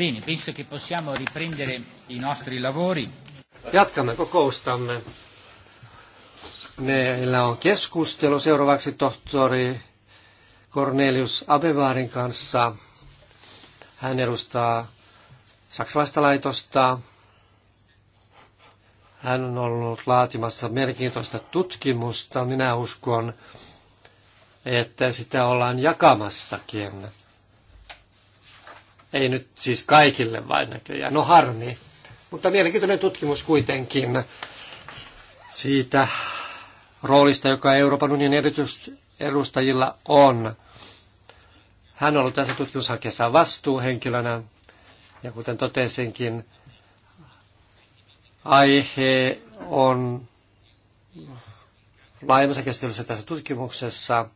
Bene, penso che possiamo riprendere i nostri lavori. Jatkamme kokoustamme. Meillä on keskustelu seuraavaksi tohtori Cornelius Abevaarin kanssa. Hän edustaa saksalaista laitosta. Hän on ollut laatimassa merkiintoista tutkimusta. Minä uskon, että sitä ollaan jakamassakin ei nyt siis kaikille vain näköjään, no harmi. Mutta mielenkiintoinen tutkimus kuitenkin siitä roolista, joka Euroopan unionin edustajilla on. Hän on ollut tässä tutkimushankkeessa vastuuhenkilönä, ja kuten totesinkin, aihe on laajemmassa käsittelyssä tässä tutkimuksessa,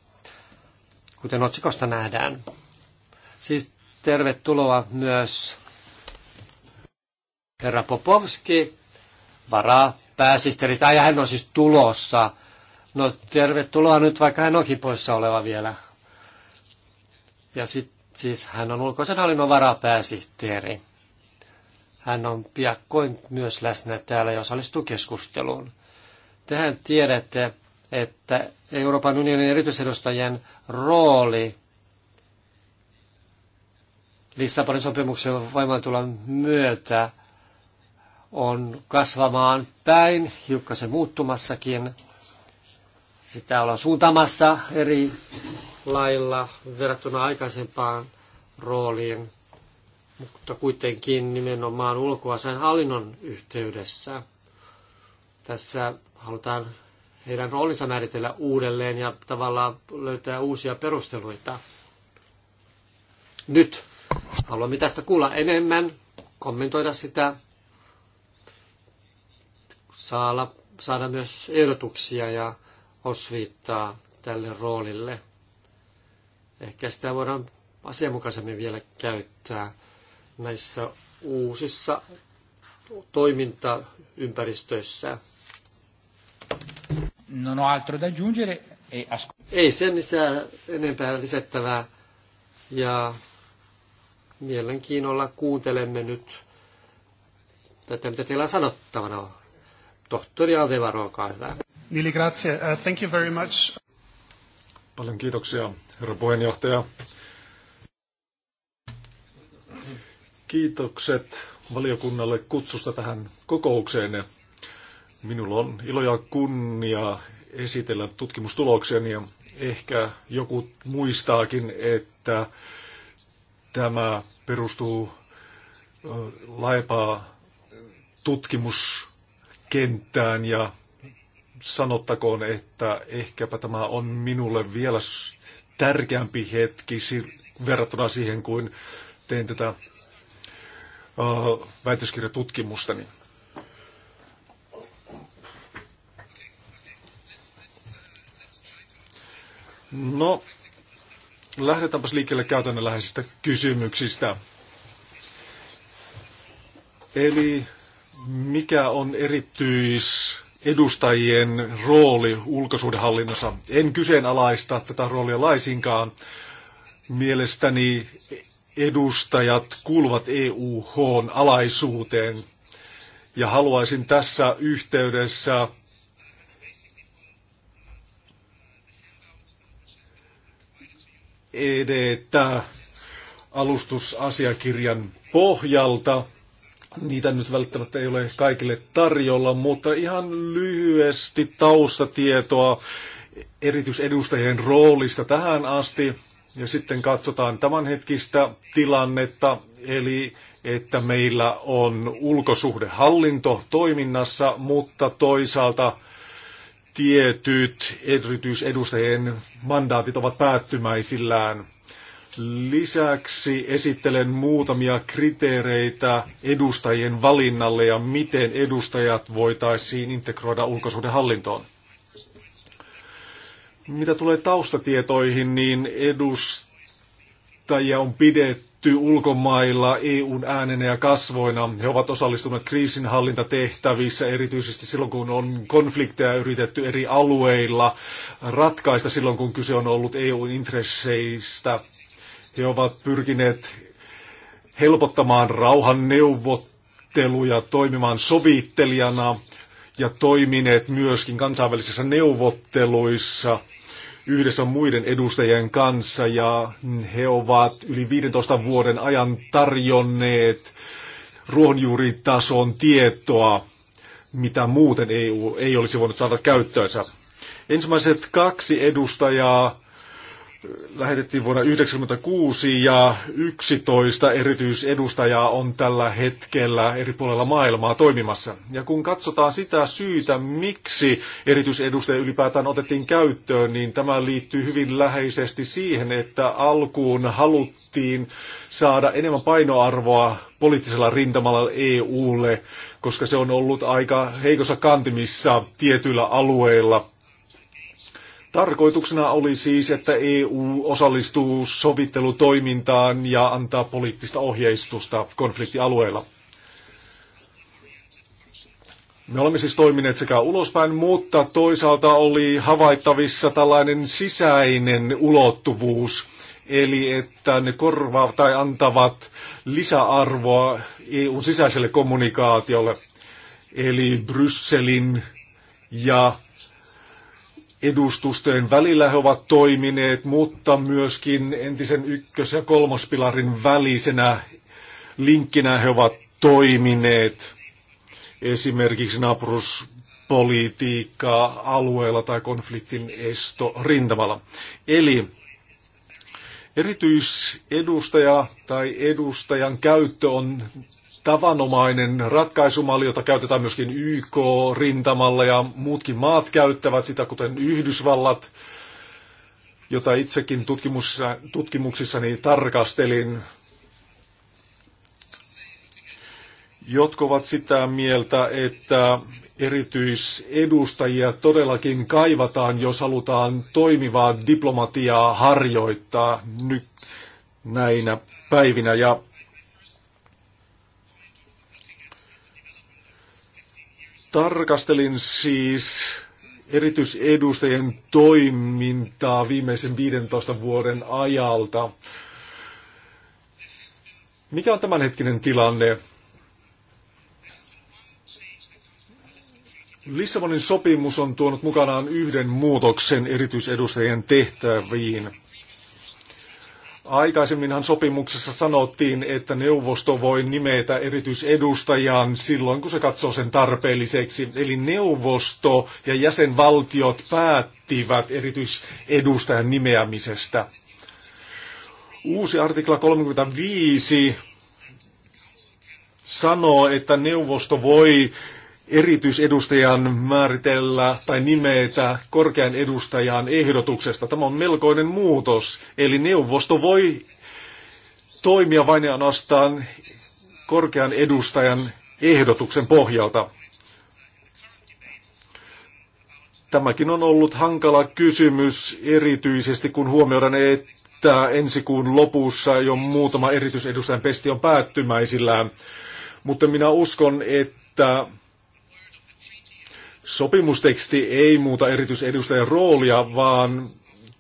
kuten otsikosta nähdään. Siis tervetuloa myös herra Popovski, varaa pääsihteeri, tai hän on siis tulossa. No tervetuloa nyt, vaikka hän onkin poissa oleva vielä. Ja sit, siis hän on ulkoisen hallinnon varapääsihteeri. Hän on piakkoin myös läsnä täällä ja osallistuu keskusteluun. Tehän tiedätte, että Euroopan unionin erityisedustajien rooli Lissabonin sopimuksen voimaantulon myötä on kasvamaan päin, hiukkasen muuttumassakin. Sitä ollaan suuntamassa eri lailla verrattuna aikaisempaan rooliin, mutta kuitenkin nimenomaan ulkoasain hallinnon yhteydessä. Tässä halutaan heidän roolinsa määritellä uudelleen ja tavallaan löytää uusia perusteluita. Nyt Haluamme tästä kuulla enemmän, kommentoida sitä, saada, saada myös ehdotuksia ja osviittaa tälle roolille. Ehkä sitä voidaan asianmukaisemmin vielä käyttää näissä uusissa toimintaympäristöissä. Non ho altro da aggiungere. E Ei sen lisää enempää lisättävää. Ja mielenkiinnolla kuuntelemme nyt tätä, mitä teillä on sanottavana. Tohtori Aldevaro, olkaa hyvä. Mille grazie. Uh, thank you very much. Paljon kiitoksia, herra puheenjohtaja. Kiitokset valiokunnalle kutsusta tähän kokoukseen. Minulla on ilo ja kunnia esitellä tutkimustulokseni ja ehkä joku muistaakin, että tämä perustuu laipaa tutkimuskenttään ja sanottakoon, että ehkäpä tämä on minulle vielä tärkeämpi hetki verrattuna siihen, kuin tein tätä väitöskirjatutkimustani. No, Lähdetäänpäs liikkeelle käytännönläheisistä kysymyksistä. Eli mikä on erityisedustajien rooli ulkosuudenhallinnossa? En kyseenalaista tätä roolia laisinkaan. Mielestäni edustajat kuuluvat EUH alaisuuteen ja haluaisin tässä yhteydessä edetä alustusasiakirjan pohjalta. Niitä nyt välttämättä ei ole kaikille tarjolla, mutta ihan lyhyesti taustatietoa erityisedustajien roolista tähän asti. Ja sitten katsotaan tämänhetkistä tilannetta, eli että meillä on ulkosuhdehallinto toiminnassa, mutta toisaalta tietyt erityisedustajien mandaatit ovat päättymäisillään. Lisäksi esittelen muutamia kriteereitä edustajien valinnalle ja miten edustajat voitaisiin integroida ulkosuhdehallintoon. Mitä tulee taustatietoihin, niin edustajia on pidetty nähty ulkomailla EUn äänenä ja kasvoina. He ovat osallistuneet kriisinhallintatehtävissä, erityisesti silloin kun on konflikteja yritetty eri alueilla ratkaista silloin kun kyse on ollut EUn intresseistä. He ovat pyrkineet helpottamaan rauhanneuvotteluja, toimimaan sovittelijana ja toimineet myöskin kansainvälisissä neuvotteluissa – yhdessä muiden edustajien kanssa ja he ovat yli 15 vuoden ajan tarjonneet ruohonjuuritason tietoa, mitä muuten EU ei olisi voinut saada käyttöönsä. Ensimmäiset kaksi edustajaa lähetettiin vuonna 1996 ja 11 erityisedustajaa on tällä hetkellä eri puolella maailmaa toimimassa. Ja kun katsotaan sitä syytä, miksi erityisedustaja ylipäätään otettiin käyttöön, niin tämä liittyy hyvin läheisesti siihen, että alkuun haluttiin saada enemmän painoarvoa poliittisella rintamalla EUlle, koska se on ollut aika heikossa kantimissa tietyillä alueilla – Tarkoituksena oli siis, että EU osallistuu sovittelutoimintaan ja antaa poliittista ohjeistusta konfliktialueilla. Me olemme siis toimineet sekä ulospäin, mutta toisaalta oli havaittavissa tällainen sisäinen ulottuvuus, eli että ne korvaavat tai antavat lisäarvoa EUn sisäiselle kommunikaatiolle, eli Brysselin ja edustustojen välillä he ovat toimineet, mutta myöskin entisen ykkös- ja kolmospilarin välisenä linkkinä he ovat toimineet. Esimerkiksi naapuruspolitiikka alueella tai konfliktin esto rintamalla. Eli erityisedustaja tai edustajan käyttö on tavanomainen ratkaisumalli, jota käytetään myöskin YK-rintamalla ja muutkin maat käyttävät sitä, kuten Yhdysvallat, jota itsekin tutkimuksissa, tutkimuksissani tarkastelin. Jotkut ovat sitä mieltä, että erityisedustajia todellakin kaivataan, jos halutaan toimivaa diplomatiaa harjoittaa nyt näinä päivinä. Ja Tarkastelin siis erityisedustajien toimintaa viimeisen 15 vuoden ajalta. Mikä on tämänhetkinen tilanne? Lissabonin sopimus on tuonut mukanaan yhden muutoksen erityisedustajien tehtäviin. Aikaisemminhan sopimuksessa sanottiin, että neuvosto voi nimetä erityisedustajan silloin, kun se katsoo sen tarpeelliseksi. Eli neuvosto ja jäsenvaltiot päättivät erityisedustajan nimeämisestä. Uusi artikla 35 sanoo, että neuvosto voi erityisedustajan määritellä tai nimetä korkean edustajan ehdotuksesta. Tämä on melkoinen muutos, eli neuvosto voi toimia vain ja ainoastaan korkean edustajan ehdotuksen pohjalta. Tämäkin on ollut hankala kysymys, erityisesti kun huomioidaan, että ensi kuun lopussa jo muutama erityisedustajan pesti on päättymäisillään. Mutta minä uskon, että Sopimusteksti ei muuta erityisedustajan roolia, vaan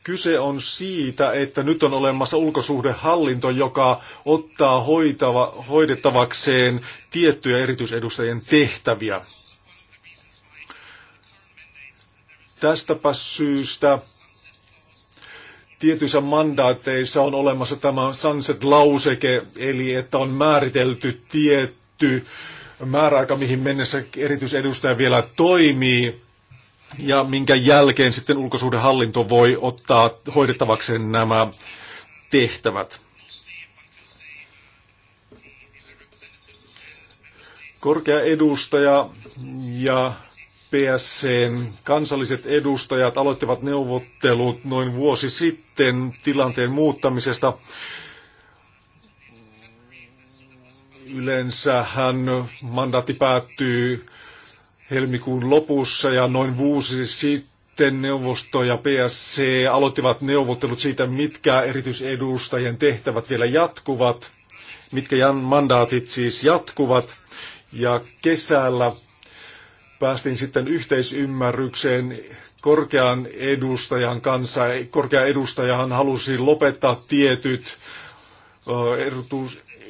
kyse on siitä, että nyt on olemassa ulkosuhdehallinto, joka ottaa hoitava, hoidettavakseen tiettyjä erityisedustajien tehtäviä. Tästäpä syystä tietyissä mandaateissa on olemassa tämä sunset-lauseke, eli että on määritelty tietty äh, määräaika, mihin mennessä erityisedustaja vielä toimii ja minkä jälkeen sitten ulkosuhdehallinto voi ottaa hoidettavakseen nämä tehtävät. Korkea edustaja ja PSCn kansalliset edustajat aloittivat neuvottelut noin vuosi sitten tilanteen muuttamisesta. Yleensähän mandaatti päättyy helmikuun lopussa ja noin vuosi sitten neuvosto ja PSC aloittivat neuvottelut siitä, mitkä erityisedustajien tehtävät vielä jatkuvat, mitkä mandaatit siis jatkuvat. Ja kesällä päästiin sitten yhteisymmärrykseen korkean edustajan kanssa. Korkea edustajahan halusi lopettaa tietyt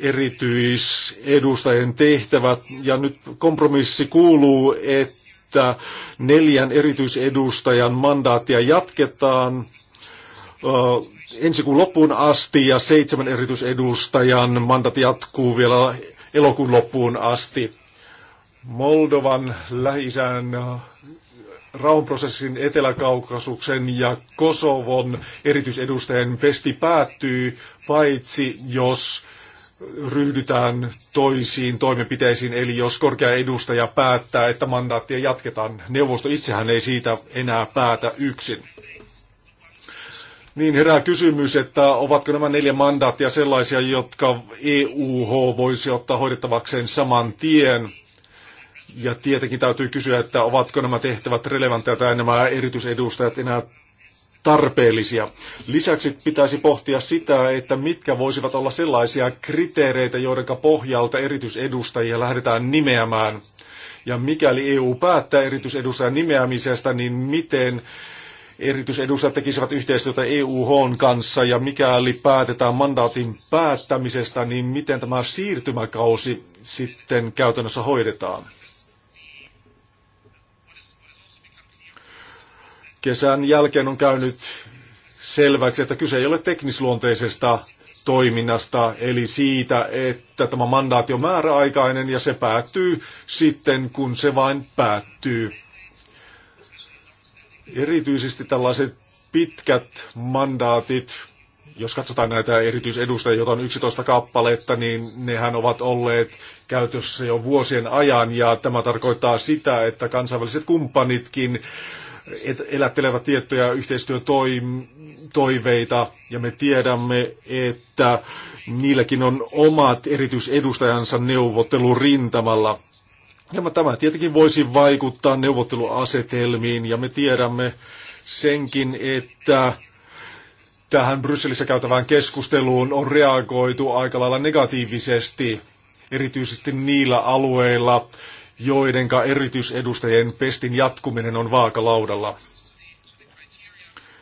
erityisedustajien tehtävät. Ja nyt kompromissi kuuluu, että neljän erityisedustajan mandaattia jatketaan ensi kuun loppuun asti ja seitsemän erityisedustajan mandaatti jatkuu vielä elokuun loppuun asti. Moldovan, lähisään rauhanprosessin Etelä-Kaukasuksen ja Kosovon erityisedustajien pesti päättyy, paitsi jos ryhdytään toisiin toimenpiteisiin, eli jos korkea edustaja päättää, että mandaattia jatketaan, neuvosto itsehän ei siitä enää päätä yksin. Niin herää kysymys, että ovatko nämä neljä mandaattia sellaisia, jotka EUH voisi ottaa hoidettavakseen saman tien? Ja tietenkin täytyy kysyä, että ovatko nämä tehtävät relevantteja tai nämä erityisedustajat enää tarpeellisia. Lisäksi pitäisi pohtia sitä, että mitkä voisivat olla sellaisia kriteereitä, joiden pohjalta erityisedustajia lähdetään nimeämään. Ja mikäli EU päättää erityisedustajan nimeämisestä, niin miten erityisedustajat tekisivät yhteistyötä EUH kanssa ja mikäli päätetään mandaatin päättämisestä, niin miten tämä siirtymäkausi sitten käytännössä hoidetaan. kesän jälkeen on käynyt selväksi, että kyse ei ole teknisluonteisesta toiminnasta, eli siitä, että tämä mandaatti on määräaikainen ja se päättyy sitten, kun se vain päättyy. Erityisesti tällaiset pitkät mandaatit, jos katsotaan näitä erityisedustajia, joita on 11 kappaletta, niin nehän ovat olleet käytössä jo vuosien ajan, ja tämä tarkoittaa sitä, että kansainväliset kumppanitkin äh, elättelevät tiettyjä yhteistyön toiveita ja me tiedämme, että niilläkin on omat erityisedustajansa neuvottelurintamalla. Ja tämä tietenkin voisi vaikuttaa neuvotteluasetelmiin ja me tiedämme senkin, että tähän Brysselissä käytävään keskusteluun on reagoitu aika lailla negatiivisesti, erityisesti niillä alueilla, joidenka erityisedustajien pestin jatkuminen on vaakalaudalla.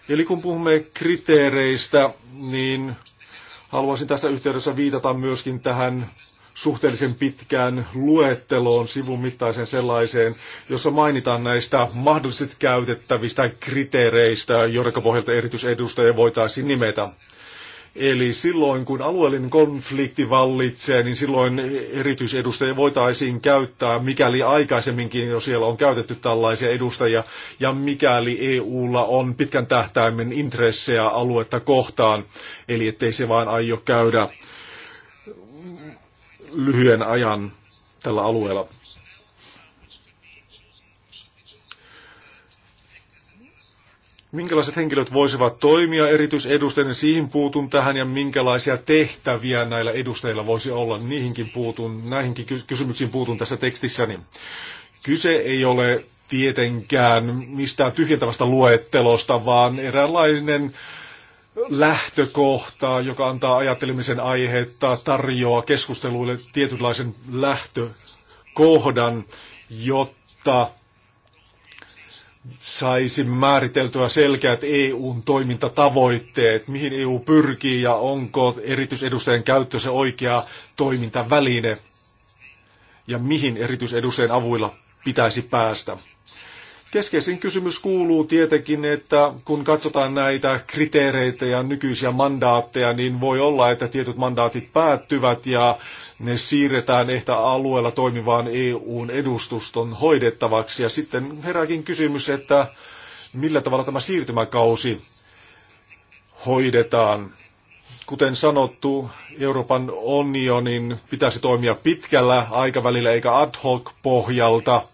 Eli kun puhumme kriteereistä, niin haluaisin tässä yhteydessä viitata myöskin tähän suhteellisen pitkään luetteloon, sivun mittaiseen sellaiseen, jossa mainitaan näistä mahdollisesti käytettävistä kriteereistä, joiden pohjalta erityisedustajia voitaisiin nimetä. Eli silloin, kun alueellinen konflikti vallitsee, niin silloin erityisedustajia voitaisiin käyttää, mikäli aikaisemminkin jo siellä on käytetty tällaisia edustajia, ja mikäli EUlla on pitkän tähtäimen intressejä aluetta kohtaan, eli ettei se vain aio käydä lyhyen ajan tällä alueella. minkälaiset henkilöt voisivat toimia erityisedustajana, siihen puutun tähän ja minkälaisia tehtäviä näillä edustajilla voisi olla, niihinkin puutun, näihinkin kysymyksiin puutun tässä tekstissäni. Kyse ei ole tietenkään mistään tyhjentävästä luettelosta, vaan eräänlainen lähtökohta, joka antaa ajattelemisen aihetta, tarjoaa keskusteluille tietynlaisen lähtökohdan, jotta saisimme määriteltyä selkeät EUn toimintatavoitteet, mihin EU pyrkii ja onko erityisedustajan käyttö se oikea toimintaväline ja mihin erityisedustajan avuilla pitäisi päästä. Keskeisin kysymys kuuluu tietenkin, että kun katsotaan näitä kriteereitä ja nykyisiä mandaatteja, niin voi olla, että tietyt mandaatit päättyvät ja ne siirretään ehkä alueella toimivaan EUn edustuston hoidettavaksi. Ja sitten herääkin kysymys, että millä tavalla tämä siirtymäkausi hoidetaan. Kuten sanottu, Euroopan unionin pitäisi toimia pitkällä aikavälillä eikä ad hoc pohjalta –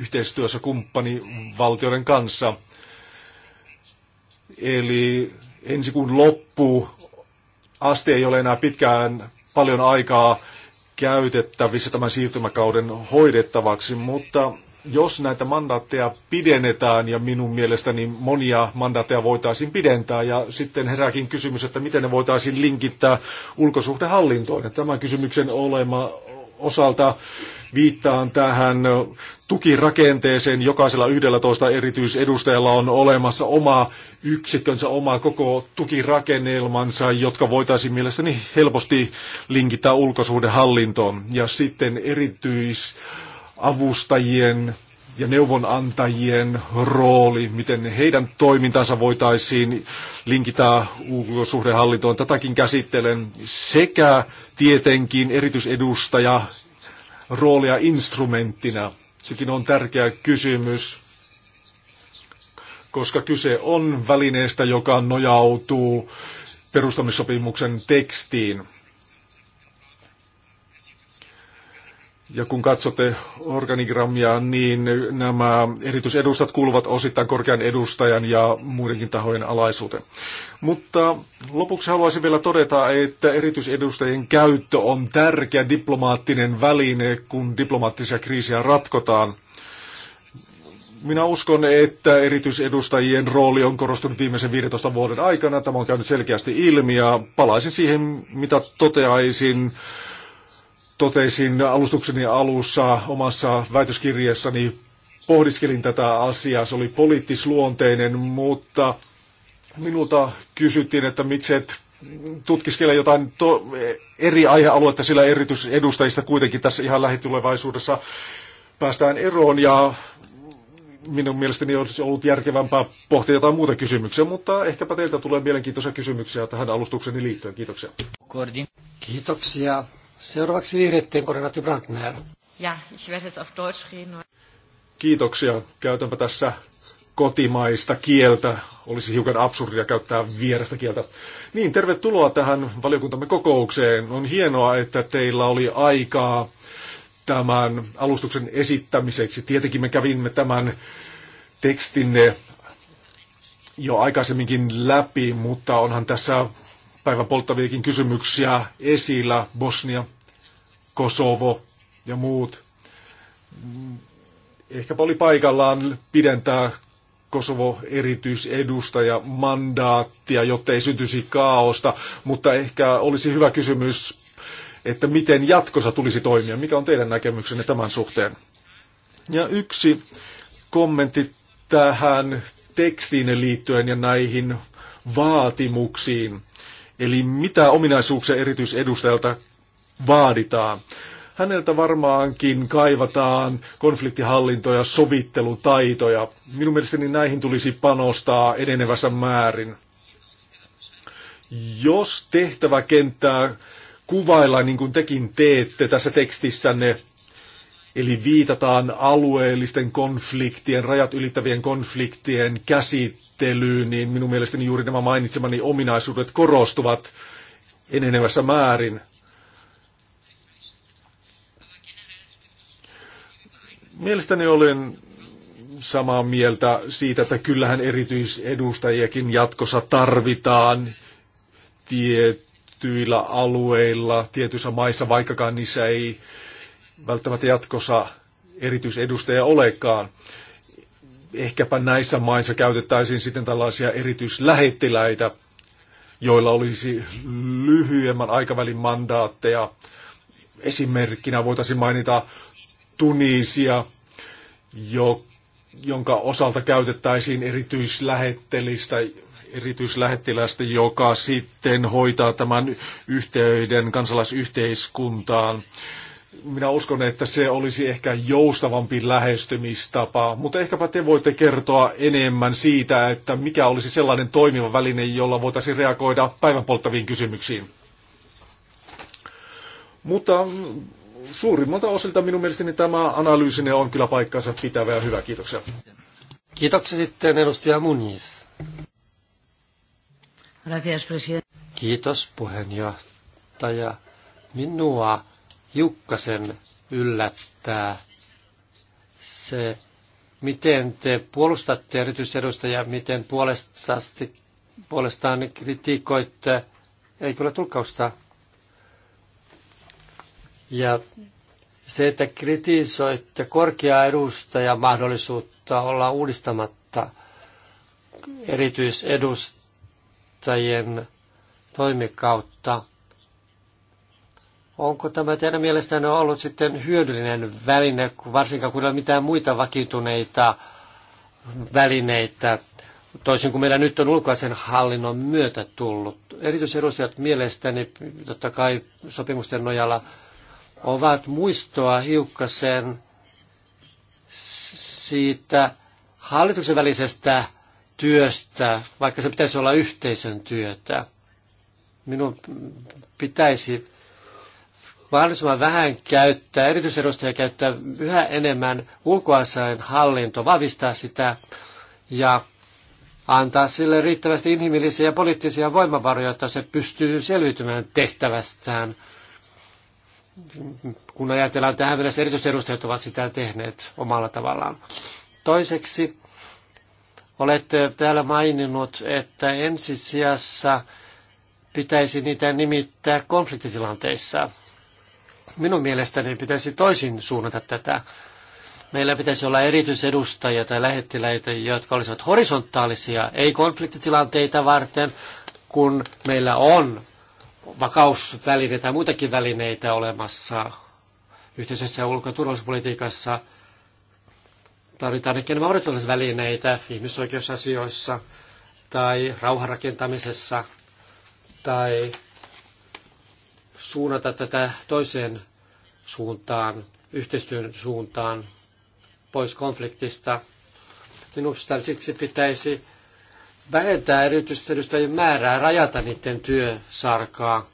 yhteistyössä kumppanivaltioiden kanssa. Eli ensi kuun loppu asti ei ole enää pitkään paljon aikaa käytettävissä tämän siirtymäkauden hoidettavaksi, mutta jos näitä mandaatteja pidennetään, ja minun mielestäni monia mandaatteja voitaisiin pidentää, ja sitten herääkin kysymys, että miten ne voitaisiin linkittää ulkosuhdehallintoon. Ja tämän kysymyksen olema osalta Viittaan tähän tukirakenteeseen. Jokaisella 11 erityisedustajalla on olemassa oma yksikkönsä, oma koko tukirakennelmansa, jotka voitaisiin mielestäni helposti linkittää ulkosuhdehallintoon. Ja sitten erityisavustajien ja neuvonantajien rooli, miten heidän toimintansa voitaisiin linkittää ulkosuhdehallintoon. Tätäkin käsittelen sekä tietenkin erityisedustaja roolia instrumenttina. Sekin on tärkeä kysymys, koska kyse on välineestä, joka nojautuu perustamissopimuksen tekstiin. Ja kun katsotte organigrammia, niin nämä erityisedustat kuuluvat osittain korkean edustajan ja muidenkin tahojen alaisuuteen. Mutta lopuksi haluaisin vielä todeta, että erityisedustajien käyttö on tärkeä diplomaattinen väline, kun diplomaattisia kriisiä ratkotaan. Minä uskon, että erityisedustajien rooli on korostunut viimeisen 15 vuoden aikana. Tämä on käynyt selkeästi ilmi ja palaisin siihen, mitä toteaisin totesin alustukseni alussa omassa väitöskirjassani, pohdiskelin tätä asiaa. Se oli poliittisluonteinen, mutta minulta kysyttiin, että mikset tutkiskele jotain to- eri aihealuetta, sillä erityisedustajista kuitenkin tässä ihan lähitulevaisuudessa päästään eroon ja minun mielestäni olisi ollut järkevämpää pohtia jotain muuta kysymyksiä, mutta ehkäpä teiltä tulee mielenkiintoisia kysymyksiä tähän alustukseni liittyen. Kiitoksia. Kordin. Kiitoksia Seuraavaksi vihreitten koordinaatti Brandner. Ja, ich werde jetzt auf Deutsch reden. Kiitoksia. Käytänpä tässä kotimaista kieltä. Olisi hiukan absurdia käyttää vierestä kieltä. Niin, tervetuloa tähän valiokuntamme kokoukseen. On hienoa, että teillä oli aikaa tämän alustuksen esittämiseksi. Tietenkin me kävimme tämän tekstinne jo aikaisemminkin läpi, mutta onhan tässä päivän polttaviakin kysymyksiä esillä. Bosnia, Kosovo ja muut. Ehkäpä oli paikallaan pidentää Kosovo-erityisedustaja mandaattia, jotta ei syntyisi kaaosta, mutta ehkä olisi hyvä kysymys, että miten jatkossa tulisi toimia. Mikä on teidän näkemyksenne tämän suhteen? Ja yksi kommentti tähän tekstiin liittyen ja näihin vaatimuksiin. Eli mitä ominaisuuksia erityisedustajalta vaaditaan. Häneltä varmaankin kaivataan konfliktihallintoja, sovittelutaitoja. Minun mielestäni näihin tulisi panostaa enenevässä määrin. Jos tehtäväkenttää kuvailla niin kuin tekin teette tässä tekstissänne, Eli viitataan alueellisten konfliktien, rajat ylittävien konfliktien käsittelyyn, niin minun mielestäni juuri nämä mainitsemani ominaisuudet korostuvat enenevässä määrin. Mielestäni olen samaa mieltä siitä, että kyllähän erityisedustajiakin jatkossa tarvitaan tietyillä alueilla, tietyissä maissa, vaikkakaan niissä ei välttämättä jatkossa erityisedustaja olekaan. Ehkäpä näissä maissa käytettäisiin sitten tällaisia erityislähettiläitä, joilla olisi lyhyemmän aikavälin mandaatteja. Esimerkkinä voitaisiin mainita Tunisia, jo, jonka osalta käytettäisiin erityislähettelistä, erityislähettilästä, joka sitten hoitaa tämän yhteyden kansalaisyhteiskuntaan. Minä uskon, että se olisi ehkä joustavampi lähestymistapa, mutta ehkäpä te voitte kertoa enemmän siitä, että mikä olisi sellainen toimiva väline, jolla voitaisiin reagoida päivän polttaviin kysymyksiin. Mutta suurimmalta osilta minun mielestäni tämä analyysinne on kyllä paikkansa pitävä ja hyvä. Kiitoksia. Kiitoksia sitten edustaja Muniz. Gracias, presidente. Kiitos puheenjohtaja. Minua jukkasen yllättää se, miten te puolustatte erityisedustajia, miten puolestaan kritiikoitte, ei kyllä tulkausta? Ja se, että kritisoitte korkeaa edustaja mahdollisuutta olla uudistamatta erityisedustajien toimikautta, onko tämä teidän mielestänne ollut sitten hyödyllinen väline, varsinkaan kun ei ole mitään muita vakiintuneita välineitä, toisin kuin meillä nyt on ulkoisen hallinnon myötä tullut. Erityisedustajat mielestäni totta kai sopimusten nojalla ovat muistoa hiukkasen siitä hallituksen välisestä työstä, vaikka se pitäisi olla yhteisön työtä. Minun pitäisi mahdollisimman vähän käyttää, erityisedustajia käyttää yhä enemmän ulkoasain hallinto, vahvistaa sitä ja antaa sille riittävästi inhimillisiä ja poliittisia voimavaroja, että se pystyy selviytymään tehtävästään – kun ajatellaan tähän mennessä erityisedustajat ovat sitä tehneet omalla tavallaan. Toiseksi olette täällä maininnut, että ensisijassa pitäisi niitä nimittää konfliktitilanteissa. Minun mielestäni pitäisi toisin suunnata tätä. Meillä pitäisi olla erityisedustajia tai lähettiläitä, jotka olisivat horisontaalisia, ei konfliktitilanteita varten, kun meillä on vakausvälineitä tai muitakin välineitä olemassa yhteisessä ulko- ja turvallisuuspolitiikassa. Tarvitaan ehkä enemmän välineitä ihmisoikeusasioissa tai rauhanrakentamisessa tai suunnata tätä toiseen suuntaan, yhteistyön suuntaan, pois konfliktista. Minusta siksi pitäisi vähentää erityisedustajien määrää, rajata niiden työsarkaa,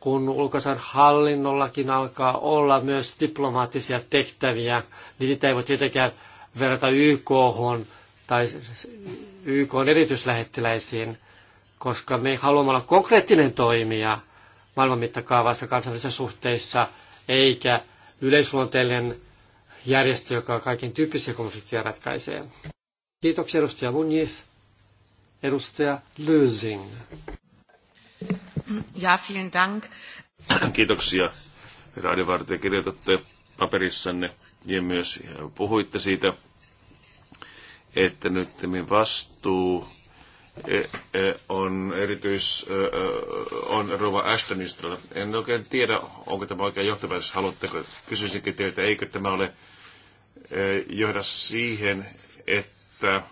kun ulkoisen hallinnollakin alkaa olla myös diplomaattisia tehtäviä, niin sitä ei voi tietenkään verrata YK tai YK erityislähettiläisiin, koska me haluamme olla konkreettinen toimija maailman mittakaavassa kansainvälisissä suhteissa, eikä yleisluonteellinen järjestö, joka kaiken tyyppisiä konflikteja ratkaisee. Kiitoksia edustaja Munjith. Edustaja Lösing. Ja, vielen dank. Kiitoksia. Raadivartija kirjoitatte paperissanne ja myös puhuitte siitä, että nyt vastuu e, e, on erityis, e, on Rova Ashtonistilla. En oikein tiedä, onko tämä oikein johtopäätös, haluatteko, kysyisinkin teiltä, eikö tämä ole johda siihen, että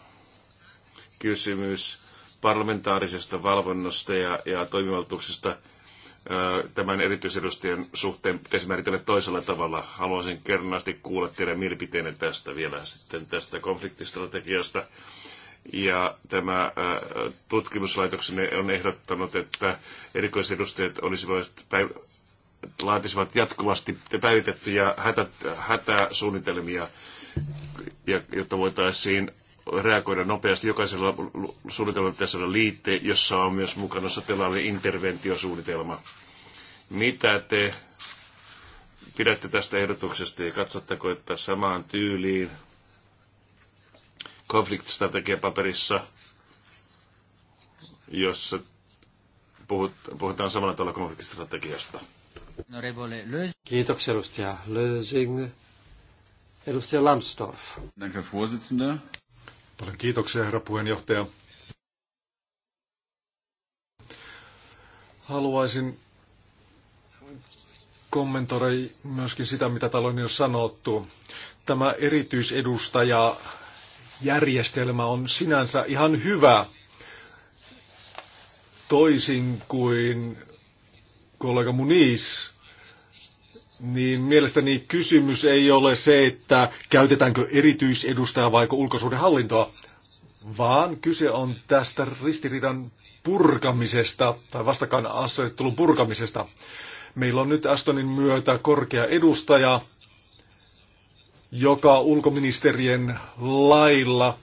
kysymys parlamentaarisesta valvonnasta ja, ja toimivaltuuksista tämän erityisedustajan suhteen pitäisi määritellä toisella tavalla. Haluaisin kernaasti kuulla teidän mielipiteenne tästä vielä sitten tästä konfliktistrategiasta. Ja tämä tutkimuslaitoksen on ehdottanut, että erikoisedustajat olisivat päiv- laatisivat jatkuvasti päivitettyjä hätä, hätäsuunnitelmia, ja, jotta voitaisiin reagoida nopeasti. Jokaisella suunnitelmalla pitäisi olla liitte, jossa on myös mukana sotilaallinen interventiosuunnitelma. Mitä te pidätte tästä ehdotuksesta ja katsotteko, että samaan tyyliin konfliktistrategiapaperissa, jossa puhutaan samalla tavalla konfliktistrategiasta? Kiitoksia edustaja Lösing. Edustaja Lambsdorff. Danke, Vorsitzender. Paljon kiitoksia, herra puheenjohtaja. Haluaisin kommentoida myöskin sitä, mitä täällä on jo sanottu. Tämä erityisedustaja järjestelmä on sinänsä ihan hyvä, toisin kuin kollega Muniz niin mielestäni kysymys ei ole se, että käytetäänkö erityisedustajaa vai ulkosuhdehallintoa, vaan kyse on tästä ristiriidan purkamisesta tai vastakkainasettelun purkamisesta. Meillä on nyt Astonin myötä korkea edustaja, joka ulkoministerien lailla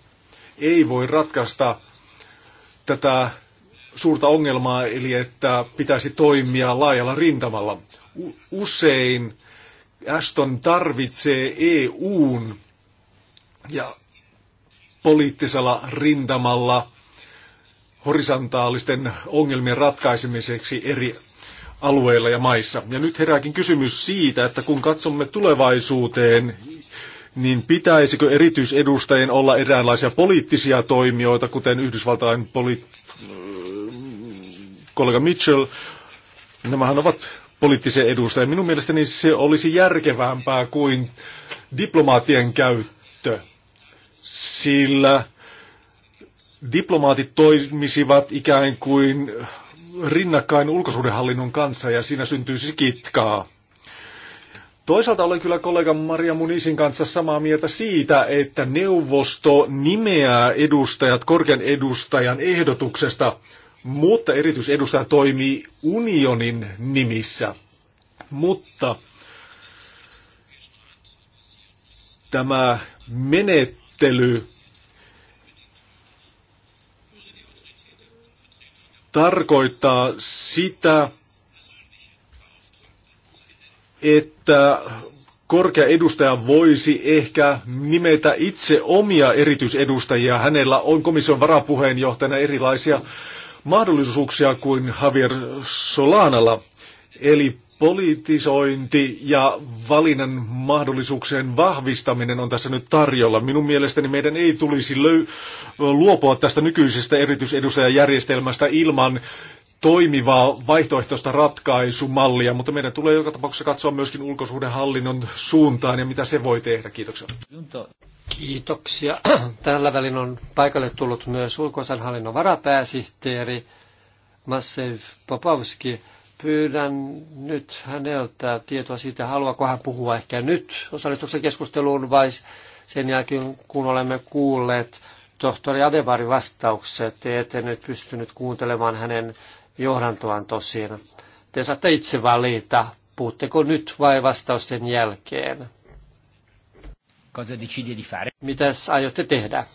ei voi ratkaista tätä suurta ongelmaa, eli että pitäisi toimia laajalla rintamalla. Usein Aston tarvitsee EUn ja poliittisella rintamalla horisontaalisten ongelmien ratkaisemiseksi eri alueilla ja maissa. Ja nyt herääkin kysymys siitä, että kun katsomme tulevaisuuteen, niin pitäisikö erityisedustajien olla eräänlaisia poliittisia toimijoita, kuten Yhdysvaltain poli- kollega Mitchell, nämähän ovat poliittisia edustajia. Minun mielestäni se olisi järkevämpää kuin diplomaatien käyttö, sillä diplomaatit toimisivat ikään kuin rinnakkain ulkosuhdehallinnon kanssa ja siinä syntyisi kitkaa. Toisaalta olen kyllä kollega Maria Munisin kanssa samaa mieltä siitä, että neuvosto nimeää edustajat korkean edustajan ehdotuksesta – mutta erityisedustaja toimii unionin nimissä. Mutta tämä menettely tarkoittaa sitä, että korkea edustaja voisi ehkä nimetä itse omia erityisedustajia. Hänellä on komission varapuheenjohtajana erilaisia mahdollisuuksia kuin Javier Solanalla, eli politisointi ja valinnan mahdollisuuksien vahvistaminen on tässä nyt tarjolla. Minun mielestäni meidän ei tulisi löy- luopua tästä nykyisestä erityisedustajajärjestelmästä ilman toimivaa vaihtoehtoista ratkaisumallia, mutta meidän tulee joka tapauksessa katsoa myöskin ulkosuhdehallinnon suuntaan ja mitä se voi tehdä. Kiitoksia. Kiitoksia. Tällä välin on paikalle tullut myös ulkoisenhallinnon varapääsihteeri Massev Popovski. Pyydän nyt häneltä tietoa siitä, haluaako hän puhua ehkä nyt osallistuksen keskusteluun vai sen jälkeen, kun olemme kuulleet tohtori Adebarin vastaukset. Te ette nyt pystynyt kuuntelemaan hänen johdantoaan tosiaan. Te saatte itse valita, puutteko nyt vai vastausten jälkeen cosa decide di fare. Mitäs aiotte tehdä?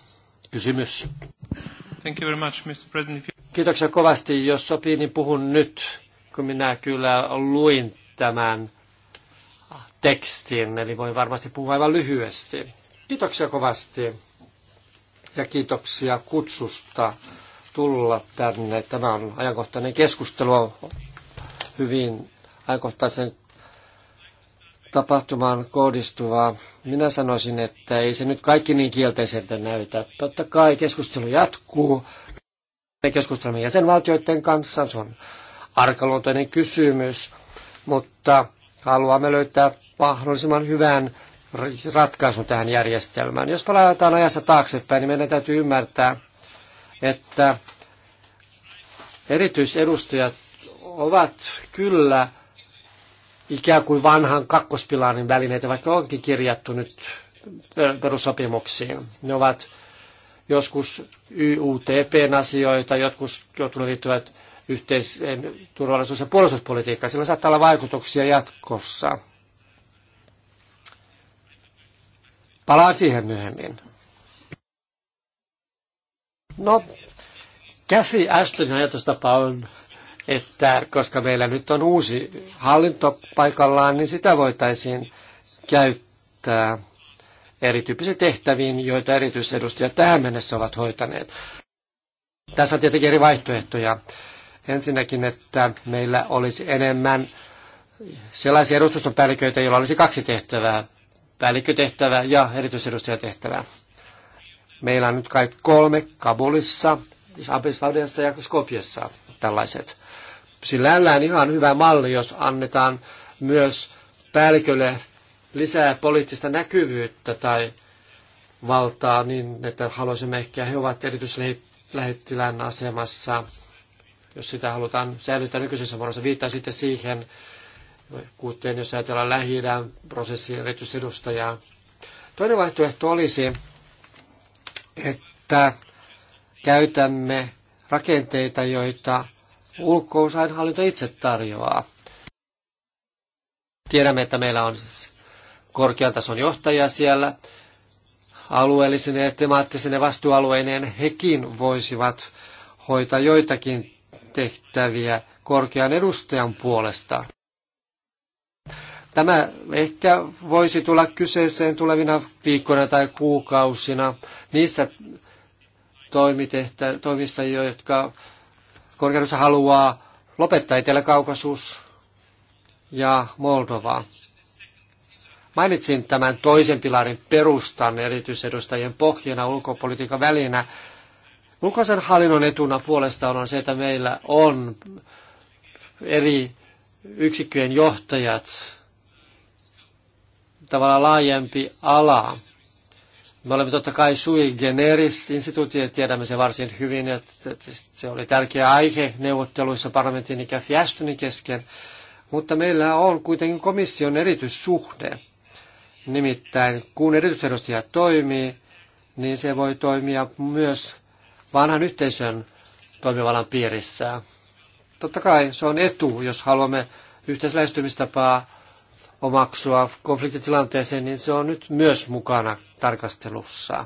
Kysymys. Thank you very much, Mr. President. Kiitoksia kovasti. Jos sopii, niin puhun nyt, kun minä kyllä luin tämän tekstin, eli voin varmasti puhua aivan lyhyesti. Kiitoksia kovasti ja kiitoksia kutsusta tulla tänne. Tämä on ajankohtainen keskustelu hyvin ajankohtaisen tapahtumaan kohdistuvaa. Minä sanoisin, että ei se nyt kaikki niin kielteiseltä näytä. Totta kai keskustelu jatkuu. Me keskustelemme jäsenvaltioiden kanssa, se on arkaluontoinen kysymys, mutta haluamme löytää mahdollisimman hyvän ratkaisun tähän järjestelmään. Jos palataan ajassa taaksepäin, niin meidän täytyy ymmärtää, että erityisedustajat ovat kyllä ikään kuin vanhan kakkospilarin välineitä, vaikka onkin kirjattu nyt perussopimuksiin. Ne ovat joskus YUTPn asioita, jotkut, joutuneet liittyvät yhteiseen turvallisuus- ja puolustuspolitiikkaan. Sillä saattaa olla vaikutuksia jatkossa. Palaan siihen myöhemmin. No, Käsi Ashtonin ajatustapa on että koska meillä nyt on uusi hallinto paikallaan, niin sitä voitaisiin käyttää erityyppisiin tehtäviin, joita erityisedustajat tähän mennessä ovat hoitaneet. Tässä on tietenkin eri vaihtoehtoja. Ensinnäkin, että meillä olisi enemmän sellaisia edustuston päälliköitä, joilla olisi kaksi tehtävää, päällikkötehtävä ja erityisedustajatehtävä. Meillä on nyt kai kolme Kabulissa, Abisvaldiassa ja Skopjessa tällaiset on ihan hyvä malli, jos annetaan myös päällikölle lisää poliittista näkyvyyttä tai valtaa niin, että haluaisimme ehkä, he ovat erityislähettilän asemassa, jos sitä halutaan säilyttää nykyisessä muodossa. Viittaa sitten siihen, kuten jos ajatellaan lähi prosessin erityisedustajaa. Toinen vaihtoehto olisi, että käytämme rakenteita, joita ulkousainhallinto itse tarjoaa. Tiedämme, että meillä on korkean tason johtajia siellä alueellisen ja ja vastuualueinen Hekin voisivat hoitaa joitakin tehtäviä korkean edustajan puolesta. Tämä ehkä voisi tulla kyseeseen tulevina viikkoina tai kuukausina niissä toimitehtä, toimissa, jotka Korkeudessa haluaa lopettaa Etelä-Kaukasus ja Moldovaa. Mainitsin tämän toisen pilarin perustan erityisedustajien pohjana ulkopolitiikan välinä. Ulkoisen hallinnon etuna puolestaan on se, että meillä on eri yksikköjen johtajat, tavallaan laajempi ala me olemme totta kai sui generis instituutio ja tiedämme sen varsin hyvin, että se oli tärkeä aihe neuvotteluissa parlamentin ja Cathy kesken. Mutta meillä on kuitenkin komission erityissuhde. Nimittäin kun erityisedustaja toimii, niin se voi toimia myös vanhan yhteisön toimivallan piirissä. Totta kai se on etu, jos haluamme yhteislähestymistapaa omaksua konfliktitilanteeseen, niin se on nyt myös mukana tarkastelussa.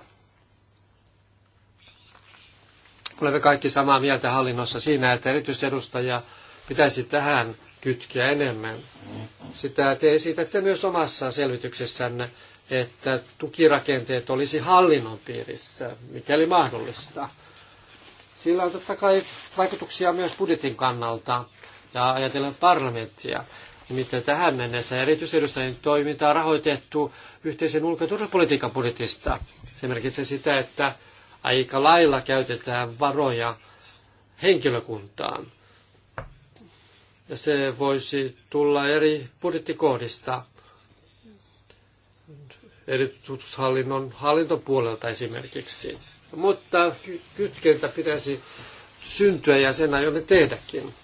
Olemme kaikki samaa mieltä hallinnossa siinä, että erityisedustaja pitäisi tähän kytkeä enemmän. Sitä te esitätte myös omassa selvityksessänne, että tukirakenteet olisi hallinnon piirissä, mikäli mahdollista. Sillä on totta kai vaikutuksia myös budjetin kannalta ja ajatellen parlamenttia. Nimittäin tähän mennessä erityisedustajien toiminta on rahoitettu yhteisen ulko- ja turvallisuuspolitiikan budjetista. Se merkitsee sitä, että aika lailla käytetään varoja henkilökuntaan. Ja se voisi tulla eri budjettikohdista, erityishallinnon hallintopuolelta esimerkiksi. Mutta kytkentä pitäisi syntyä ja sen aiomme tehdäkin.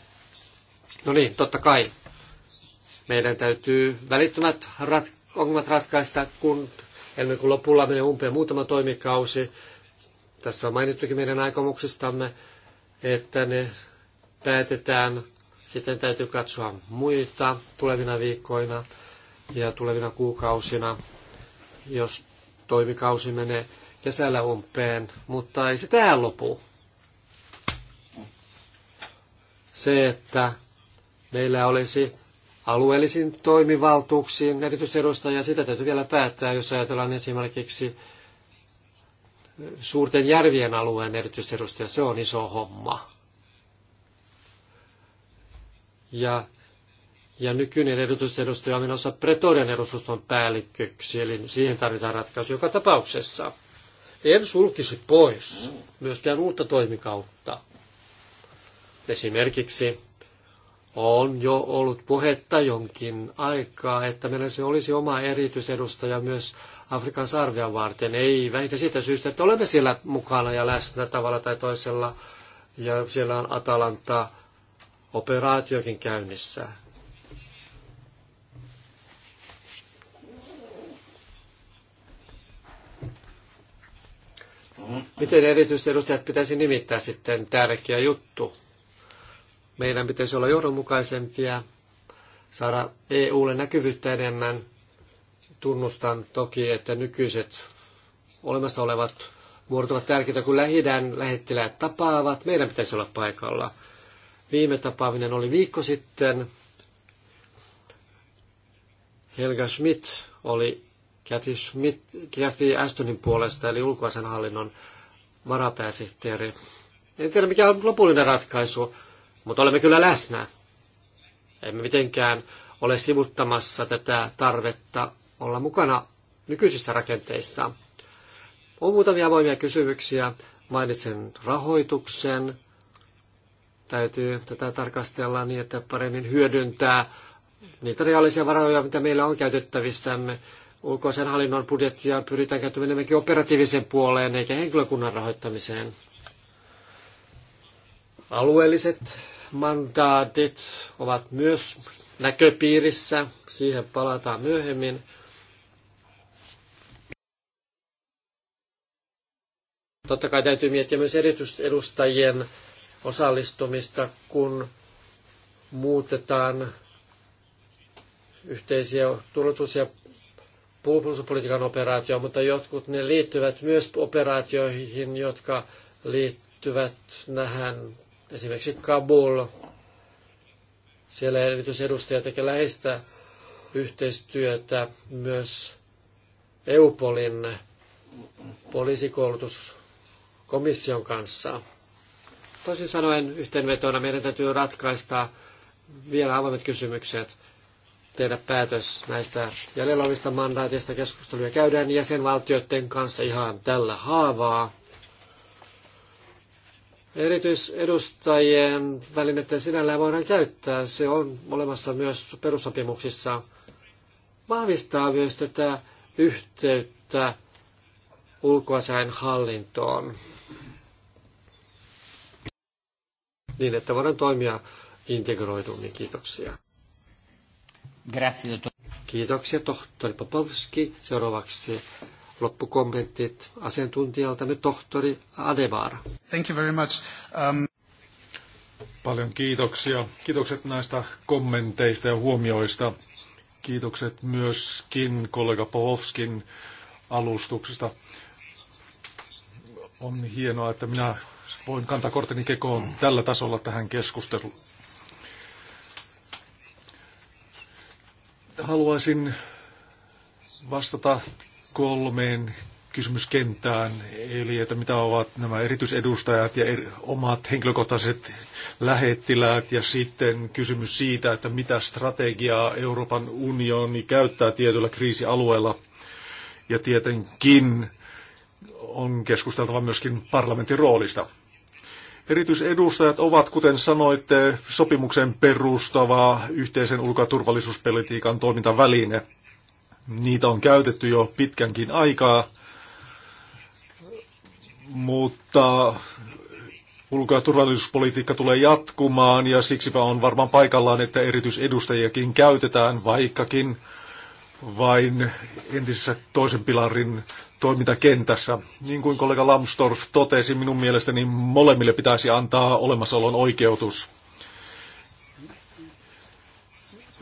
No niin, totta kai meidän täytyy välittömät rat- ongelmat ratkaista, kun ennen kuin lopulla menee umpeen muutama toimikausi. Tässä on mainittukin meidän aikomuksistamme, että ne päätetään. Sitten täytyy katsoa muita tulevina viikkoina ja tulevina kuukausina, jos toimikausi menee kesällä umpeen, mutta ei se tähän lopu. Se, että meillä olisi alueellisiin toimivaltuuksiin erityisedustajia. Sitä täytyy vielä päättää, jos ajatellaan esimerkiksi eh, suurten järvien alueen erityisedustaja. Se on iso homma. Ja, ja nykyinen erityisedustaja on menossa Pretorian edustuston päällikköksi, eli siihen tarvitaan ratkaisu joka tapauksessa. En sulkisi pois myöskään uutta toimikautta. Esimerkiksi on jo ollut puhetta jonkin aikaa, että meillä se olisi oma erityisedustaja myös Afrikan sarvia varten. Ei vähitä siitä syystä, että olemme siellä mukana ja läsnä tavalla tai toisella. Ja siellä on Atalanta-operaatiokin käynnissä. Miten erityisedustajat pitäisi nimittää sitten tärkeä juttu? Meidän pitäisi olla johdonmukaisempia, saada EUlle näkyvyyttä enemmän. Tunnustan toki, että nykyiset olemassa olevat muodot ovat tärkeitä, kun lähidän lähettiläät tapaavat, meidän pitäisi olla paikalla. Viime tapaaminen oli viikko sitten. Helga Schmidt oli Kathy, Schmidt, Kathy Astonin puolesta, eli ulkoasenhallinnon varapääsihteeri. En tiedä, mikä on lopullinen ratkaisu. Mutta olemme kyllä läsnä. Emme mitenkään ole sivuttamassa tätä tarvetta olla mukana nykyisissä rakenteissa. On muutamia avoimia kysymyksiä. Mainitsen rahoituksen. Täytyy tätä tarkastella niin, että paremmin hyödyntää niitä reaalisia varoja, mitä meillä on käytettävissämme. Ulkoisen hallinnon budjettia pyritään käyttämään enemmänkin operatiivisen puoleen eikä henkilökunnan rahoittamiseen. Alueelliset mandaatit ovat myös näköpiirissä, siihen palataan myöhemmin. Totta kai täytyy miettiä myös erityisedustajien osallistumista, kun muutetaan yhteisiä turvallisuus- ja puolustuspolitiikan operaatioon, mutta jotkut ne liittyvät myös operaatioihin, jotka liittyvät nähän Esimerkiksi Kabul, siellä erityisedustaja tekee läheistä yhteistyötä myös EUPOLin poliisikoulutuskomission kanssa. Toisin sanoen yhteenvetona meidän täytyy ratkaista vielä avoimet kysymykset, tehdä päätös näistä jäljellä olevista mandaateista keskusteluja käydään jäsenvaltioiden kanssa ihan tällä haavaa erityisedustajien välineiden sinällään voidaan käyttää. Se on olemassa myös perussopimuksissa. Vahvistaa myös tätä yhteyttä ulkoasain hallintoon. Niin, että voidaan toimia integroidummin. Kiitoksia. Grazie, Kiitoksia, tohtori Popovski. Seuraavaksi loppukommentit asiantuntijaltamme tohtori Ademar. Thank you very much. Um... Paljon kiitoksia. Kiitokset näistä kommenteista ja huomioista. Kiitokset myöskin kollega Pohovskin alustuksesta. On hienoa, että minä voin kantaa korteni kekoon tällä tasolla tähän keskusteluun. Haluaisin vastata kolmeen kysymyskenttään, eli että mitä ovat nämä erityisedustajat ja eri, omat henkilökohtaiset lähettiläät ja sitten kysymys siitä, että mitä strategiaa Euroopan unioni käyttää tietyllä kriisialueella. Ja tietenkin on keskusteltava myöskin parlamentin roolista. Erityisedustajat ovat, kuten sanoitte, sopimuksen perustava yhteisen ulko- ja turvallisuuspolitiikan toimintaväline – Niitä on käytetty jo pitkänkin aikaa, mutta ulko- ja turvallisuuspolitiikka tulee jatkumaan ja siksipä on varmaan paikallaan, että erityisedustajiakin käytetään, vaikkakin vain entisessä toisen pilarin toimintakentässä. Niin kuin kollega Lamstorff totesi, minun mielestäni molemmille pitäisi antaa olemassaolon oikeutus.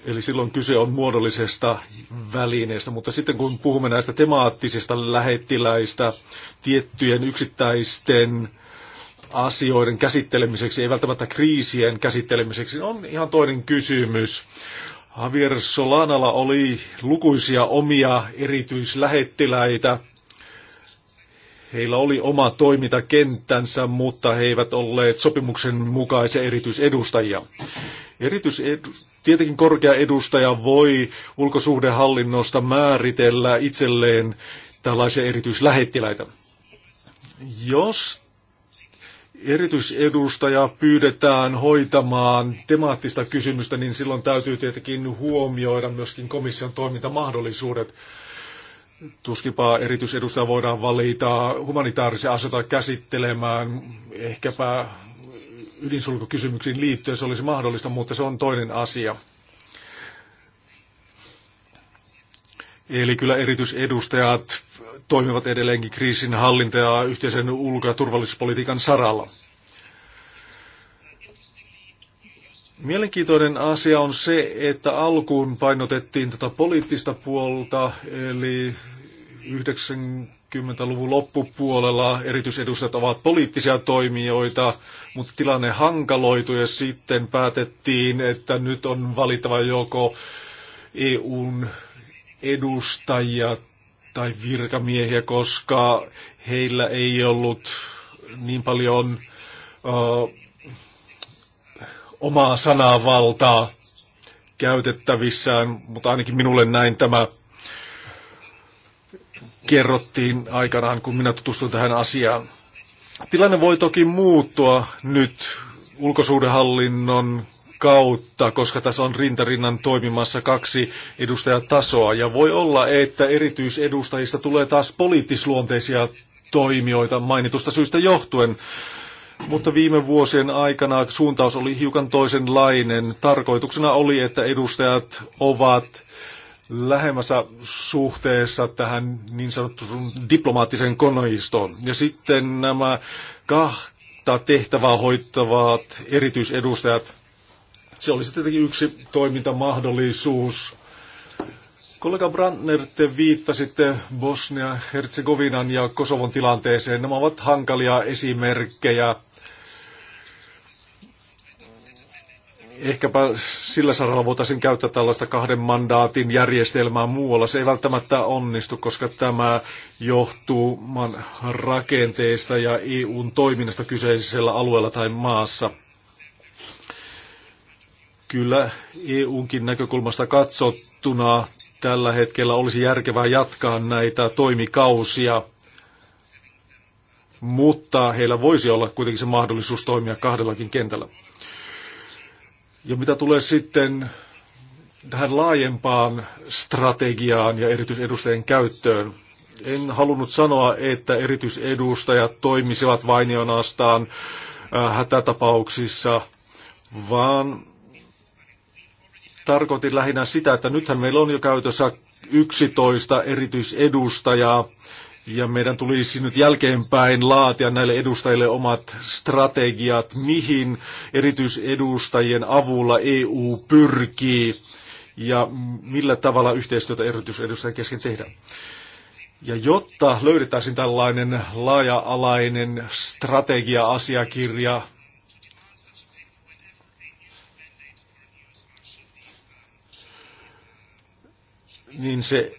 Eli silloin kyse on muodollisesta välineestä, mutta sitten kun puhumme näistä temaattisista lähettiläistä tiettyjen yksittäisten asioiden käsittelemiseksi, ei välttämättä kriisien käsittelemiseksi, niin on ihan toinen kysymys. Javier Solanalla oli lukuisia omia erityislähettiläitä. Heillä oli oma toimintakenttänsä, mutta he eivät olleet sopimuksen mukaisia erityisedustajia. Erityisedus, tietenkin korkea edustaja voi ulkosuhdehallinnosta määritellä itselleen tällaisia erityislähettiläitä. Jos erityisedustaja pyydetään hoitamaan temaattista kysymystä, niin silloin täytyy tietenkin huomioida myöskin komission toimintamahdollisuudet. Tuskipa erityisedustaja voidaan valita humanitaarisia asioita käsittelemään, ehkäpä ydinsulkukysymyksiin liittyen se olisi mahdollista, mutta se on toinen asia. Eli kyllä erityisedustajat toimivat edelleenkin kriisin hallinta ja yhteisen ulko- ja turvallisuuspolitiikan saralla. Mielenkiintoinen asia on se, että alkuun painotettiin tätä poliittista puolta, eli 90 20-luvun loppupuolella erityisedustajat ovat poliittisia toimijoita, mutta tilanne hankaloitui ja sitten päätettiin, että nyt on valittava joko EUn edustajia tai virkamiehiä, koska heillä ei ollut niin paljon ö, omaa sanavaltaa käytettävissään, mutta ainakin minulle näin tämä kerrottiin aikanaan, kun minä tutustuin tähän asiaan. Tilanne voi toki muuttua nyt ulkosuudenhallinnon kautta, koska tässä on rintarinnan toimimassa kaksi edustajatasoa. Ja voi olla, että erityisedustajista tulee taas poliittisluonteisia toimijoita mainitusta syystä johtuen. Mutta viime vuosien aikana suuntaus oli hiukan toisenlainen. Tarkoituksena oli, että edustajat ovat lähemmässä suhteessa tähän niin sanottuun diplomaattiseen konoistoon. Ja sitten nämä kahta tehtävää hoitavat erityisedustajat, se olisi tietenkin yksi toimintamahdollisuus. Kollega Brandner, te viittasitte Bosnia, Herzegovinan ja Kosovon tilanteeseen. Nämä ovat hankalia esimerkkejä ehkäpä sillä saralla voitaisiin käyttää tällaista kahden mandaatin järjestelmää muualla. Se ei välttämättä onnistu, koska tämä johtuu man rakenteesta ja EUn toiminnasta kyseisellä alueella tai maassa. Kyllä EUnkin näkökulmasta katsottuna tällä hetkellä olisi järkevää jatkaa näitä toimikausia, mutta heillä voisi olla kuitenkin se mahdollisuus toimia kahdellakin kentällä. Ja mitä tulee sitten tähän laajempaan strategiaan ja erityisedustajien käyttöön, en halunnut sanoa, että erityisedustajat toimisivat vain ja ainoastaan äh, hätätapauksissa, vaan tarkoitin lähinnä sitä, että nythän meillä on jo käytössä 11 erityisedustajaa ja meidän tulisi nyt jälkeenpäin laatia näille edustajille omat strategiat, mihin erityisedustajien avulla EU pyrkii ja millä tavalla yhteistyötä erityisedustajien kesken tehdään. Ja jotta löydettäisiin tällainen laaja-alainen strategia-asiakirja, niin se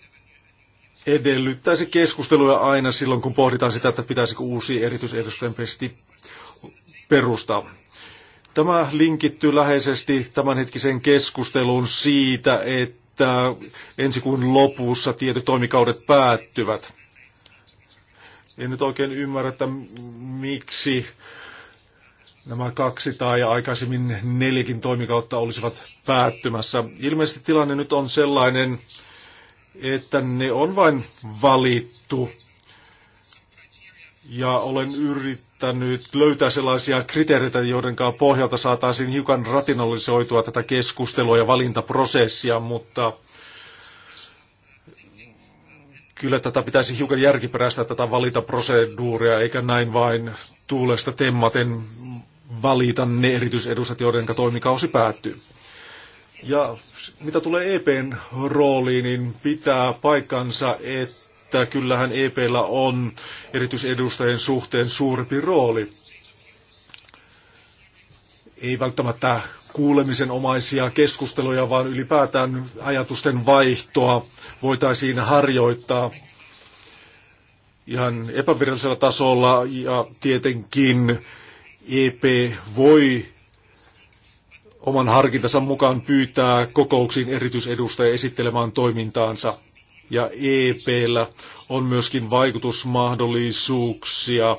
edellyttäisi keskusteluja aina silloin, kun pohditaan sitä, että pitäisikö uusi erityisedustajan pesti perustaa. Tämä linkittyy läheisesti tämänhetkiseen keskusteluun siitä, että ensi kuun lopussa tietyt toimikaudet päättyvät. En nyt oikein ymmärrä, että miksi nämä kaksi tai aikaisemmin neljäkin toimikautta olisivat päättymässä. Ilmeisesti tilanne nyt on sellainen, että ne on vain valittu. Ja olen yrittänyt löytää sellaisia kriteereitä, joiden pohjalta saataisiin hiukan ratinallisoitua tätä keskustelua ja valintaprosessia, mutta kyllä tätä pitäisi hiukan järkiperäistä tätä valintaproseduuria, eikä näin vain tuulesta temmaten valita ne erityisedustat, joiden toimikausi päättyy. Ja mitä tulee EPn rooliin, niin pitää paikkansa, että kyllähän EPllä on erityisedustajien suhteen suurempi rooli. Ei välttämättä kuulemisen omaisia keskusteluja, vaan ylipäätään ajatusten vaihtoa voitaisiin harjoittaa ihan epävirallisella tasolla ja tietenkin EP voi oman harkintansa mukaan pyytää kokouksiin erityisedustajia esittelemään toimintaansa. Ja EPllä on myöskin vaikutusmahdollisuuksia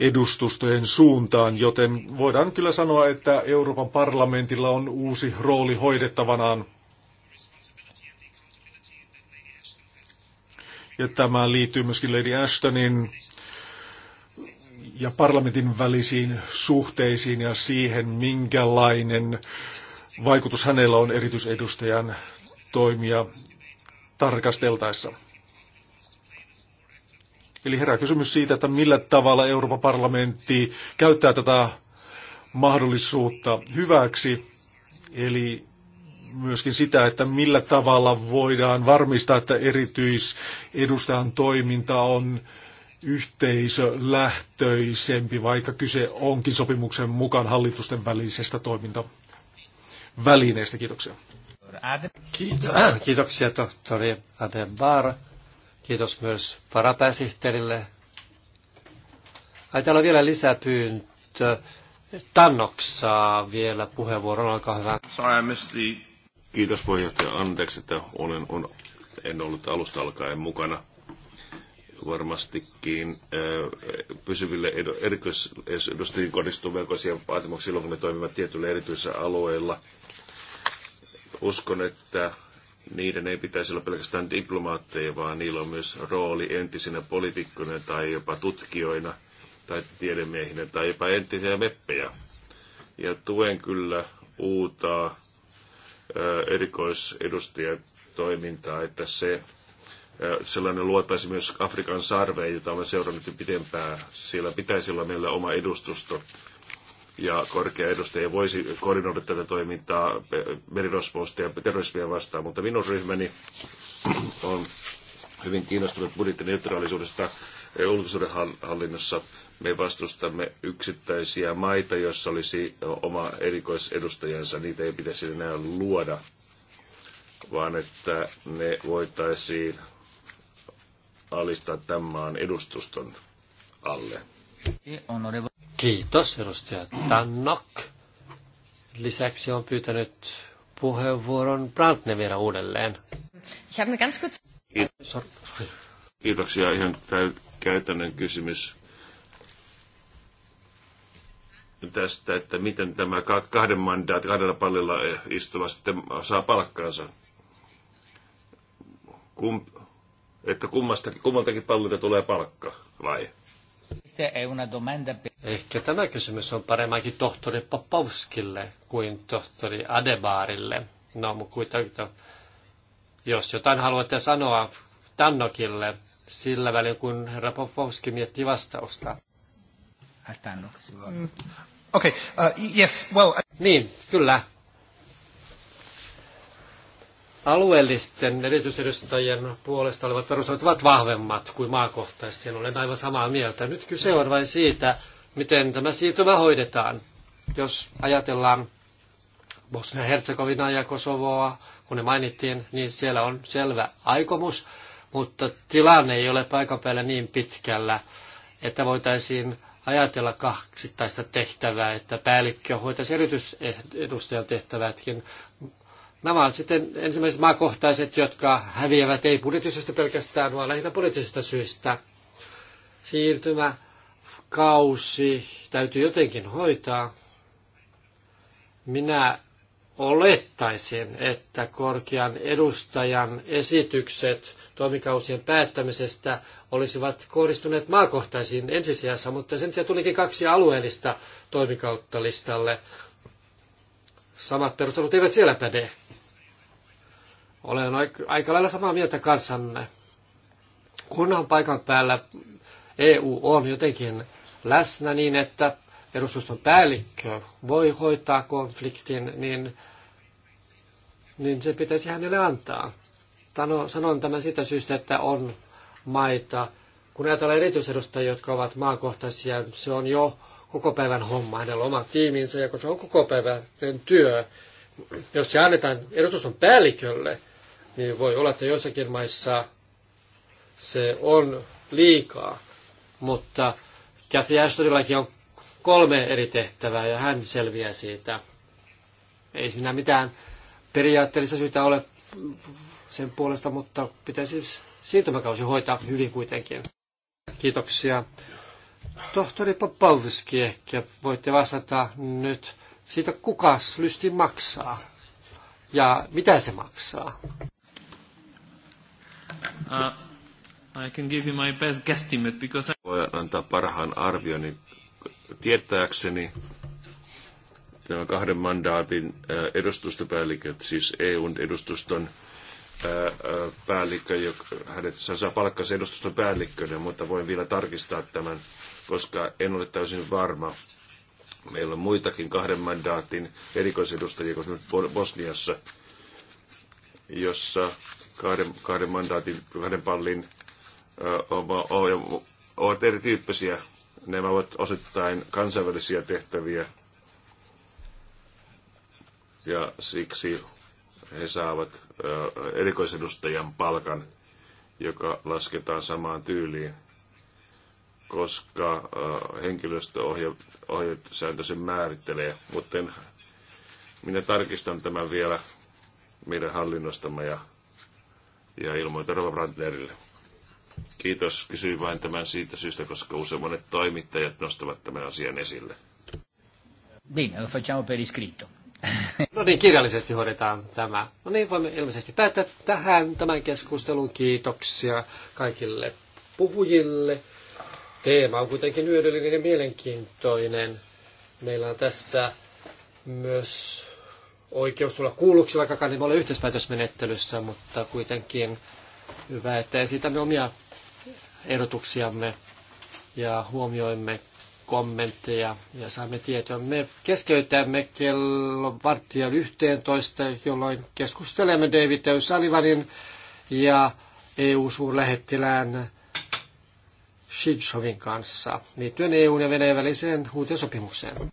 edustustojen suuntaan, joten voidaan kyllä sanoa, että Euroopan parlamentilla on uusi rooli hoidettavanaan. Ja tämä liittyy myöskin Lady Ashtonin ja parlamentin välisiin suhteisiin ja siihen, minkälainen vaikutus hänellä on erityisedustajan toimia tarkasteltaessa. Eli herää kysymys siitä, että millä tavalla Euroopan parlamentti käyttää tätä mahdollisuutta hyväksi, eli myöskin sitä, että millä tavalla voidaan varmistaa, että erityisedustajan toiminta on yhteisölähtöisempi, vaikka kyse onkin sopimuksen mukaan hallitusten välisestä toimintavälineestä. Kiitoksia. Kiitos. Kiitoksia tohtori Adebar. Kiitos myös varapääsihteerille. Ai täällä on vielä lisäpyyntö. Tannoksaa vielä puheenvuoron, olkaa hyvä. Kiitos puheenjohtaja, anteeksi, että olen, on, en ollut alusta alkaen mukana varmastikin pysyville erikoisedustajien kohdistuu melkoisia vaatimuksia silloin, kun ne toimivat tietyillä erityisillä alueilla. Uskon, että niiden ei pitäisi olla pelkästään diplomaatteja, vaan niillä on myös rooli entisinä poliitikkoina tai jopa tutkijoina tai tiedemiehinä tai jopa entisiä meppejä. Ja tuen kyllä uutaa erikoisedustajatoimintaa, että se sellainen luotaisi myös Afrikan sarveen, jota olen seurannut jo pitempään. Siellä pitäisi olla meillä oma edustusto ja korkea edustaja voisi koordinoida tätä toimintaa merirosvoista ja terrorismia vastaan, mutta minun ryhmäni on hyvin kiinnostunut budjettineutraalisuudesta hallinnossa. Me vastustamme yksittäisiä maita, joissa olisi oma erikoisedustajansa. Niitä ei pitäisi enää luoda, vaan että ne voitaisiin alistaa tämän maan edustuston alle. Kiitos edustaja Tannok. Lisäksi on pyytänyt puheenvuoron Brantne vielä uudelleen. Kiitoksia. Ihan käytännön kysymys tästä, että miten tämä kahden mandaat kahdella pallilla eh, istuva sitten saa palkkaansa. Kump, että kummastakin, kummaltakin pallilta tulee palkka, vai? Ehkä tämä kysymys on paremminkin tohtori Popovskille kuin tohtori Adebaarille. No, mutta kuitenkin, jos jotain haluatte sanoa Tannokille, sillä välin kun herra Popovski miettii vastausta. Okei, Mm. Okay, uh, yes, well... I... Niin, kyllä alueellisten erityisedustajien puolesta olevat perustelut ovat vahvemmat kuin maakohtaisesti. ja olen aivan samaa mieltä. Nyt kyse on vain siitä, miten tämä siirtymä hoidetaan. Jos ajatellaan Bosnia-Herzegovinaa ja Kosovoa, kun ne mainittiin, niin siellä on selvä aikomus, mutta tilanne ei ole paikan päällä niin pitkällä, että voitaisiin ajatella kaksittaista tehtävää, että päällikkö hoitaisi erityisedustajan tehtävätkin, Nämä ovat sitten ensimmäiset maakohtaiset, jotka häviävät ei budjetisesta pelkästään, vaan lähinnä poliittisista syistä. siirtymä kausi täytyy jotenkin hoitaa. Minä olettaisin, että korkean edustajan esitykset toimikausien päättämisestä olisivat kohdistuneet maakohtaisiin ensisijassa, mutta sen sijaan tulikin kaksi alueellista toimikautta listalle. Samat perustelut eivät siellä päde. Olen aika lailla samaa mieltä kanssanne. Kunhan paikan päällä EU on jotenkin läsnä niin, että edustuston päällikkö voi hoitaa konfliktin, niin, niin se pitäisi hänelle antaa. Tano, sanon tämän sitä syystä, että on maita, kun ajatellaan erityisedustajia, jotka ovat maakohtaisia, se on jo koko päivän homma, hänellä on oma tiiminsä, ja kun se on koko päivän työ, jos se annetaan edustuston päällikölle, niin voi olla, että joissakin maissa se on liikaa, mutta Kathy Ashtonillakin on kolme eri tehtävää ja hän selviää siitä. Ei siinä mitään periaatteellista syytä ole sen puolesta, mutta pitäisi siirtymäkausi hoitaa hyvin kuitenkin. Kiitoksia. Tohtori Popovski ehkä voitte vastata nyt siitä, kuka lysti maksaa ja mitä se maksaa. Uh, I can give you my best guesstimate because I... antaa parhaan arvioni tietääkseni nämä kahden mandaatin uh, edustustopäälliköt, siis EUn edustuston uh, uh, päällikkö, joka, hänet saa palkkansa edustuston päällikkönä, mutta voin vielä tarkistaa tämän, koska en ole täysin varma. Meillä on muitakin kahden mandaatin erikoisedustajia, kuten Bosniassa, jossa kahden, kahden mandaatin, kahden pallin ovat erityyppisiä. Nämä ovat osittain kansainvälisiä tehtäviä ja siksi he saavat erikoisedustajan palkan, joka lasketaan samaan tyyliin, koska sääntö sen määrittelee. Mutta minä tarkistan tämän vielä meidän hallinnostamme ja ja ilmoitan Rova Brandlerille. Kiitos. Kysyin vain tämän siitä syystä, koska usein monet toimittajat nostavat tämän asian esille. Bene, lo facciamo per iscritto. No niin, kirjallisesti hoidetaan tämä. No niin, voimme ilmeisesti päättää tähän tämän keskustelun. Kiitoksia kaikille puhujille. Teema on kuitenkin hyödyllinen ja mielenkiintoinen. Meillä on tässä myös oikeus tulla kuulluksi, vaikkakaan emme ole yhteispäätösmenettelyssä, mutta kuitenkin hyvä, että esitämme omia ehdotuksiamme ja huomioimme kommentteja ja saamme tietoa. Me keskeytämme kello varttia 11, jolloin keskustelemme David O'Sullivanin ja EU-suurlähettilään Shinshovin kanssa liittyen EUn ja Venäjän väliseen uuteen sopimukseen.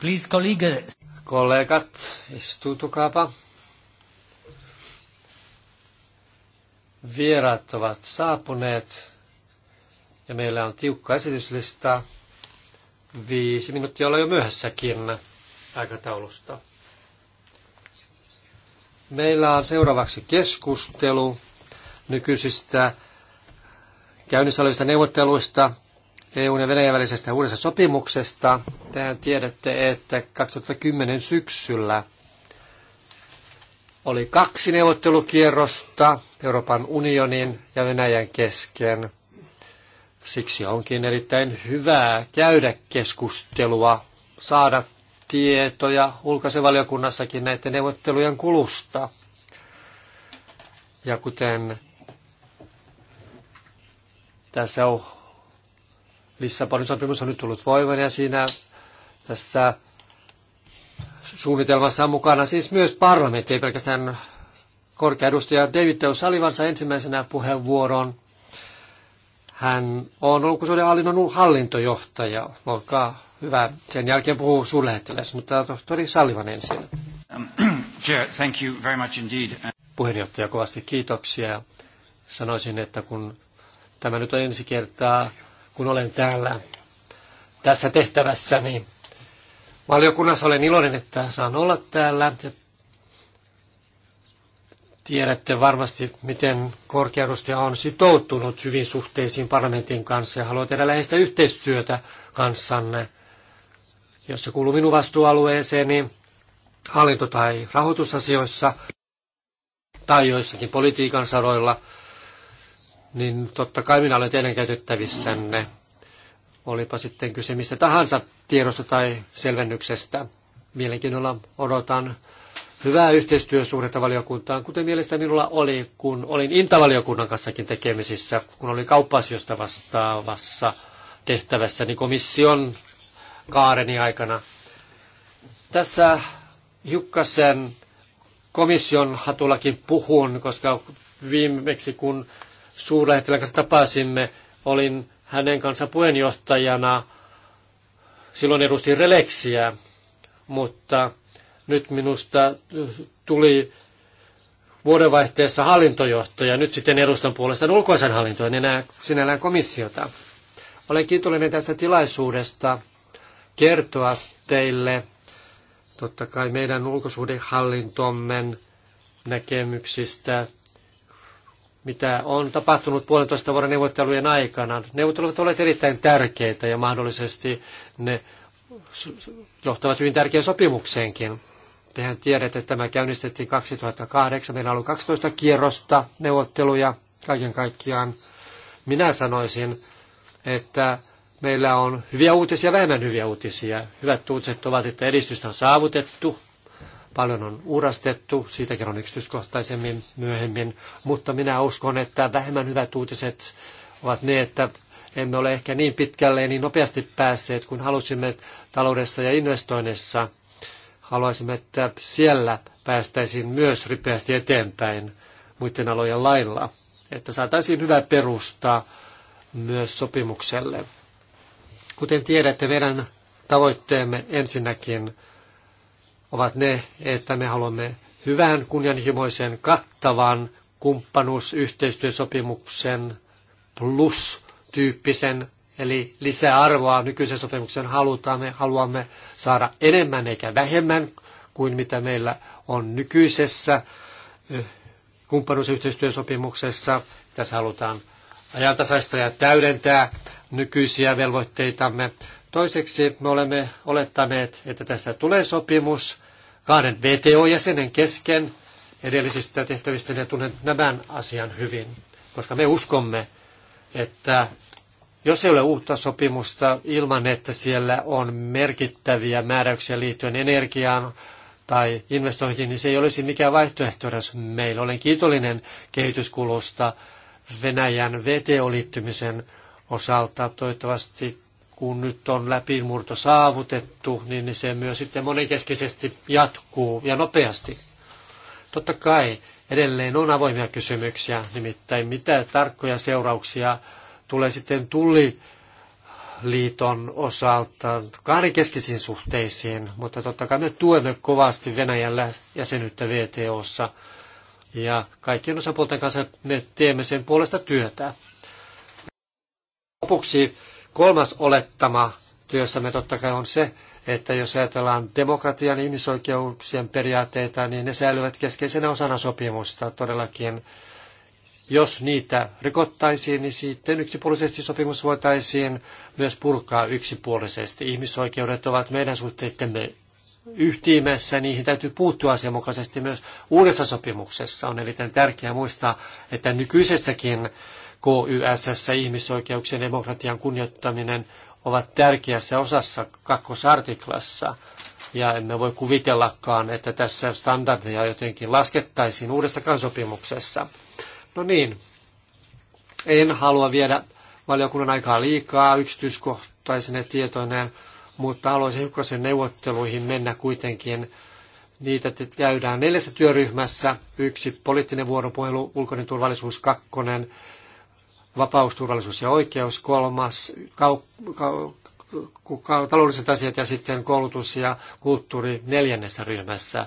Please, colleague. Kollegat, istutukaapa. Vieraat ovat saapuneet ja meillä on tiukka esityslista. Viisi minuuttia olla jo myöhässäkin aikataulusta. Meillä on seuraavaksi keskustelu nykyisistä käynnissä olevista neuvotteluista EUn ja Venäjän välisestä uudesta sopimuksesta – Tehän tiedätte, että 2010 syksyllä oli kaksi neuvottelukierrosta Euroopan unionin ja Venäjän kesken. Siksi onkin erittäin hyvää käydä keskustelua, saada tietoja ulkoasevaliokunnassakin näiden neuvottelujen kulusta. Ja kuten tässä on, Lissabonin sopimus on nyt tullut voimaan ja siinä tässä suunnitelmassa on mukana siis myös parlamentti, ei pelkästään korkea edustaja David Salivansa ensimmäisenä puheenvuoron. Hän on hallinnon hallintojohtaja. Olkaa hyvä. Sen jälkeen puhuu suurlähettiläs, mutta tohtori Salivan ensin. Um, Chair, thank you very much indeed. Uh, Puheenjohtaja, kovasti kiitoksia. Sanoisin, että kun tämä nyt on ensi kertaa, kun olen täällä tässä tehtävässä, niin valiokunnassa. Olen iloinen, että saan olla täällä. Ja tiedätte varmasti, miten korkeudustaja on sitoutunut hyvin suhteisiin parlamentin kanssa ja haluaa tehdä läheistä yhteistyötä kanssanne. Jos se kuuluu minun vastuualueeseeni hallinto- tai rahoitusasioissa tai joissakin politiikan saroilla, niin totta kai minä olen teidän käytettävissänne olipa sitten kyse mistä tahansa tiedosta tai selvennyksestä. Mielenkiinnolla odotan hyvää yhteistyösuhdetta valiokuntaan, kuten mielestäni minulla oli, kun olin Intavaliokunnan kanssakin tekemisissä, kun olin kauppa-asioista vastaavassa tehtävässä, niin komission kaareni aikana. Tässä hiukkasen komission hatullakin puhun, koska viimeksi kun suurlähettilän kanssa tapasimme, olin hänen kanssa puheenjohtajana silloin edusti releksiä, mutta nyt minusta tuli vuodenvaihteessa hallintojohtaja, nyt sitten edustan puolestaan ulkoisen hallintoa, niin enää sinällään komissiota. Olen kiitollinen tästä tilaisuudesta kertoa teille totta kai meidän ulkosuhdehallintomme näkemyksistä mitä on tapahtunut puolentoista vuoden neuvottelujen aikana. Neuvottelut ovat olleet erittäin tärkeitä ja mahdollisesti ne johtavat hyvin tärkeään sopimukseenkin. Tehän tiedätte, että tämä käynnistettiin 2008. Meillä on ollut 12 kierrosta neuvotteluja kaiken kaikkiaan. Minä sanoisin, että meillä on hyviä uutisia, vähemmän hyviä uutisia. Hyvät uutiset ovat, että edistystä on saavutettu Paljon on uurastettu, siitä kerron yksityiskohtaisemmin myöhemmin, mutta minä uskon, että vähemmän hyvät uutiset ovat ne, että emme ole ehkä niin pitkälle ja niin nopeasti päässeet kuin halusimme taloudessa ja investoinnissa. Haluaisimme, että siellä päästäisiin myös ripeästi eteenpäin muiden alojen lailla, että saataisiin hyvä perusta myös sopimukselle. Kuten tiedätte, meidän tavoitteemme ensinnäkin ovat ne, että me haluamme hyvän, kunnianhimoisen, kattavan kumppanuusyhteistyösopimuksen plus-tyyppisen, eli lisäarvoa nykyisen sopimuksen halutaan. Me haluamme saada enemmän eikä vähemmän kuin mitä meillä on nykyisessä kumppanuusyhteistyösopimuksessa. Tässä halutaan ajantasaista ja täydentää nykyisiä velvoitteitamme. Toiseksi me olemme olettaneet, että tästä tulee sopimus kahden VTO-jäsenen kesken edellisistä tehtävistä ja tunnen tämän asian hyvin, koska me uskomme, että jos ei ole uutta sopimusta ilman, että siellä on merkittäviä määräyksiä liittyen energiaan tai investointiin, niin se ei olisi mikään vaihtoehto edes meillä. Olen kiitollinen kehityskulusta Venäjän VTO-liittymisen osalta. Toivottavasti kun nyt on läpimurto saavutettu, niin se myös sitten monenkeskisesti jatkuu ja nopeasti. Totta kai edelleen on avoimia kysymyksiä, nimittäin mitä tarkkoja seurauksia tulee sitten tulli liiton osalta kahdenkeskisiin suhteisiin, mutta totta kai me tuemme kovasti Venäjällä jäsenyyttä VTOssa ja kaikkien osapuolten kanssa me teemme sen puolesta työtä. Lopuksi Kolmas olettama työssämme totta kai on se, että jos ajatellaan demokratian ihmisoikeuksien periaatteita, niin ne säilyvät keskeisenä osana sopimusta todellakin. Jos niitä rikottaisiin, niin sitten yksipuolisesti sopimus voitaisiin myös purkaa yksipuolisesti. Ihmisoikeudet ovat meidän suhteittemme yhtimessä, niihin täytyy puuttua asianmukaisesti myös uudessa sopimuksessa. On erittäin tärkeää muistaa, että nykyisessäkin KYSS, ihmisoikeuksien ja demokratian kunnioittaminen ovat tärkeässä osassa kakkosartiklassa. Ja emme voi kuvitellakaan, että tässä standardeja jotenkin laskettaisiin uudessa kansopimuksessa. No niin, en halua viedä valiokunnan aikaa liikaa yksityiskohtaisena tietoineen, mutta haluaisin hiukkasen neuvotteluihin mennä kuitenkin. Niitä käydään neljässä työryhmässä. Yksi poliittinen vuoropuhelu, ulkoinen turvallisuus kakkonen, vapaus, turvallisuus ja oikeus, kolmas kau- kau- kau- taloudelliset asiat ja sitten koulutus ja kulttuuri neljännessä ryhmässä.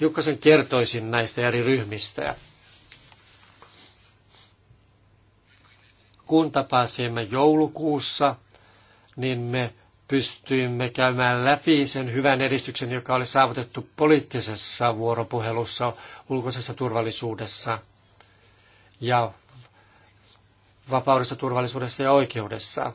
Hiukkasen kertoisin näistä eri ryhmistä. Kun tapasimme joulukuussa, niin me pystyimme käymään läpi sen hyvän edistyksen, joka oli saavutettu poliittisessa vuoropuhelussa, ulkoisessa turvallisuudessa ja vapaudessa, turvallisuudessa ja oikeudessa.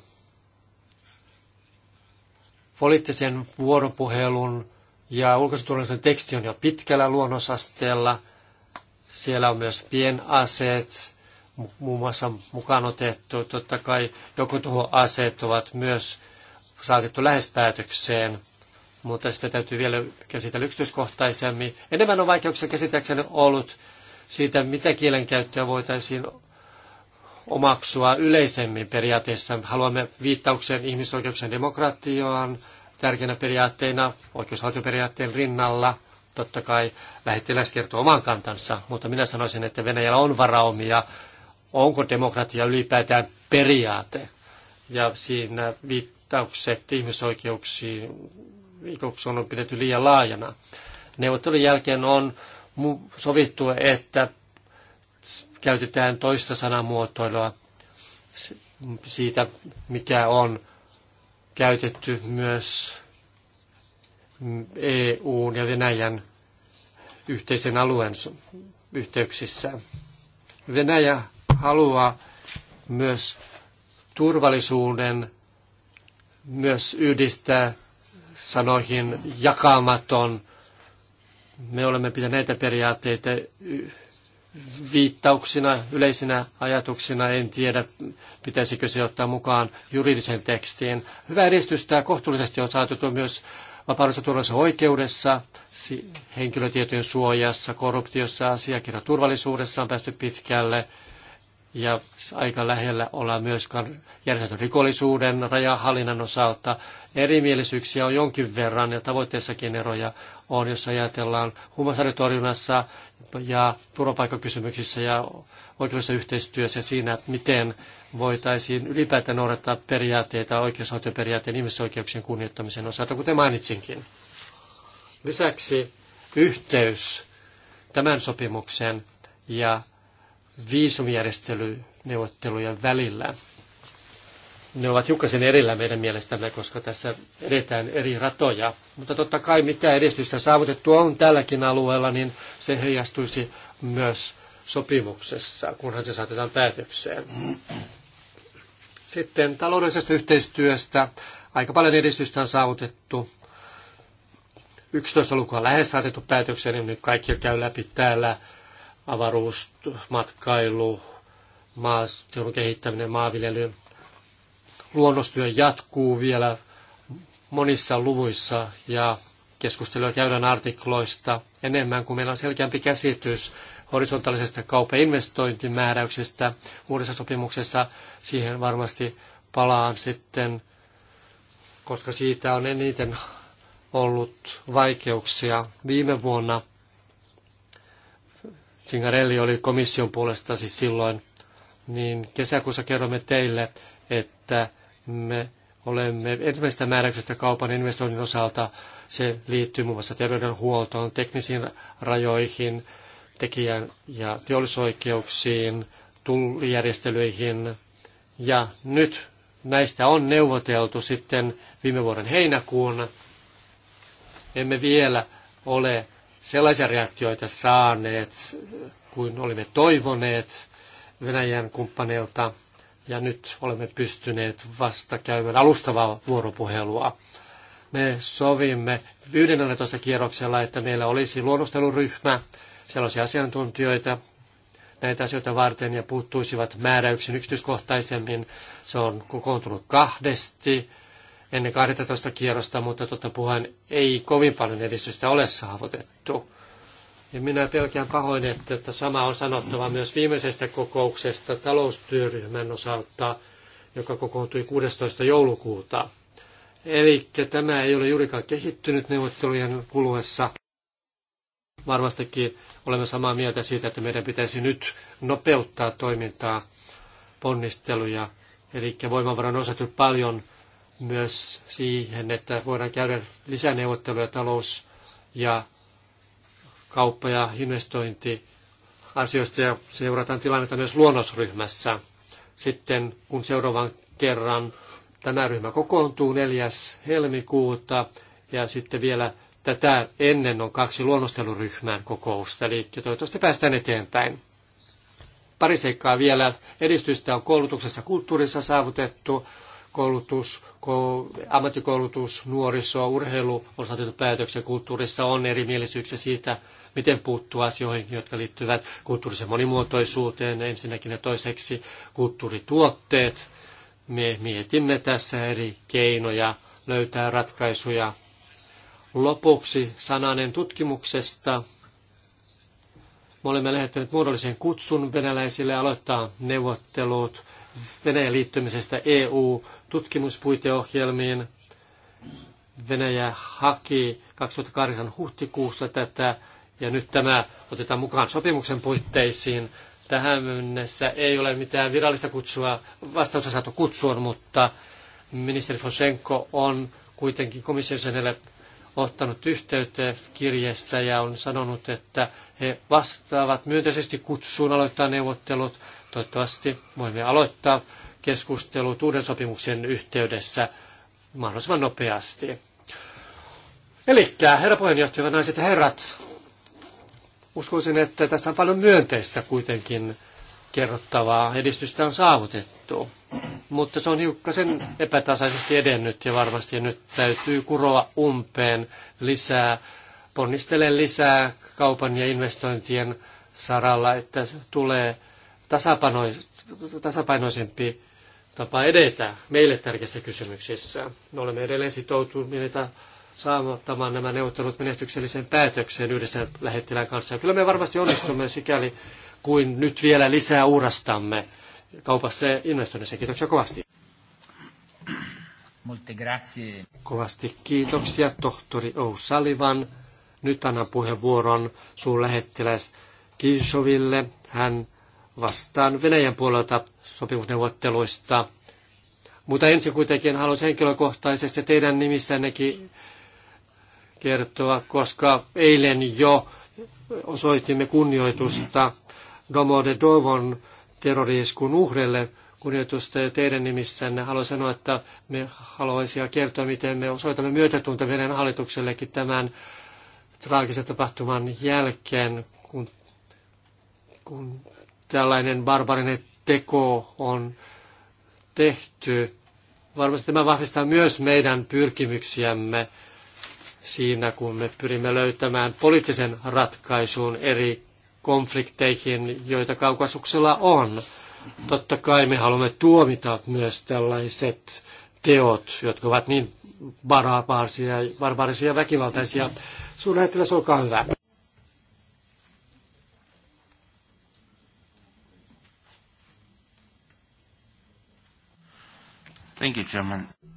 Poliittisen vuoropuhelun ja ulkoisen teksti on jo pitkällä luonnosasteella. Siellä on myös pienaseet, muun muassa mukaan otettu. Totta kai aseet ovat myös saatettu lähes päätökseen, mutta sitä täytyy vielä käsitellä yksityiskohtaisemmin. Enemmän on vaikeuksia käsittääkseni ollut siitä, mitä kielenkäyttöä voitaisiin omaksua yleisemmin periaatteessa. Haluamme viittauksen ihmisoikeuksien demokratiaan tärkeänä periaatteena oikeusvaltioperiaatteen rinnalla. Totta kai lähettiläs kertoo oman kantansa, mutta minä sanoisin, että Venäjällä on varaumia. Onko demokratia ylipäätään periaate? Ja siinä viittaukset ihmisoikeuksiin on pidetty liian laajana. Neuvottelun jälkeen on sovittu, että käytetään toista sanamuotoilua siitä, mikä on käytetty myös EUn ja Venäjän yhteisen alueen yhteyksissä. Venäjä haluaa myös turvallisuuden myös yhdistää sanoihin jakamaton. Me olemme pitäneet näitä periaatteita viittauksina, yleisinä ajatuksina, en tiedä pitäisikö se ottaa mukaan juridisen tekstiin. Hyvä edistystä kohtuullisesti on saatu myös vapaudessa turvallisessa oikeudessa, henkilötietojen suojassa, korruptiossa, asiakirjan turvallisuudessa on päästy pitkälle. Ja aika lähellä ollaan myös järjestetty rikollisuuden, rajahallinnan osalta. Erimielisyyksiä on jonkin verran ja tavoitteessakin eroja on, jos ajatellaan huumausainetorjunnassa ja turvapaikkakysymyksissä ja oikeudessa yhteistyössä ja siinä, miten voitaisiin ylipäätään noudattaa periaatteita oikeusvaltioperiaatteen ihmisoikeuksien kunnioittamisen osalta, kuten mainitsinkin. Lisäksi yhteys tämän sopimuksen ja viisumijärjestelyneuvottelujen välillä – ne ovat hiukkasen erillä meidän mielestämme, koska tässä edetään eri ratoja. Mutta totta kai mitä edistystä saavutettu on tälläkin alueella, niin se heijastuisi myös sopimuksessa, kunhan se saatetaan päätökseen. Sitten taloudellisesta yhteistyöstä aika paljon edistystä on saavutettu. 11 lukua lähes saatettu päätökseen, niin nyt kaikki käy läpi täällä. Avaruus, matkailu, maaseudun kehittäminen, maanviljely, luonnostyö jatkuu vielä monissa luvuissa ja keskustelua käydään artikloista enemmän, kun meillä on selkeämpi käsitys horisontaalisesta kauppa- investointimääräyksestä uudessa sopimuksessa. Siihen varmasti palaan sitten, koska siitä on eniten ollut vaikeuksia. Viime vuonna Singarelli oli komission puolesta siis silloin, niin kesäkuussa kerromme teille, että me olemme ensimmäisestä määräyksestä kaupan investoinnin osalta. Se liittyy muun muassa terveydenhuoltoon, teknisiin rajoihin, tekijän ja teollisoikeuksiin, tullijärjestelyihin. Ja nyt näistä on neuvoteltu sitten viime vuoden heinäkuun. Emme vielä ole sellaisia reaktioita saaneet kuin olimme toivoneet Venäjän kumppaneilta – ja nyt olemme pystyneet vasta käymään alustavaa vuoropuhelua. Me sovimme 11 kierroksella, että meillä olisi luonnosteluryhmä, siellä olisi asiantuntijoita näitä asioita varten ja puuttuisivat määräyksen yksityiskohtaisemmin. Se on kokoontunut kahdesti ennen 12 kierrosta, mutta totta puheen ei kovin paljon edistystä ole saavutettu. Ja minä pelkään pahoin, että sama on sanottava myös viimeisestä kokouksesta taloustyöryhmän osalta, joka kokoontui 16. joulukuuta. Eli tämä ei ole juurikaan kehittynyt neuvottelujen kuluessa. Varmastikin olemme samaa mieltä siitä, että meidän pitäisi nyt nopeuttaa toimintaa, ponnisteluja. Eli voimavara on osattu paljon myös siihen, että voidaan käydä lisäneuvotteluja talous- ja kauppa- ja investointiasioista ja seurataan tilannetta myös luonnosryhmässä. Sitten kun seuraavan kerran tämä ryhmä kokoontuu 4. helmikuuta ja sitten vielä tätä ennen on kaksi luonnosteluryhmän kokousta, eli toivottavasti päästään eteenpäin. Pari seikkaa vielä. Edistystä on koulutuksessa kulttuurissa saavutettu. Koulutus, ammattikoulutus, nuoriso, urheilu on saatettu päätöksen. Kulttuurissa on erimielisyyksiä siitä, miten puuttua asioihin, jotka liittyvät kulttuurisen monimuotoisuuteen ensinnäkin ja toiseksi kulttuurituotteet. Me mietimme tässä eri keinoja löytää ratkaisuja. Lopuksi sananen tutkimuksesta. Me olemme lähettäneet muodollisen kutsun venäläisille aloittaa neuvottelut Venäjän liittymisestä EU-tutkimuspuiteohjelmiin. Venäjä haki 2008 huhtikuussa tätä ja nyt tämä otetaan mukaan sopimuksen puitteisiin. Tähän mennessä ei ole mitään virallista kutsua, vastausta saatu kutsua, mutta ministeri Fosenko on kuitenkin komissiosenelle ottanut yhteyttä kirjeessä ja on sanonut, että he vastaavat myönteisesti kutsuun aloittaa neuvottelut. Toivottavasti voimme aloittaa keskustelut uuden sopimuksen yhteydessä mahdollisimman nopeasti. Eli herra puheenjohtaja, naiset ja herrat, uskoisin, että tässä on paljon myönteistä kuitenkin kerrottavaa. Edistystä on saavutettu, mutta se on hiukkasen epätasaisesti edennyt ja varmasti nyt täytyy kuroa umpeen lisää, ponnistele lisää kaupan ja investointien saralla, että tulee tasapainoisempi tapa edetä meille tärkeissä kysymyksissä. Me olemme edelleen sitoutuneita saavuttamaan nämä neuvottelut menestyksellisen päätöksen yhdessä lähettilään kanssa. Ja kyllä me varmasti onnistumme sikäli kuin nyt vielä lisää uurastamme kaupassa ja investoinnissa. Kiitoksia kovasti. Molte grazie. Kovasti kiitoksia tohtori O'Sullivan. Nyt annan puheenvuoron lähettiläs Kinsoville. Hän vastaa Venäjän puolelta sopimusneuvotteluista. Mutta ensin kuitenkin haluaisin henkilökohtaisesti teidän nimissännekin kertoa, koska eilen jo osoitimme kunnioitusta Domo de Dovon terroriiskun uhrelle kunnioitusta ja teidän nimissänne. Haluan sanoa, että me haluaisimme kertoa, miten me osoitamme myötätunta Venäjän hallituksellekin tämän traagisen tapahtuman jälkeen, kun, kun tällainen barbarinen teko on tehty. Varmasti tämä vahvistaa myös meidän pyrkimyksiämme siinä, kun me pyrimme löytämään poliittisen ratkaisun eri konflikteihin, joita kaukasuksella on. Totta kai me haluamme tuomita myös tällaiset teot, jotka ovat niin barbaarisia, barbaarisia väkivaltaisia. Suurlähettiläs, olkaa hyvä. Thank you,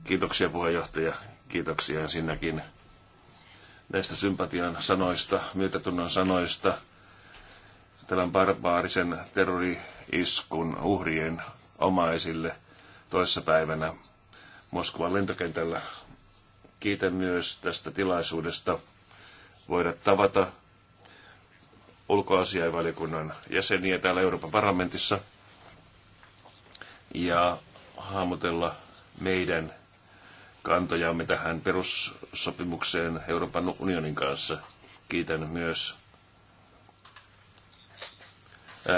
Kiitoksia puheenjohtaja. Kiitoksia sinnekin näistä sympatian sanoista, myötätunnon sanoista, tämän barbaarisen terrori-iskun uhrien omaisille toissapäivänä Moskovan lentokentällä. Kiitän myös tästä tilaisuudesta voida tavata ulkoasiainvaliokunnan jäseniä täällä Euroopan parlamentissa ja hahmotella meidän kantojamme tähän perussopimukseen Euroopan unionin kanssa. Kiitän myös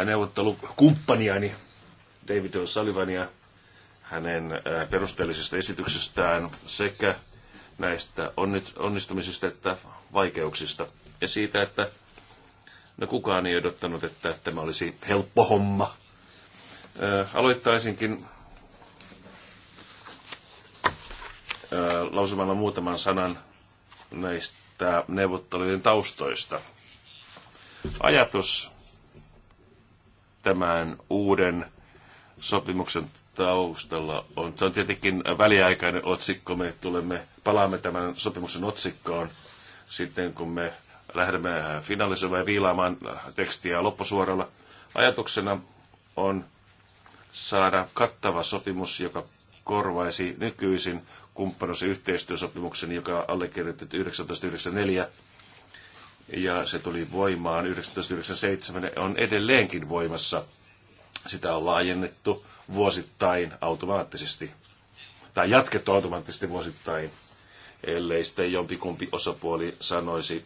neuvottelukumppaniani David O'Sullivania hänen perusteellisesta esityksestään sekä näistä onnistumisista että vaikeuksista. Ja siitä, että no kukaan ei odottanut, että tämä olisi helppo homma. Aloittaisinkin lausumalla muutaman sanan näistä neuvottelujen taustoista. Ajatus tämän uuden sopimuksen taustalla on, se on tietenkin väliaikainen otsikko, me tulemme, palaamme tämän sopimuksen otsikkoon sitten, kun me lähdemme finalisoimaan ja viilaamaan tekstiä loppusuoralla. Ajatuksena on saada kattava sopimus, joka korvaisi nykyisin kumppanuus- ja yhteistyösopimuksen, joka allekirjoitettiin 1994 ja se tuli voimaan 1997, on edelleenkin voimassa. Sitä on laajennettu vuosittain automaattisesti, tai jatkettu automaattisesti vuosittain, ellei sitten jompikumpi osapuoli sanoisi,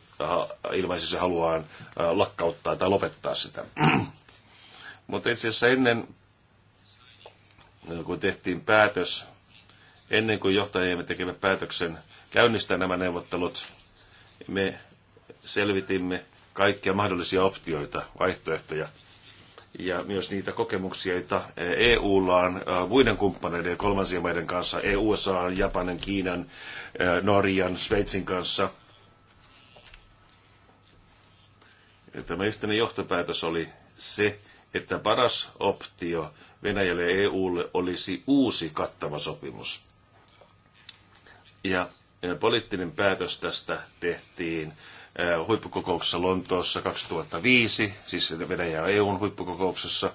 ilmaisisi haluaan äh, lakkauttaa tai lopettaa sitä. Mutta itse asiassa ennen kun tehtiin päätös, ennen kuin johtajamme tekevät päätöksen käynnistää nämä neuvottelut, me selvitimme kaikkia mahdollisia optioita, vaihtoehtoja ja myös niitä kokemuksia, joita EUlla on muiden kumppaneiden ja kolmansien maiden kanssa, e USA, Japanin, Kiinan, Norjan, Sveitsin kanssa. Ja tämä yhteinen johtopäätös oli se, että paras optio Venäjälle ja EUlle olisi uusi kattava sopimus. Ja poliittinen päätös tästä tehtiin äh, huippukokouksessa Lontoossa 2005, siis Venäjä ja EUn huippukokouksessa.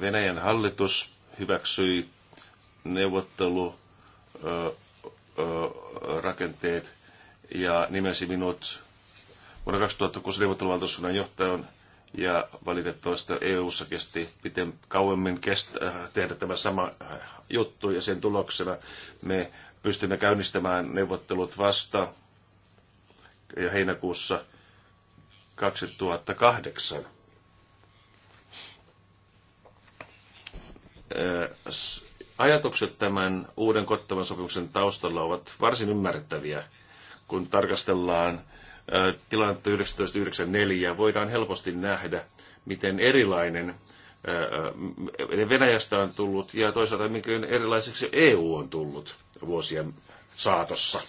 Venäjän hallitus hyväksyi neuvottelurakenteet äh, äh, ja nimesi minut vuonna 2006 neuvotteluvaltuuskunnan johtajan ja valitettavasti EU-ssa kesti piten kauemmin kestä, äh, tehdä tämä sama äh, juttu ja sen tuloksena me pystymme käynnistämään neuvottelut vasta ja heinäkuussa 2008. Äh, ajatukset tämän uuden Kottavan sopimuksen taustalla ovat varsin ymmärrettäviä, kun tarkastellaan tilannetta 1994, voidaan helposti nähdä, miten erilainen Venäjästä on tullut ja toisaalta miten erilaiseksi EU on tullut vuosien saatossa.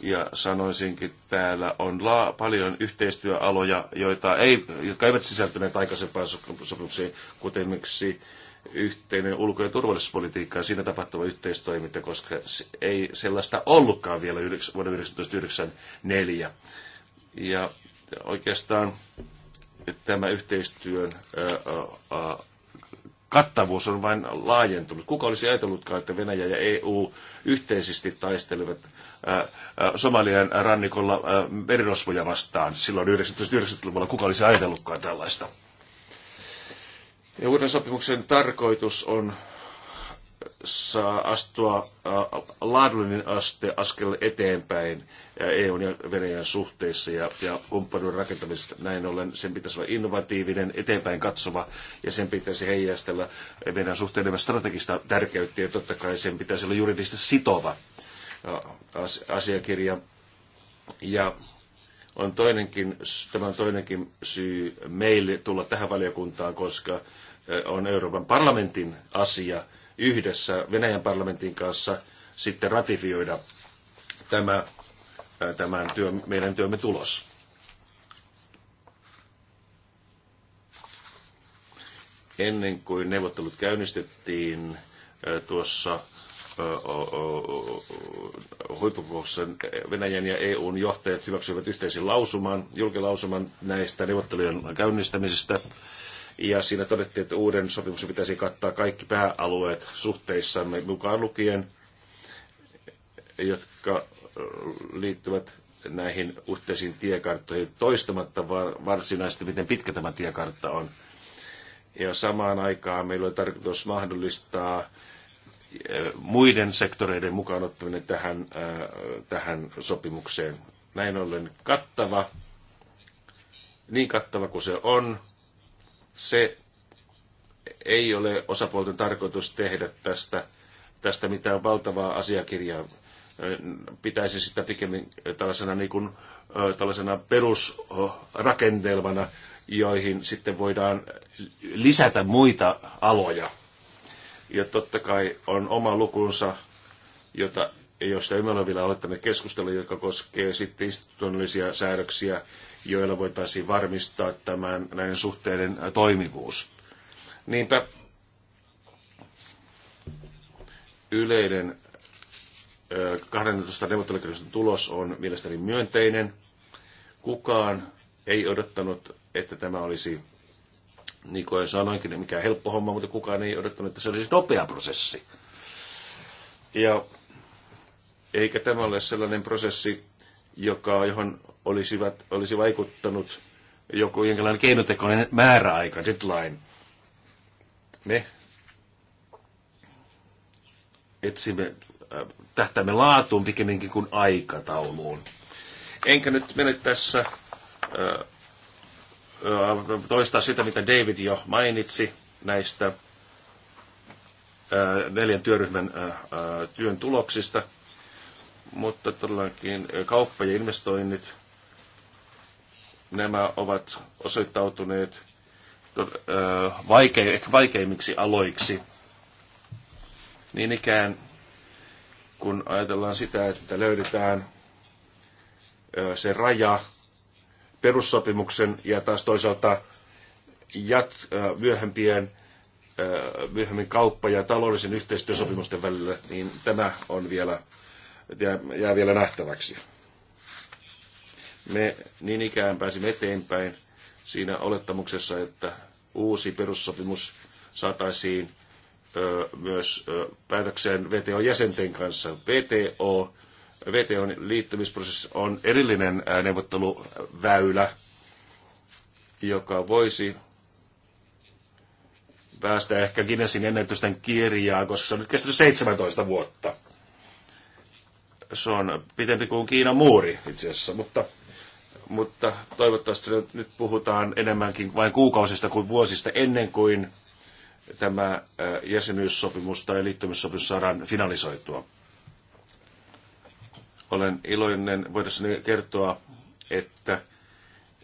Ja sanoisinkin, täällä on la- paljon yhteistyöaloja, joita ei, jotka eivät sisältyneet aikaisempaan sopimuksiin, kuten esimerkiksi yhteinen ulko- ja turvallisuuspolitiikka ja siinä tapahtuva yhteistoiminta, koska ei sellaista ollutkaan vielä vuonna 1994. Ja oikeastaan tämä yhteistyön kattavuus on vain laajentunut. Kuka olisi ajatellutkaan, että Venäjä ja EU yhteisesti taistelevat Somalian rannikolla merirosvoja vastaan silloin 1990-luvulla? Kuka olisi ajatellutkaan tällaista? Ja uuden sopimuksen tarkoitus on saa astua äh, laadullinen aste askel eteenpäin äh, EUn ja Venäjän suhteissa ja, ja kumppanuuden rakentamisessa Näin ollen sen pitäisi olla innovatiivinen, eteenpäin katsova ja sen pitäisi heijastella Venäjän suhteiden strategista tärkeyttä ja totta kai sen pitäisi olla juridisesti sitova äh, asiakirja. Ja on toinenkin, tämä on toinenkin syy meille tulla tähän valiokuntaan, koska on Euroopan parlamentin asia yhdessä Venäjän parlamentin kanssa sitten ratifioida tämä, tämän työ, meidän työmme tulos. Ennen kuin neuvottelut käynnistettiin tuossa huippukokouksessa Venäjän ja EUn johtajat hyväksyivät yhteisen lausuman, julkilausuman näistä neuvottelujen käynnistämisestä ja siinä todettiin, että uuden sopimuksen pitäisi kattaa kaikki pääalueet suhteissamme mukaan lukien, jotka liittyvät näihin yhteisiin tiekarttoihin toistamatta varsinaisesti, miten pitkä tämä tiekartta on. Ja samaan aikaan meillä on tarkoitus mahdollistaa muiden sektoreiden mukaan ottaminen tähän, tähän sopimukseen. Näin ollen kattava, niin kattava kuin se on, se ei ole osapuolten tarkoitus tehdä tästä, tästä mitään valtavaa asiakirjaa. Pitäisi sitä pikemmin tällaisena, niin kuin, tällaisena perusrakentelmana, joihin sitten voidaan lisätä muita aloja. Ja totta kai on oma lukunsa, jota josta emme ole vielä aloittaneet keskustelua, joka koskee sitten säädöksiä joilla voitaisiin varmistaa tämän, näiden suhteiden toimivuus. Niinpä yleinen 12 neuvottelukirjaston tulos on mielestäni myönteinen. Kukaan ei odottanut, että tämä olisi, niin kuin sanoinkin, mikä helppo homma, mutta kukaan ei odottanut, että se olisi nopea prosessi. Ja eikä tämä ole sellainen prosessi, joka, johon olisivat, olisi vaikuttanut joku jonkinlainen keinotekoinen määräaika, deadline. Me etsimme, äh, tähtäämme laatuun pikemminkin kuin aikatauluun. Enkä nyt mene tässä äh, äh, toistaa sitä, mitä David jo mainitsi näistä neljän työryhmän työn tuloksista – mutta todellakin eh, kauppa ja investoinnit, nämä ovat osoittautuneet eh, vaikein, ehkä vaikeimmiksi aloiksi. Niin ikään, kun ajatellaan sitä, että löydetään eh, se raja perussopimuksen ja taas toisaalta jat, myöhempien myöhemmin kauppa- ja taloudellisen yhteistyösopimusten välillä, niin tämä on vielä jää vielä nähtäväksi. Me niin ikään pääsimme eteenpäin siinä olettamuksessa, että uusi perussopimus saataisiin myös päätökseen VTO-jäsenten kanssa. VTO, VTOn liittymisprosessi on erillinen neuvotteluväylä, joka voisi päästä ehkä Guinnessin ennätysten kirjaan, koska se on nyt kestänyt 17 vuotta se on pitempi kuin Kiinan muuri itse asiassa, mutta, mutta toivottavasti nyt puhutaan enemmänkin vain kuukausista kuin vuosista ennen kuin tämä äh, jäsenyyssopimus tai liittymissopimus saadaan finalisoitua. Olen iloinen, voitaisiin kertoa, että,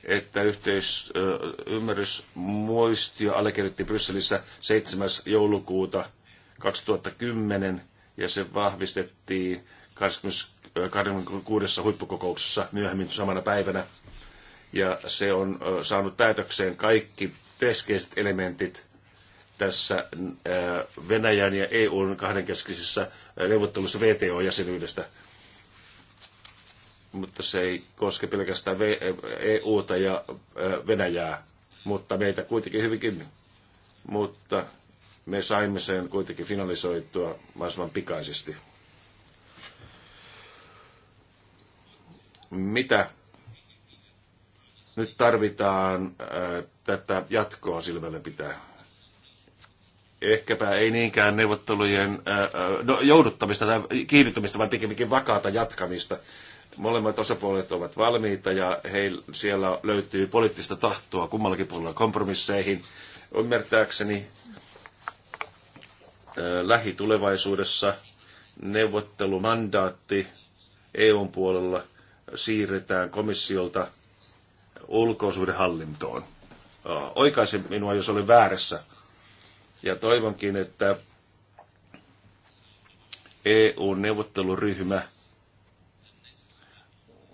että yhteisymmärrys muistio allekirjoitti Brysselissä 7. joulukuuta 2010 ja se vahvistettiin 26. huippukokouksessa myöhemmin samana päivänä. Ja se on saanut päätökseen kaikki keskeiset elementit tässä Venäjän ja EUn kahdenkeskisissä neuvottelussa VTO-jäsenyydestä. Mutta se ei koske pelkästään EUta ja Venäjää, mutta meitä kuitenkin hyvinkin. Mutta me saimme sen kuitenkin finalisoitua mahdollisimman pikaisesti. Mitä nyt tarvitaan äh, tätä jatkoa silmällä pitää? Ehkäpä ei niinkään neuvottelujen äh, äh, no, jouduttamista tai kiihdyttämistä, vaan pikemminkin vakaata jatkamista. Molemmat osapuolet ovat valmiita ja heillä siellä löytyy poliittista tahtoa kummallakin puolella kompromisseihin ymmärtääkseni lähitulevaisuudessa neuvottelumandaatti EUn puolella siirretään komissiolta ulkoisuudenhallintoon. Oikaise minua, jos olen väärässä. Ja toivonkin, että EU-neuvotteluryhmä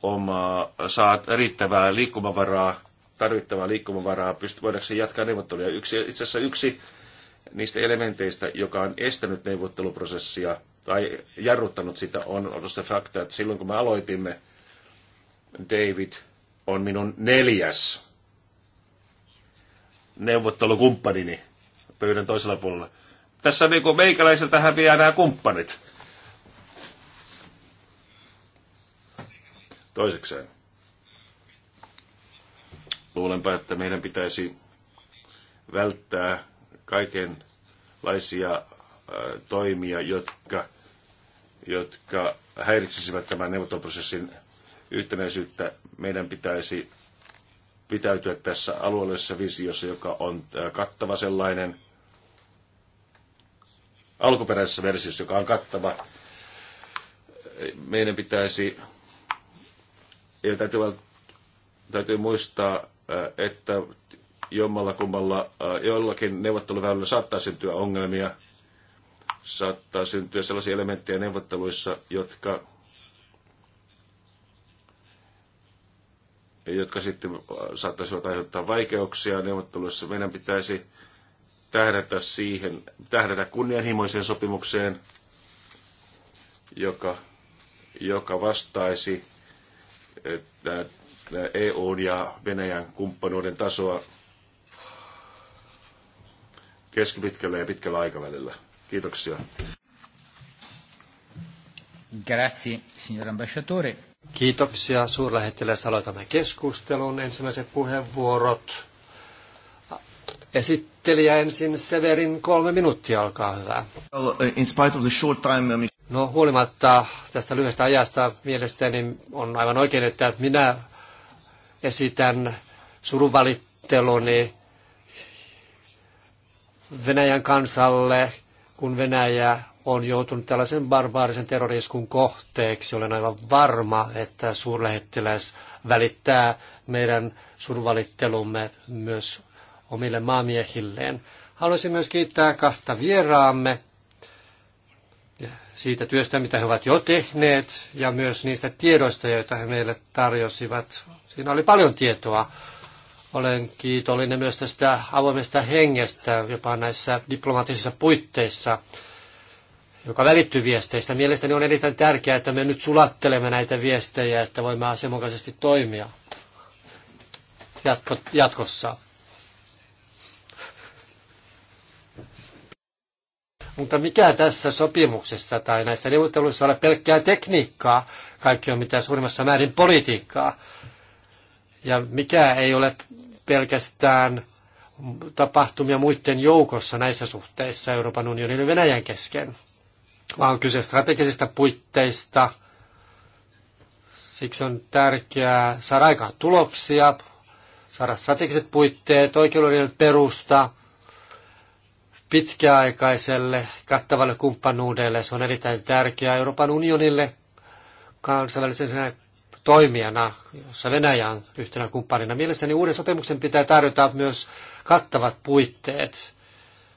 omaa, saa riittävää liikkumavaraa, tarvittavaa liikkumavaraa, pystyy voidaanko jatkaa neuvotteluja. Yksi, itse asiassa yksi niistä elementeistä, joka on estänyt neuvotteluprosessia tai jarruttanut sitä, on ollut se fakta, että silloin kun me aloitimme, David on minun neljäs neuvottelukumppanini pöydän toisella puolella. Tässä on niin kuin meikäläiseltä häviää nämä kumppanit. Toisekseen. Luulenpa, että meidän pitäisi välttää kaiken sellaisia toimia, jotka, jotka häiritsisivät tämän neuvotteluprosessin yhtenäisyyttä. Meidän pitäisi pitäytyä tässä alueellisessa visiossa, joka on kattava sellainen, alkuperäisessä versiossa, joka on kattava. Meidän pitäisi, ja täytyy, täytyy muistaa, että jommalla kummalla, äh, jollakin neuvotteluväylällä saattaa syntyä ongelmia, saattaa syntyä sellaisia elementtejä neuvotteluissa, jotka, jotka sitten äh, saattaisivat aiheuttaa vaikeuksia neuvotteluissa. Meidän pitäisi tähdätä siihen, tähdätä kunnianhimoiseen sopimukseen, joka, joka vastaisi äh, EUn ja Venäjän kumppanuuden tasoa keskipitkällä ja pitkällä aikavälillä. Kiitoksia. Grazie, signor ambasciatore. Kiitoksia suurlähettiläs. Aloitamme keskustelun. Ensimmäiset puheenvuorot. Esittelijä ensin Severin kolme minuuttia, olkaa hyvä. Uh, in spite of the short time, um, No huolimatta tästä lyhyestä ajasta mielestäni on aivan oikein, että minä esitän surunvalitteluni Venäjän kansalle, kun Venäjä on joutunut tällaisen barbaarisen terroriskun kohteeksi. Olen aivan varma, että suurlähettiläs välittää meidän survalittelumme myös omille maamiehilleen. Haluaisin myös kiittää kahta vieraamme siitä työstä, mitä he ovat jo tehneet, ja myös niistä tiedoista, joita he meille tarjosivat. Siinä oli paljon tietoa. Olen kiitollinen myös tästä avoimesta hengestä jopa näissä diplomaattisissa puitteissa, joka välittyy viesteistä. Mielestäni on erittäin tärkeää, että me nyt sulattelemme näitä viestejä, että voimme asianmukaisesti toimia jatko, jatkossa. Mutta mikä tässä sopimuksessa tai näissä neuvotteluissa ole pelkkää tekniikkaa, kaikki on mitä suurimmassa määrin politiikkaa. Ja mikä ei ole pelkästään tapahtumia muiden joukossa näissä suhteissa Euroopan unionin ja Venäjän kesken, vaan on kyse strategisista puitteista. Siksi on tärkeää saada aikaan tuloksia, saada strategiset puitteet, oikeudellinen perusta pitkäaikaiselle kattavalle kumppanuudelle. Se on erittäin tärkeää Euroopan unionille kansainvälisen toimijana, jossa Venäjä on yhtenä kumppanina. Mielestäni uuden sopimuksen pitää tarjota myös kattavat puitteet.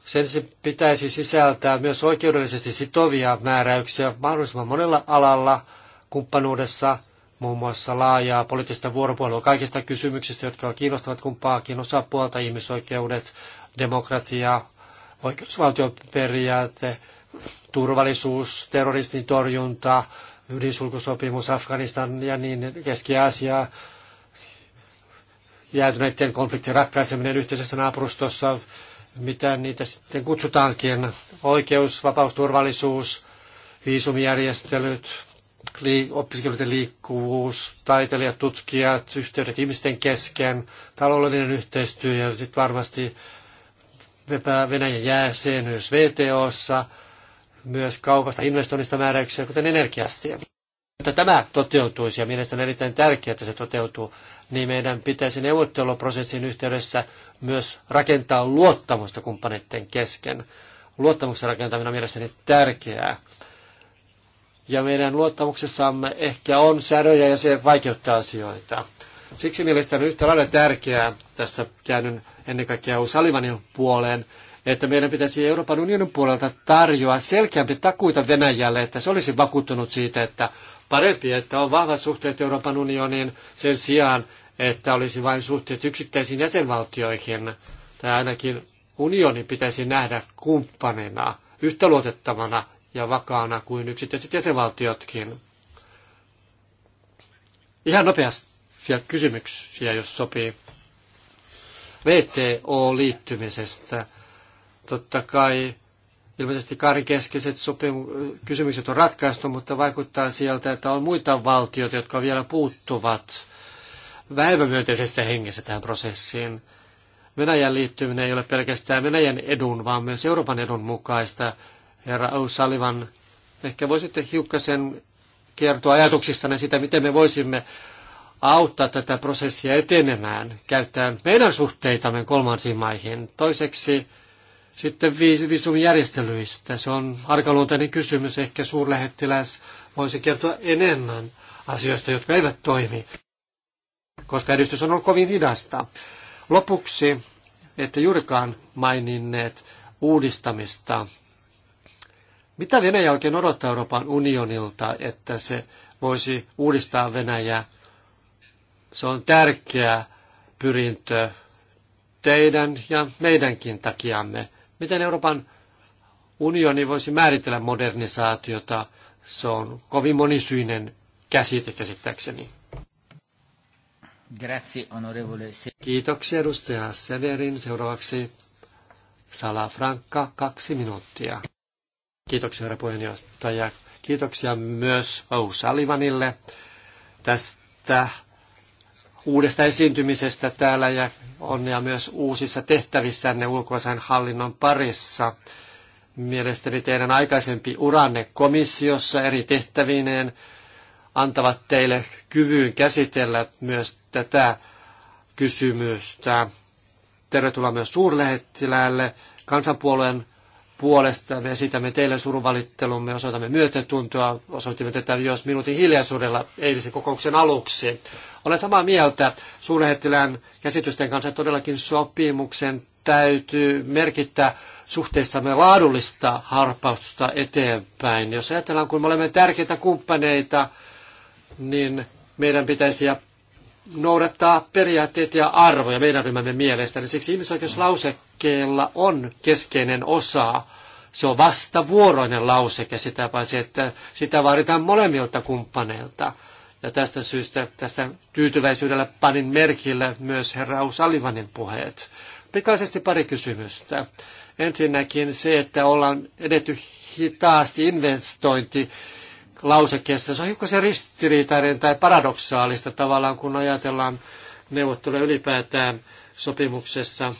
Sen se pitäisi sisältää myös oikeudellisesti sitovia määräyksiä mahdollisimman monella alalla kumppanuudessa, muun muassa laajaa poliittista vuoropuhelua kaikista kysymyksistä, jotka kiinnostavat kumpaakin osapuolta, ihmisoikeudet, demokratia, oikeusvaltioperiaate, turvallisuus, terrorismin torjunta, ydinsulkusopimus, Afganistan ja niin Keski-Aasia, jäätyneiden konfliktien ratkaiseminen yhteisessä naapurustossa, mitä niitä sitten kutsutaankin, oikeus, vapaus, turvallisuus, viisumijärjestelyt, opiskelijoiden liikkuvuus, taiteilijat, tutkijat, yhteydet ihmisten kesken, taloudellinen yhteistyö ja sitten varmasti Venäjän jääsenyys VTOssa – myös kaupasta investoinnista määräyksiä, kuten energiasta. Jotta tämä toteutuisi, ja mielestäni on erittäin tärkeää, että se toteutuu, niin meidän pitäisi neuvotteluprosessin yhteydessä myös rakentaa luottamusta kumppaneiden kesken. Luottamuksen rakentaminen on mielestäni tärkeää. Ja meidän luottamuksessamme ehkä on säröjä ja se vaikeuttaa asioita. Siksi mielestäni yhtä lailla tärkeää, tässä käännyn ennen kaikkea Salivanin puoleen, että meidän pitäisi Euroopan unionin puolelta tarjoa selkeämpi takuita Venäjälle, että se olisi vakuuttunut siitä, että parempi, että on vahvat suhteet Euroopan unioniin sen sijaan, että olisi vain suhteet yksittäisiin jäsenvaltioihin. Tai ainakin unioni pitäisi nähdä kumppanina, yhtä luotettavana ja vakaana kuin yksittäiset jäsenvaltiotkin. Ihan nopeasti kysymyksiä, jos sopii. VTO-liittymisestä. Totta kai ilmeisesti karikeskeiset sopimu- kysymykset on ratkaistu, mutta vaikuttaa sieltä, että on muita valtioita, jotka vielä puuttuvat vähemmän myönteisessä hengessä tähän prosessiin. Venäjän liittyminen ei ole pelkästään Venäjän edun, vaan myös Euroopan edun mukaista. Herra O'Sullivan, ehkä voisitte hiukkasen kertoa ajatuksistanne sitä, miten me voisimme auttaa tätä prosessia etenemään, käyttäen meidän suhteitamme kolmansiin maihin. Toiseksi sitten viisumijärjestelyistä. Se on arkaluontainen kysymys. Ehkä suurlähettiläs voisi kertoa enemmän asioista, jotka eivät toimi, koska edistys on ollut kovin hidasta. Lopuksi, että juurikaan maininneet uudistamista. Mitä Venäjä oikein odottaa Euroopan unionilta, että se voisi uudistaa Venäjää? Se on tärkeä pyrintö teidän ja meidänkin takiamme. Miten Euroopan unioni voisi määritellä modernisaatiota? Se on kovin monisyinen käsite käsittääkseni. Grazie, onorevole. Kiitoksia edustaja Severin. Seuraavaksi Salafrankka, kaksi minuuttia. Kiitoksia herra puheenjohtaja. Kiitoksia myös Ousalivanille tästä uudesta esiintymisestä täällä ja onnea myös uusissa tehtävissänne ulkoisen hallinnon parissa. Mielestäni teidän aikaisempi uranne komissiossa eri tehtävineen antavat teille kyvyn käsitellä myös tätä kysymystä. Tervetuloa myös suurlähettiläälle, kansanpuolueen puolesta. Me esitämme teille me osoitamme myötätuntoa, osoitimme tätä myös minuutin hiljaisuudella eilisen kokouksen aluksi. Olen samaa mieltä suurlähettilään käsitysten kanssa, todellakin sopimuksen täytyy merkittää suhteessamme laadullista harpausta eteenpäin. Jos ajatellaan, kun me olemme tärkeitä kumppaneita, niin meidän pitäisi noudattaa periaatteet ja arvoja meidän ryhmämme mielestä. Niin siksi ihmisoikeuslausekkeella on keskeinen osa. Se on vastavuoroinen lauseke sitä paitsi, että sitä vaaditaan molemmilta kumppaneilta. Ja tästä syystä tässä tyytyväisyydellä panin merkille myös herra Usalivanin puheet. Pikaisesti pari kysymystä. Ensinnäkin se, että ollaan edetty hitaasti investointi lausekkeesta. Se on hiukan se ristiriitainen tai paradoksaalista tavallaan, kun ajatellaan neuvotteluja ylipäätään sopimuksessa.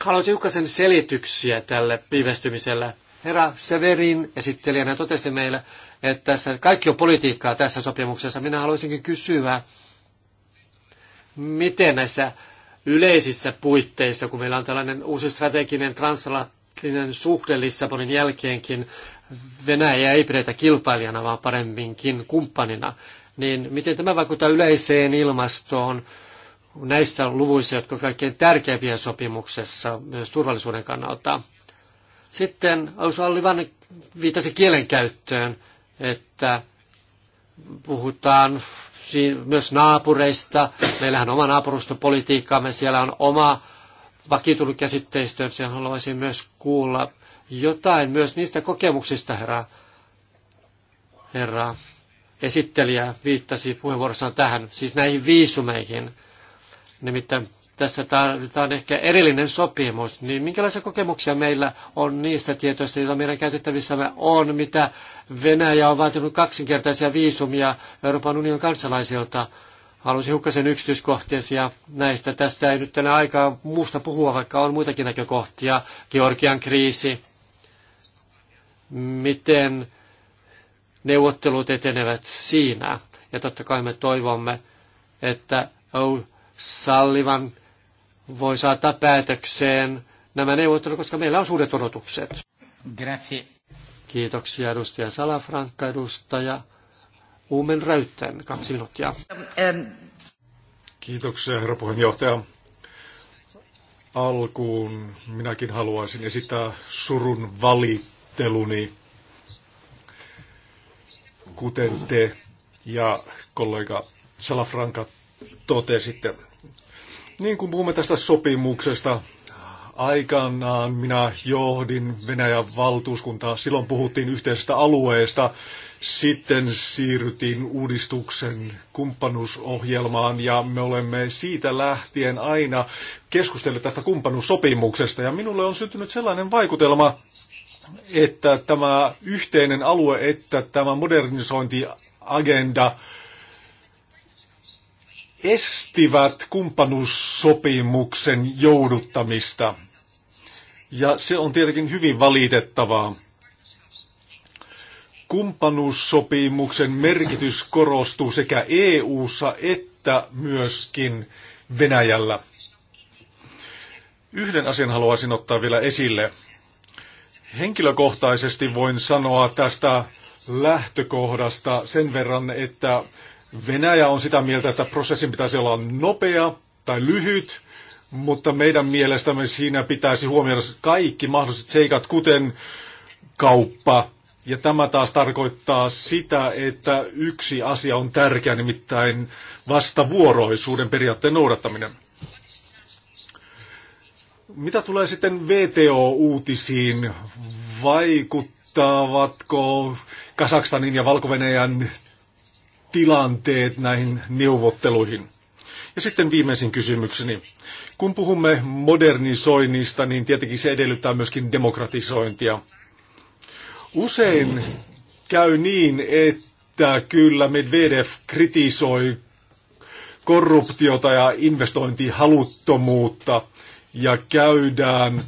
Haluaisin hiukan sen selityksiä tälle viivästymiselle. Herra Severin esittelijänä totesi meille, että tässä, kaikki on politiikkaa tässä sopimuksessa. Minä haluaisinkin kysyä, miten näissä yleisissä puitteissa, kun meillä on tällainen uusi strateginen transatlanttinen suhde Lissabonin jälkeenkin, Venäjä ei pidetä kilpailijana, vaan paremminkin kumppanina, niin miten tämä vaikuttaa yleiseen ilmastoon näissä luvuissa, jotka ovat kaikkein tärkeimpiä sopimuksessa myös turvallisuuden kannalta? Sitten Ausalli Van viitasi kielenkäyttöön, että puhutaan myös naapureista. Meillähän on oma naapurustopolitiikkaamme, siellä on oma vakiintunut käsitteistö. Sen haluaisin myös kuulla jotain myös niistä kokemuksista, herra, herra esittelijä viittasi puheenvuorossaan tähän, siis näihin viisumeihin. Nimittäin tässä tarvitaan ehkä erillinen sopimus, niin minkälaisia kokemuksia meillä on niistä tietoista, joita meidän käytettävissämme on, mitä Venäjä on vaatinut kaksinkertaisia viisumia Euroopan unionin kansalaisilta. Haluaisin hukkasen yksityiskohtia näistä. Tässä ei nyt tänä aikaa muusta puhua, vaikka on muitakin näkökohtia. Georgian kriisi, miten neuvottelut etenevät siinä. Ja totta kai me toivomme, että Sallivan voi saattaa päätökseen nämä neuvottelut, koska meillä on suuret odotukset. Grazie. Kiitoksia edustaja Salafrankka, edustaja Uumen Räytten, kaksi minuuttia. Ähm, Kiitoksia herra puheenjohtaja. Alkuun minäkin haluaisin esittää surun valittaa onnitteluni, kuten te ja kollega Salafranka totesitte. Niin kuin puhumme tästä sopimuksesta, aikanaan minä johdin Venäjän valtuuskuntaa. Silloin puhuttiin yhteisestä alueesta. Sitten siirryttiin uudistuksen kumppanuusohjelmaan ja me olemme siitä lähtien aina keskustelleet tästä kumppanuussopimuksesta. Ja minulle on syntynyt sellainen vaikutelma, että tämä yhteinen alue, että tämä modernisointiagenda estivät kumppanuussopimuksen jouduttamista. Ja se on tietenkin hyvin valitettavaa. Kumppanuussopimuksen merkitys korostuu sekä EU:ssa että myöskin Venäjällä. Yhden asian haluaisin ottaa vielä esille. Henkilökohtaisesti voin sanoa tästä lähtökohdasta sen verran, että Venäjä on sitä mieltä, että prosessin pitäisi olla nopea tai lyhyt, mutta meidän mielestämme siinä pitäisi huomioida kaikki mahdolliset seikat, kuten kauppa. Ja tämä taas tarkoittaa sitä, että yksi asia on tärkeä, nimittäin vastavuoroisuuden periaatteen noudattaminen. Mitä tulee sitten VTO-uutisiin? Vaikuttavatko Kasakstanin ja valko tilanteet näihin neuvotteluihin? Ja sitten viimeisin kysymykseni. Kun puhumme modernisoinnista, niin tietenkin se edellyttää myöskin demokratisointia. Usein käy niin, että kyllä Medvedev kritisoi korruptiota ja investointihaluttomuutta ja käydään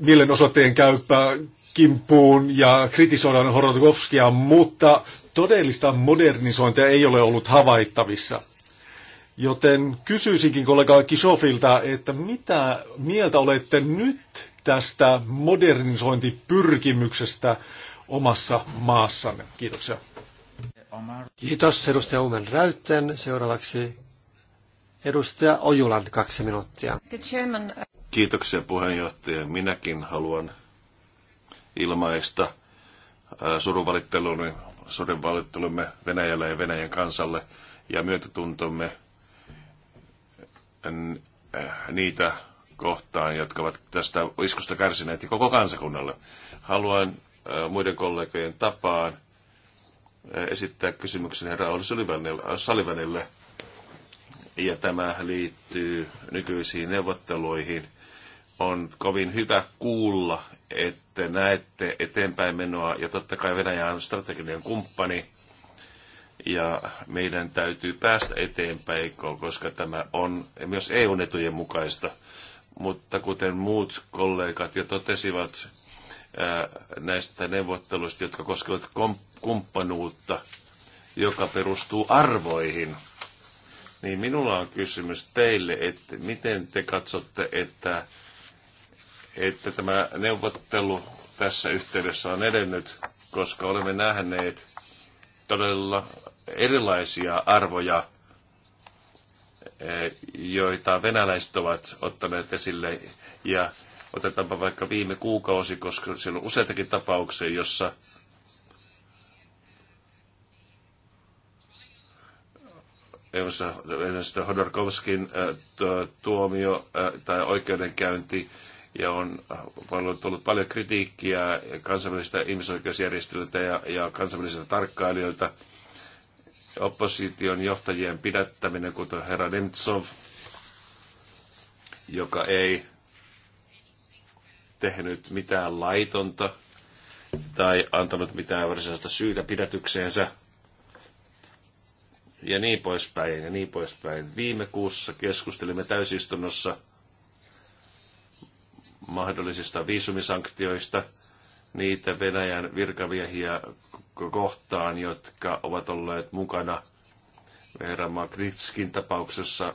mielenosoitteen käyppää kimppuun ja kritisoidaan Horodkovskia, mutta todellista modernisointia ei ole ollut havaittavissa. Joten kysyisinkin kollega Kisofilta, että mitä mieltä olette nyt tästä modernisointipyrkimyksestä omassa maassanne? Kiitoksia. Kiitos edustaja Umen Räytten. Seuraavaksi Edustaja Ojuland, kaksi minuuttia. Uh, Kiitoksia puheenjohtaja. Minäkin haluan ilmaista surunvalittelumme Venäjälle ja Venäjän kansalle ja myötätuntomme äh, niitä kohtaan, jotka ovat tästä iskusta kärsineet ja koko kansakunnalle. Haluan muiden kollegojen tapaan esittää kysymyksen herra Olli Sullivanille ja tämä liittyy nykyisiin neuvotteluihin. On kovin hyvä kuulla, että näette eteenpäin menoa, ja totta kai Venäjä on strateginen kumppani, ja meidän täytyy päästä eteenpäin, koska tämä on myös eu netujen mukaista. Mutta kuten muut kollegat jo totesivat näistä neuvotteluista, jotka koskevat kumppanuutta, joka perustuu arvoihin – niin minulla on kysymys teille, että miten te katsotte, että, että tämä neuvottelu tässä yhteydessä on edennyt, koska olemme nähneet todella erilaisia arvoja, eh, joita venäläiset ovat ottaneet esille. Ja otetaanpa vaikka viime kuukausi, koska siellä on useitakin tapauksia, jossa Eusta Hodorkovskin äh, tuomio äh, tai oikeudenkäynti ja äh, on tullut paljon kritiikkiä kansainvälisistä ihmisoikeusjärjestöiltä ja, ja kansainvälisiltä tarkkailijoilta. Opposition johtajien pidättäminen, kuten herra Nemtsov, joka ei tehnyt mitään laitonta tai antanut mitään varsinaista syytä pidätykseensä – ja niin poispäin ja niin poispäin. Viime kuussa keskustelimme täysistunnossa mahdollisista viisumisanktioista niitä Venäjän virkaviehiä kohtaan, jotka ovat olleet mukana herra Magnitskin tapauksessa.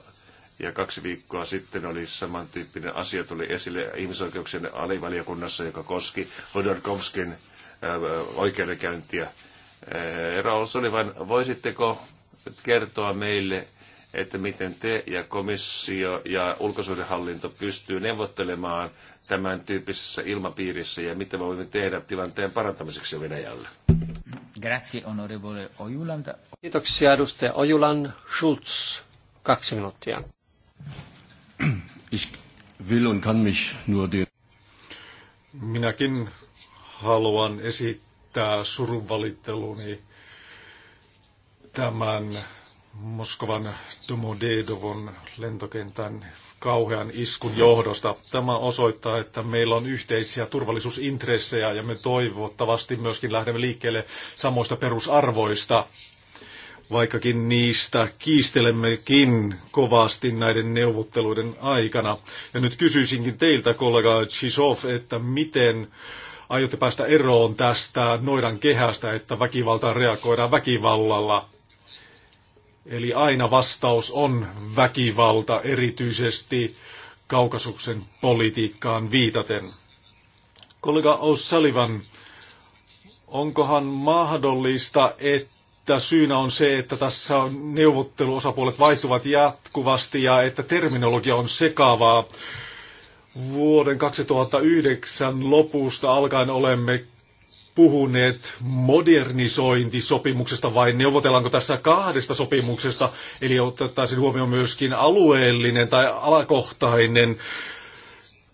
Ja kaksi viikkoa sitten oli samantyyppinen asia, tuli esille ihmisoikeuksien alivaliokunnassa, joka koski Hodorkovskin äh, oikeudenkäyntiä. Äh, herra Sullivan, niin voisitteko kertoa meille, että miten te ja komissio ja ulkosuhdehallinto pystyy neuvottelemaan tämän tyyppisessä ilmapiirissä ja mitä voimme tehdä tilanteen parantamiseksi Venäjällä. Grazie, onorevole Ojuland. Kiitoksia, edustaja Ojulan Schulz. Kaksi minuuttia. Ich will und kann mich nur den... Minäkin haluan esittää surunvalitteluni tämän Moskovan Domodedovon lentokentän kauhean iskun johdosta. Tämä osoittaa, että meillä on yhteisiä turvallisuusintressejä ja me toivottavasti myöskin lähdemme liikkeelle samoista perusarvoista, vaikkakin niistä kiistelemmekin kovasti näiden neuvotteluiden aikana. Ja nyt kysyisinkin teiltä, kollega Chisov, että miten aiotte päästä eroon tästä noidan kehästä, että väkivaltaan reagoidaan väkivallalla – Eli aina vastaus on väkivalta, erityisesti kaukasuksen politiikkaan viitaten. Kollega O'Sullivan, onkohan mahdollista, että syynä on se, että tässä neuvotteluosapuolet vaihtuvat jatkuvasti ja että terminologia on sekavaa? Vuoden 2009 lopusta alkaen olemme puhuneet modernisointisopimuksesta vai neuvotellaanko tässä kahdesta sopimuksesta, eli otettaisiin huomioon myöskin alueellinen tai alakohtainen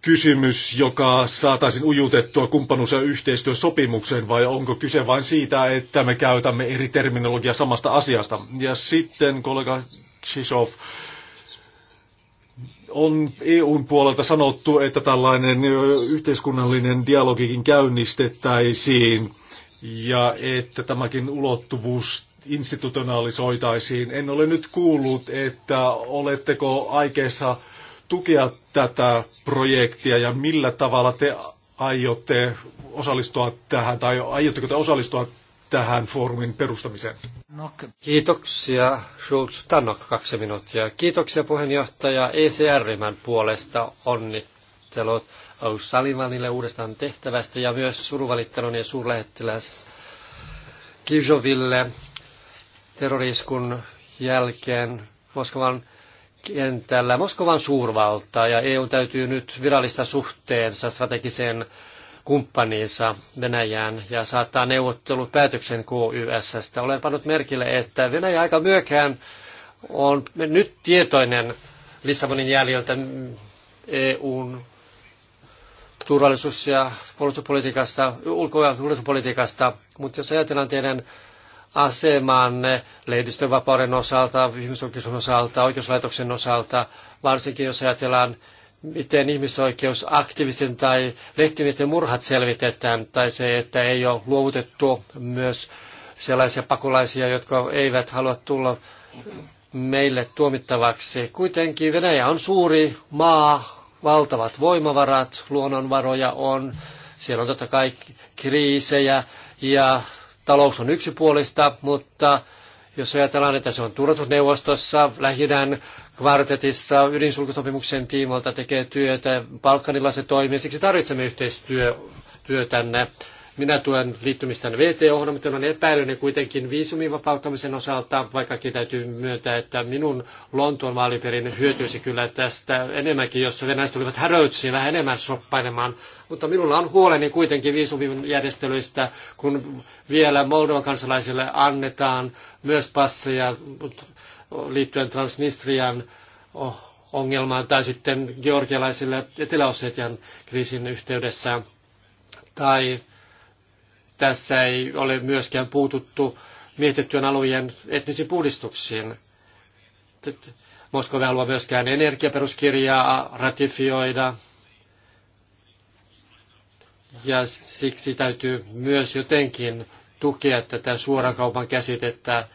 kysymys, joka saataisiin ujutettua kumppanuus- ja yhteistyösopimukseen, vai onko kyse vain siitä, että me käytämme eri terminologiaa samasta asiasta? Ja sitten kollega Chisov, on EUn puolelta sanottu, että tällainen yhteiskunnallinen dialogikin käynnistettäisiin ja että tämäkin ulottuvuus institutionaalisoitaisiin. En ole nyt kuullut, että oletteko aikeessa tukea tätä projektia ja millä tavalla te aiotte osallistua tähän tai aiotteko te osallistua tähän foorumin perustamiseen? Kiitoksia, Schulz Tannok, kaksi minuuttia. Kiitoksia puheenjohtaja ecr puolesta onnittelut Aus Salimanille uudestaan tehtävästä ja myös suruvalittelun ja suurlähettiläs Kijoville terroriskun jälkeen Moskovan kentällä Moskovan suurvaltaa ja EU täytyy nyt virallista suhteensa strategiseen kumppaniinsa Venäjään ja saattaa neuvottelut päätöksen KYSstä. Olen pannut merkille, että Venäjä aika myökään on nyt tietoinen Lissabonin jäljiltä EUn turvallisuus- ja puolustuspolitiikasta, ulko- ja turvallisuuspolitiikasta, mutta jos ajatellaan teidän asemanne lehdistönvapauden osalta, ihmisoikeuksien osalta, oikeuslaitoksen osalta, varsinkin jos ajatellaan miten ihmisoikeusaktivistin tai lehtimisten murhat selvitetään, tai se, että ei ole luovutettu myös sellaisia pakolaisia, jotka eivät halua tulla meille tuomittavaksi. Kuitenkin Venäjä on suuri maa, valtavat voimavarat, luonnonvaroja on, siellä on totta kai kriisejä ja talous on yksipuolista, mutta jos ajatellaan, että se on turvallisuusneuvostossa lähinnä kvartetissa ydinsulkusopimuksen tiimoilta tekee työtä, Balkanilla se toimii, siksi tarvitsemme yhteistyötänne. Minä tuen liittymistä VTO-ohjelmaan, mutta on epäilyinen kuitenkin viisumin vapauttamisen osalta, vaikkakin täytyy myöntää, että minun Lontoon vaalipiirin hyötyisi kyllä tästä enemmänkin, jos venäläiset olivat häröitsiin vähän enemmän soppailemaan. Mutta minulla on huoleni kuitenkin viisumin järjestelyistä, kun vielä Moldovan kansalaisille annetaan myös passeja liittyen Transnistrian ongelmaan tai sitten georgialaisille Etelä-Ossetian kriisin yhteydessä. Tai tässä ei ole myöskään puututtu mietittyjen alueen etnisiin puhdistuksiin. Moskova ei halua myöskään energiaperuskirjaa ratifioida. Ja siksi täytyy myös jotenkin tukea tätä suorakaupan käsitettä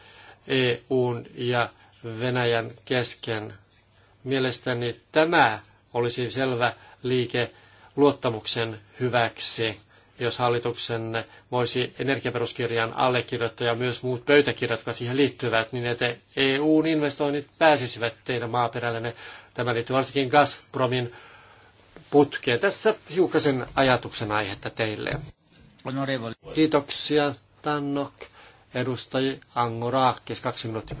EUn ja Venäjän kesken. Mielestäni tämä olisi selvä liike luottamuksen hyväksi, jos hallituksen voisi energiaperuskirjan allekirjoittaa ja myös muut pöytäkirjat, jotka siihen liittyvät, niin että EUn investoinnit pääsisivät teidän maaperällenne. Tämä liittyy varsinkin Gazpromin putkeen. Tässä hiukasen ajatuksen aihetta teille. Kiitoksia, Tannok. Edustaja Angoraakis, kaksi minuuttia.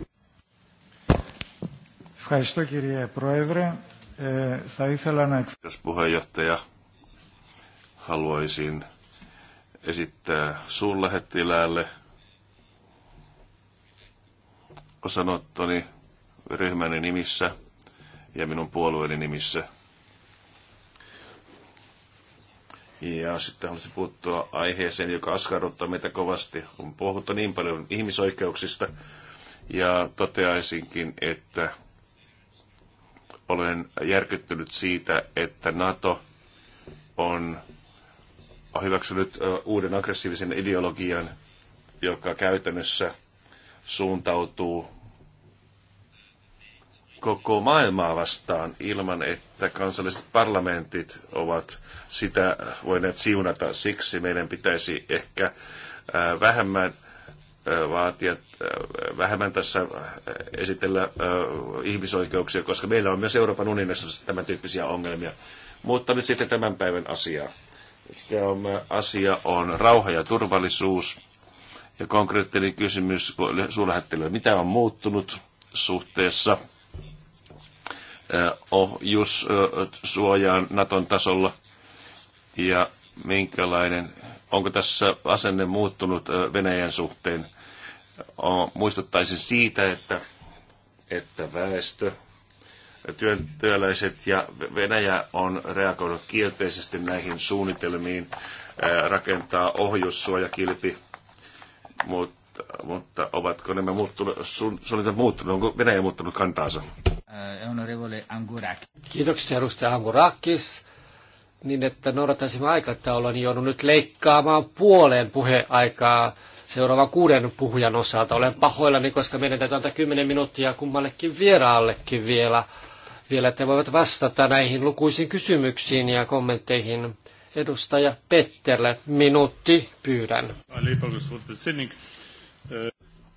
Ευχαριστώ κύριε Πρόεδρε. Ε, θα ήθελα να... Kiitos puheenjohtaja. Haluaisin esittää lähettiläälle osanottoni ryhmäni nimissä ja minun puolueeni nimissä. Ja sitten haluaisin puuttua aiheeseen, joka askarruttaa meitä kovasti. On puhuttu niin paljon ihmisoikeuksista ja toteaisinkin, että olen järkyttynyt siitä, että NATO on hyväksynyt uuden aggressiivisen ideologian, joka käytännössä suuntautuu koko maailmaa vastaan ilman, että kansalliset parlamentit ovat sitä voineet siunata. Siksi meidän pitäisi ehkä vähemmän vaatia vähemmän tässä esitellä ihmisoikeuksia, koska meillä on myös Euroopan unionissa tämän tyyppisiä ongelmia. Mutta nyt sitten tämän päivän asia, Tämä asia on rauha ja turvallisuus. Ja konkreettinen kysymys suurlähettilölle, mitä on muuttunut suhteessa ohjussuojaan Naton tasolla ja minkälainen Onko tässä asenne muuttunut Venäjän suhteen? Muistuttaisin siitä, että, että väestö, työläiset ja Venäjä on reagoinut kielteisesti näihin suunnitelmiin rakentaa ohjussuojakilpi, mutta, mutta ovatko nämä suunnitelmat muuttuneet? onko Venäjä muuttunut kantaansa? Äh, Kiitoksia edustaja Angurakis niin, että noudattaisimme aikataulua, niin joudun nyt leikkaamaan puoleen puheaikaa seuraavan kuuden puhujan osalta. Olen pahoillani, koska meidän täytyy antaa kymmenen minuuttia kummallekin vieraallekin vielä, vielä, että voivat vastata näihin lukuisiin kysymyksiin ja kommentteihin. Edustaja Petterle, minuutti pyydän.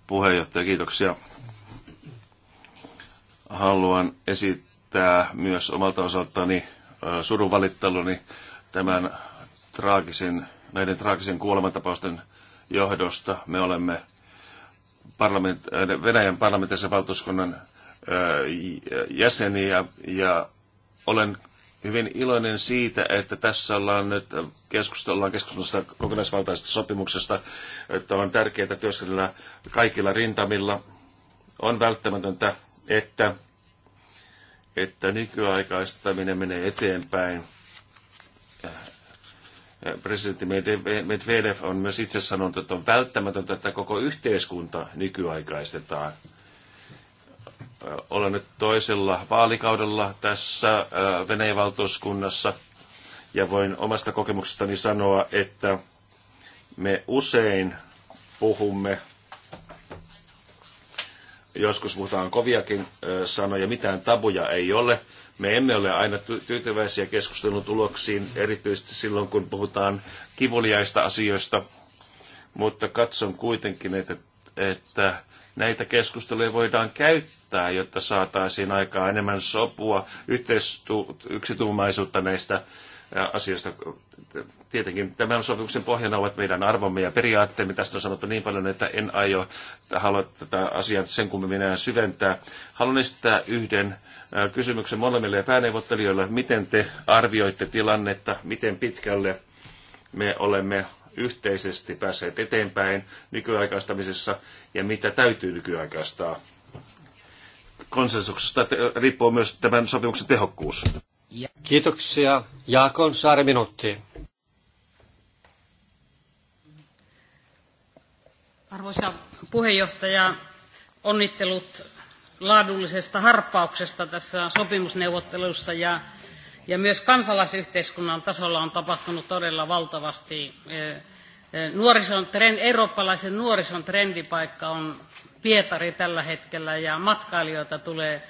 Puheenjohtaja, kiitoksia. Haluan esittää myös omalta osaltani Äh, surunvalitteluni tämän traagisen, näiden traagisen kuolemantapausten johdosta. Me olemme parlament, äh, Venäjän parlamentissa valtuuskunnan äh, jäseniä ja olen hyvin iloinen siitä, että tässä ollaan nyt keskustellaan keskustelussa kokonaisvaltaisesta sopimuksesta, että on tärkeää työskennellä kaikilla rintamilla. On välttämätöntä, että että nykyaikaistaminen menee eteenpäin. Presidentti Medvedev on myös itse sanonut, että on välttämätöntä, että koko yhteiskunta nykyaikaistetaan. Olen nyt toisella vaalikaudella tässä äh, Venäjän valtuuskunnassa ja voin omasta kokemuksestani sanoa, että me usein puhumme Joskus puhutaan koviakin sanoja, mitään tabuja ei ole. Me emme ole aina tyytyväisiä keskustelun tuloksiin, erityisesti silloin kun puhutaan kivuliaista asioista, mutta katson kuitenkin, että, että näitä keskusteluja voidaan käyttää, jotta saataisiin aikaa enemmän sopua, yhteistu- yksituumaisuutta näistä asioista. Tietenkin tämän sopimuksen pohjana ovat meidän arvomme ja periaatteemme. Tästä on sanottu niin paljon, että en aio halua tätä asiaa sen kummemmin minä syventää. Haluan esittää yhden kysymyksen molemmille pääneuvottelijoille. Miten te arvioitte tilannetta? Miten pitkälle me olemme yhteisesti päässeet eteenpäin nykyaikaistamisessa ja mitä täytyy nykyaikaistaa? Konsensuksesta riippuu myös tämän sopimuksen tehokkuus. Kiitoksia. Jaakon Saari minuutti. Arvoisa puheenjohtaja, onnittelut laadullisesta harppauksesta tässä sopimusneuvottelussa ja, ja myös kansalaisyhteiskunnan tasolla on tapahtunut todella valtavasti. Nuorison trend, eurooppalaisen nuorison trendipaikka on Pietari tällä hetkellä ja matkailijoita tulee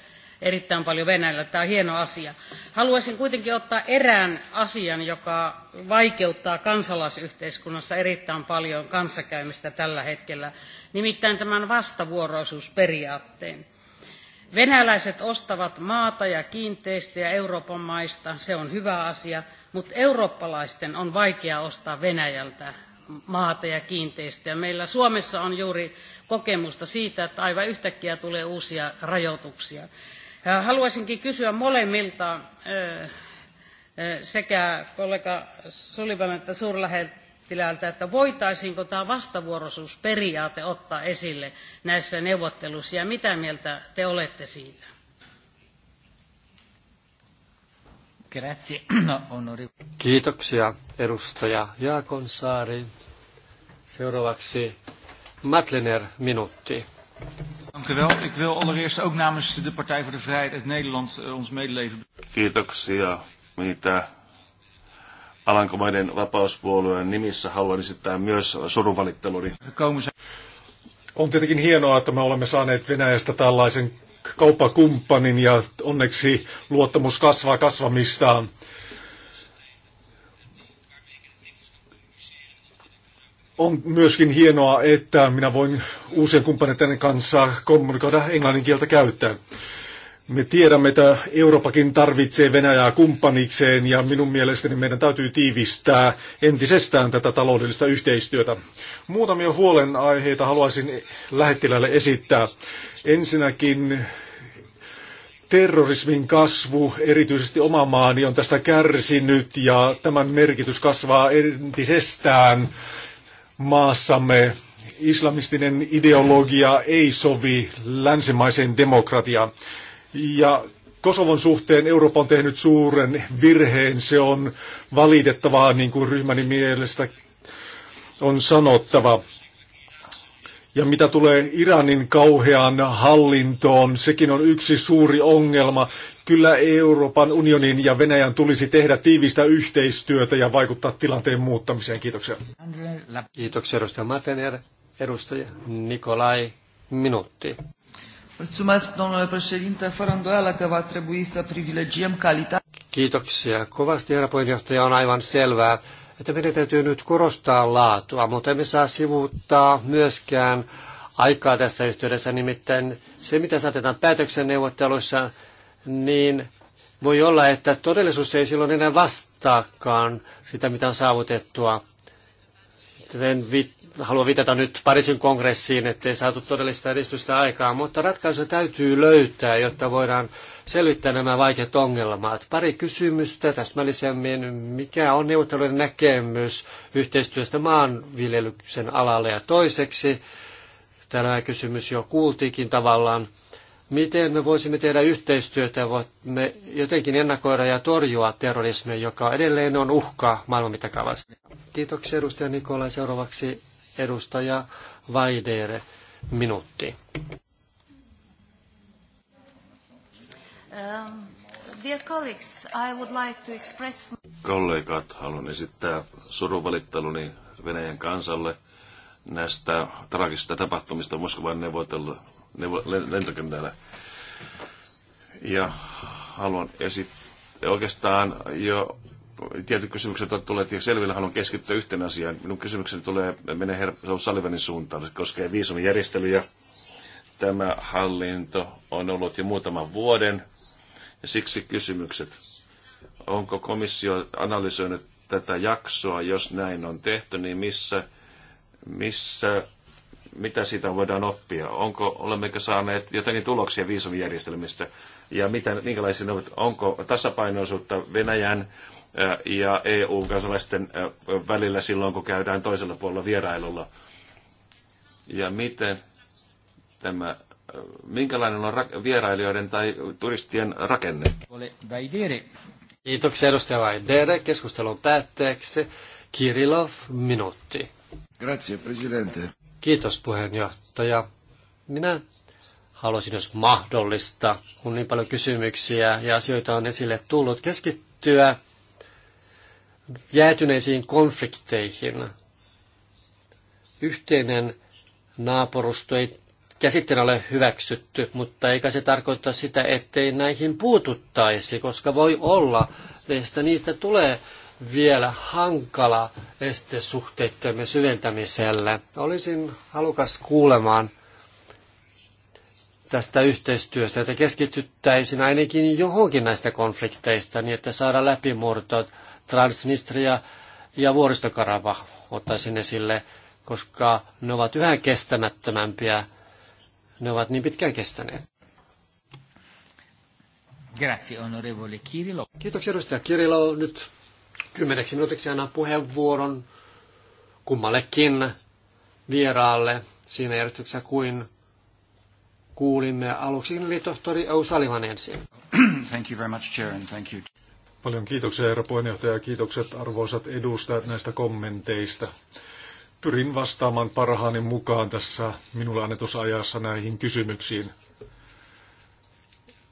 erittäin paljon Venäjällä. Tämä on hieno asia. Haluaisin kuitenkin ottaa erään asian, joka vaikeuttaa kansalaisyhteiskunnassa erittäin paljon kanssakäymistä tällä hetkellä, nimittäin tämän vastavuoroisuusperiaatteen. Venäläiset ostavat maata ja kiinteistöjä Euroopan maista, se on hyvä asia, mutta eurooppalaisten on vaikea ostaa Venäjältä maata ja kiinteistöjä. Meillä Suomessa on juuri kokemusta siitä, että aivan yhtäkkiä tulee uusia rajoituksia. Haluaisinkin kysyä molemmilta sekä kollega Sullivan että suurlähettiläältä, että voitaisiinko tämä vastavuoroisuusperiaate ottaa esille näissä neuvotteluissa ja mitä mieltä te olette siitä? No, Kiitoksia edustaja Jaakonsaari. Seuraavaksi Matlener minuutti. Dank u wel. Ik wil allereerst ook namens de Partij voor de Vrijheid uit Nederland uh, ons medeleven. Kiitoksia, mitä Alankomaiden vapauspuolueen nimissä haluan esittää myös surunvalitteluni. On tietenkin hienoa, että me olemme saaneet Venäjästä tällaisen kauppakumppanin ja onneksi luottamus kasvaa kasvamistaan. on myöskin hienoa, että minä voin uusien kumppaneiden kanssa kommunikoida englannin kieltä käyttäen. Me tiedämme, että Euroopakin tarvitsee Venäjää kumppanikseen ja minun mielestäni meidän täytyy tiivistää entisestään tätä taloudellista yhteistyötä. Muutamia huolenaiheita haluaisin lähettilälle esittää. Ensinnäkin terrorismin kasvu, erityisesti oma maani on tästä kärsinyt ja tämän merkitys kasvaa entisestään maassamme islamistinen ideologia ei sovi länsimaiseen demokratiaan. Ja Kosovon suhteen Eurooppa on tehnyt suuren virheen. Se on valitettavaa, niin kuin ryhmäni mielestä on sanottava. Ja mitä tulee Iranin kauheaan hallintoon, sekin on yksi suuri ongelma. Kyllä Euroopan unionin ja Venäjän tulisi tehdä tiivistä yhteistyötä ja vaikuttaa tilanteen muuttamiseen. Kiitoksia. Kiitoksia edustaja Matener. Edustaja Nikolai, minuutti. Kiitoksia. Kovasti, herra puheenjohtaja, on aivan selvää, että meidän täytyy nyt korostaa laatua, mutta emme saa sivuuttaa myöskään aikaa tässä yhteydessä. Nimittäin se, mitä saatetaan päätöksen neuvotteluissa, niin voi olla, että todellisuus ei silloin enää vastaakaan sitä, mitä on saavutettua. En vi- halua viitata nyt Pariisin kongressiin, ettei saatu todellista edistystä aikaa, mutta ratkaisu täytyy löytää, jotta voidaan selvittää nämä vaikeat ongelmat. Pari kysymystä täsmällisemmin. Mikä on neuvottelujen näkemys yhteistyöstä maanviljelyksen alalle ja toiseksi? Tämä kysymys jo kuultiinkin tavallaan miten me voisimme tehdä yhteistyötä, voimme jotenkin ennakoida ja torjua terrorismia, joka edelleen on uhka maailman mittakaavassa. Kiitoksia edustaja Nikola. Seuraavaksi edustaja Vaidere, minuutti. Um, Kollegat, haluan esittää surunvalitteluni Venäjän kansalle näistä traagisista tapahtumista Moskovan neuvottelu lentokentällä. Ja haluan esittää, oikeastaan jo tietyt kysymykset on tulleet ja selville haluan keskittyä yhteen asiaan. Minun kysymykseni tulee, menee herra Salivanin suuntaan, se koskee viisumijärjestelyjä. Tämä hallinto on ollut jo muutaman vuoden ja siksi kysymykset. Onko komissio analysoinut tätä jaksoa, jos näin on tehty, niin missä, missä mitä siitä voidaan oppia? Onko, olemmeko saaneet jotakin tuloksia viisumijärjestelmistä? Ja mitä, minkälaisia ne ovat? Onko tasapainoisuutta Venäjän ja EU-kansalaisten välillä silloin, kun käydään toisella puolella vierailulla? Ja miten tämä, minkälainen on vierailijoiden tai turistien rakenne? Kiitoksia edustaja Vaidere. Keskustelun päätteeksi Kirilov minuutti. Grazie, presidente. Kiitos puheenjohtaja. Minä haluaisin, jos mahdollista, kun niin paljon kysymyksiä ja asioita on esille tullut, keskittyä jäätyneisiin konflikteihin. Yhteinen naapurusto ei käsitteenä ole hyväksytty, mutta eikä se tarkoita sitä, ettei näihin puututtaisi, koska voi olla, että niistä tulee vielä hankala este suhteittemme syventämiselle. Olisin halukas kuulemaan tästä yhteistyöstä, että keskityttäisiin ainakin johonkin näistä konflikteista, niin että saadaan läpimurtot Transnistria ja Vuoristokarava ottaisin esille, koska ne ovat yhä kestämättömämpiä. Ne ovat niin pitkään kestäneet. Grazie, onorevole Kirilo. Kiitoksia, edustaja Kirilo Nyt Kymmeneksi minuutiksi annan puheenvuoron kummallekin vieraalle siinä järjestyksessä kuin kuulimme aluksi. Eli tohtori O'Sullivan ensin. Thank you very much, Chair, and thank you. Paljon kiitoksia, herra puheenjohtaja, ja kiitokset arvoisat edustajat näistä kommenteista. Pyrin vastaamaan parhaani mukaan tässä minulle annetussa ajassa näihin kysymyksiin.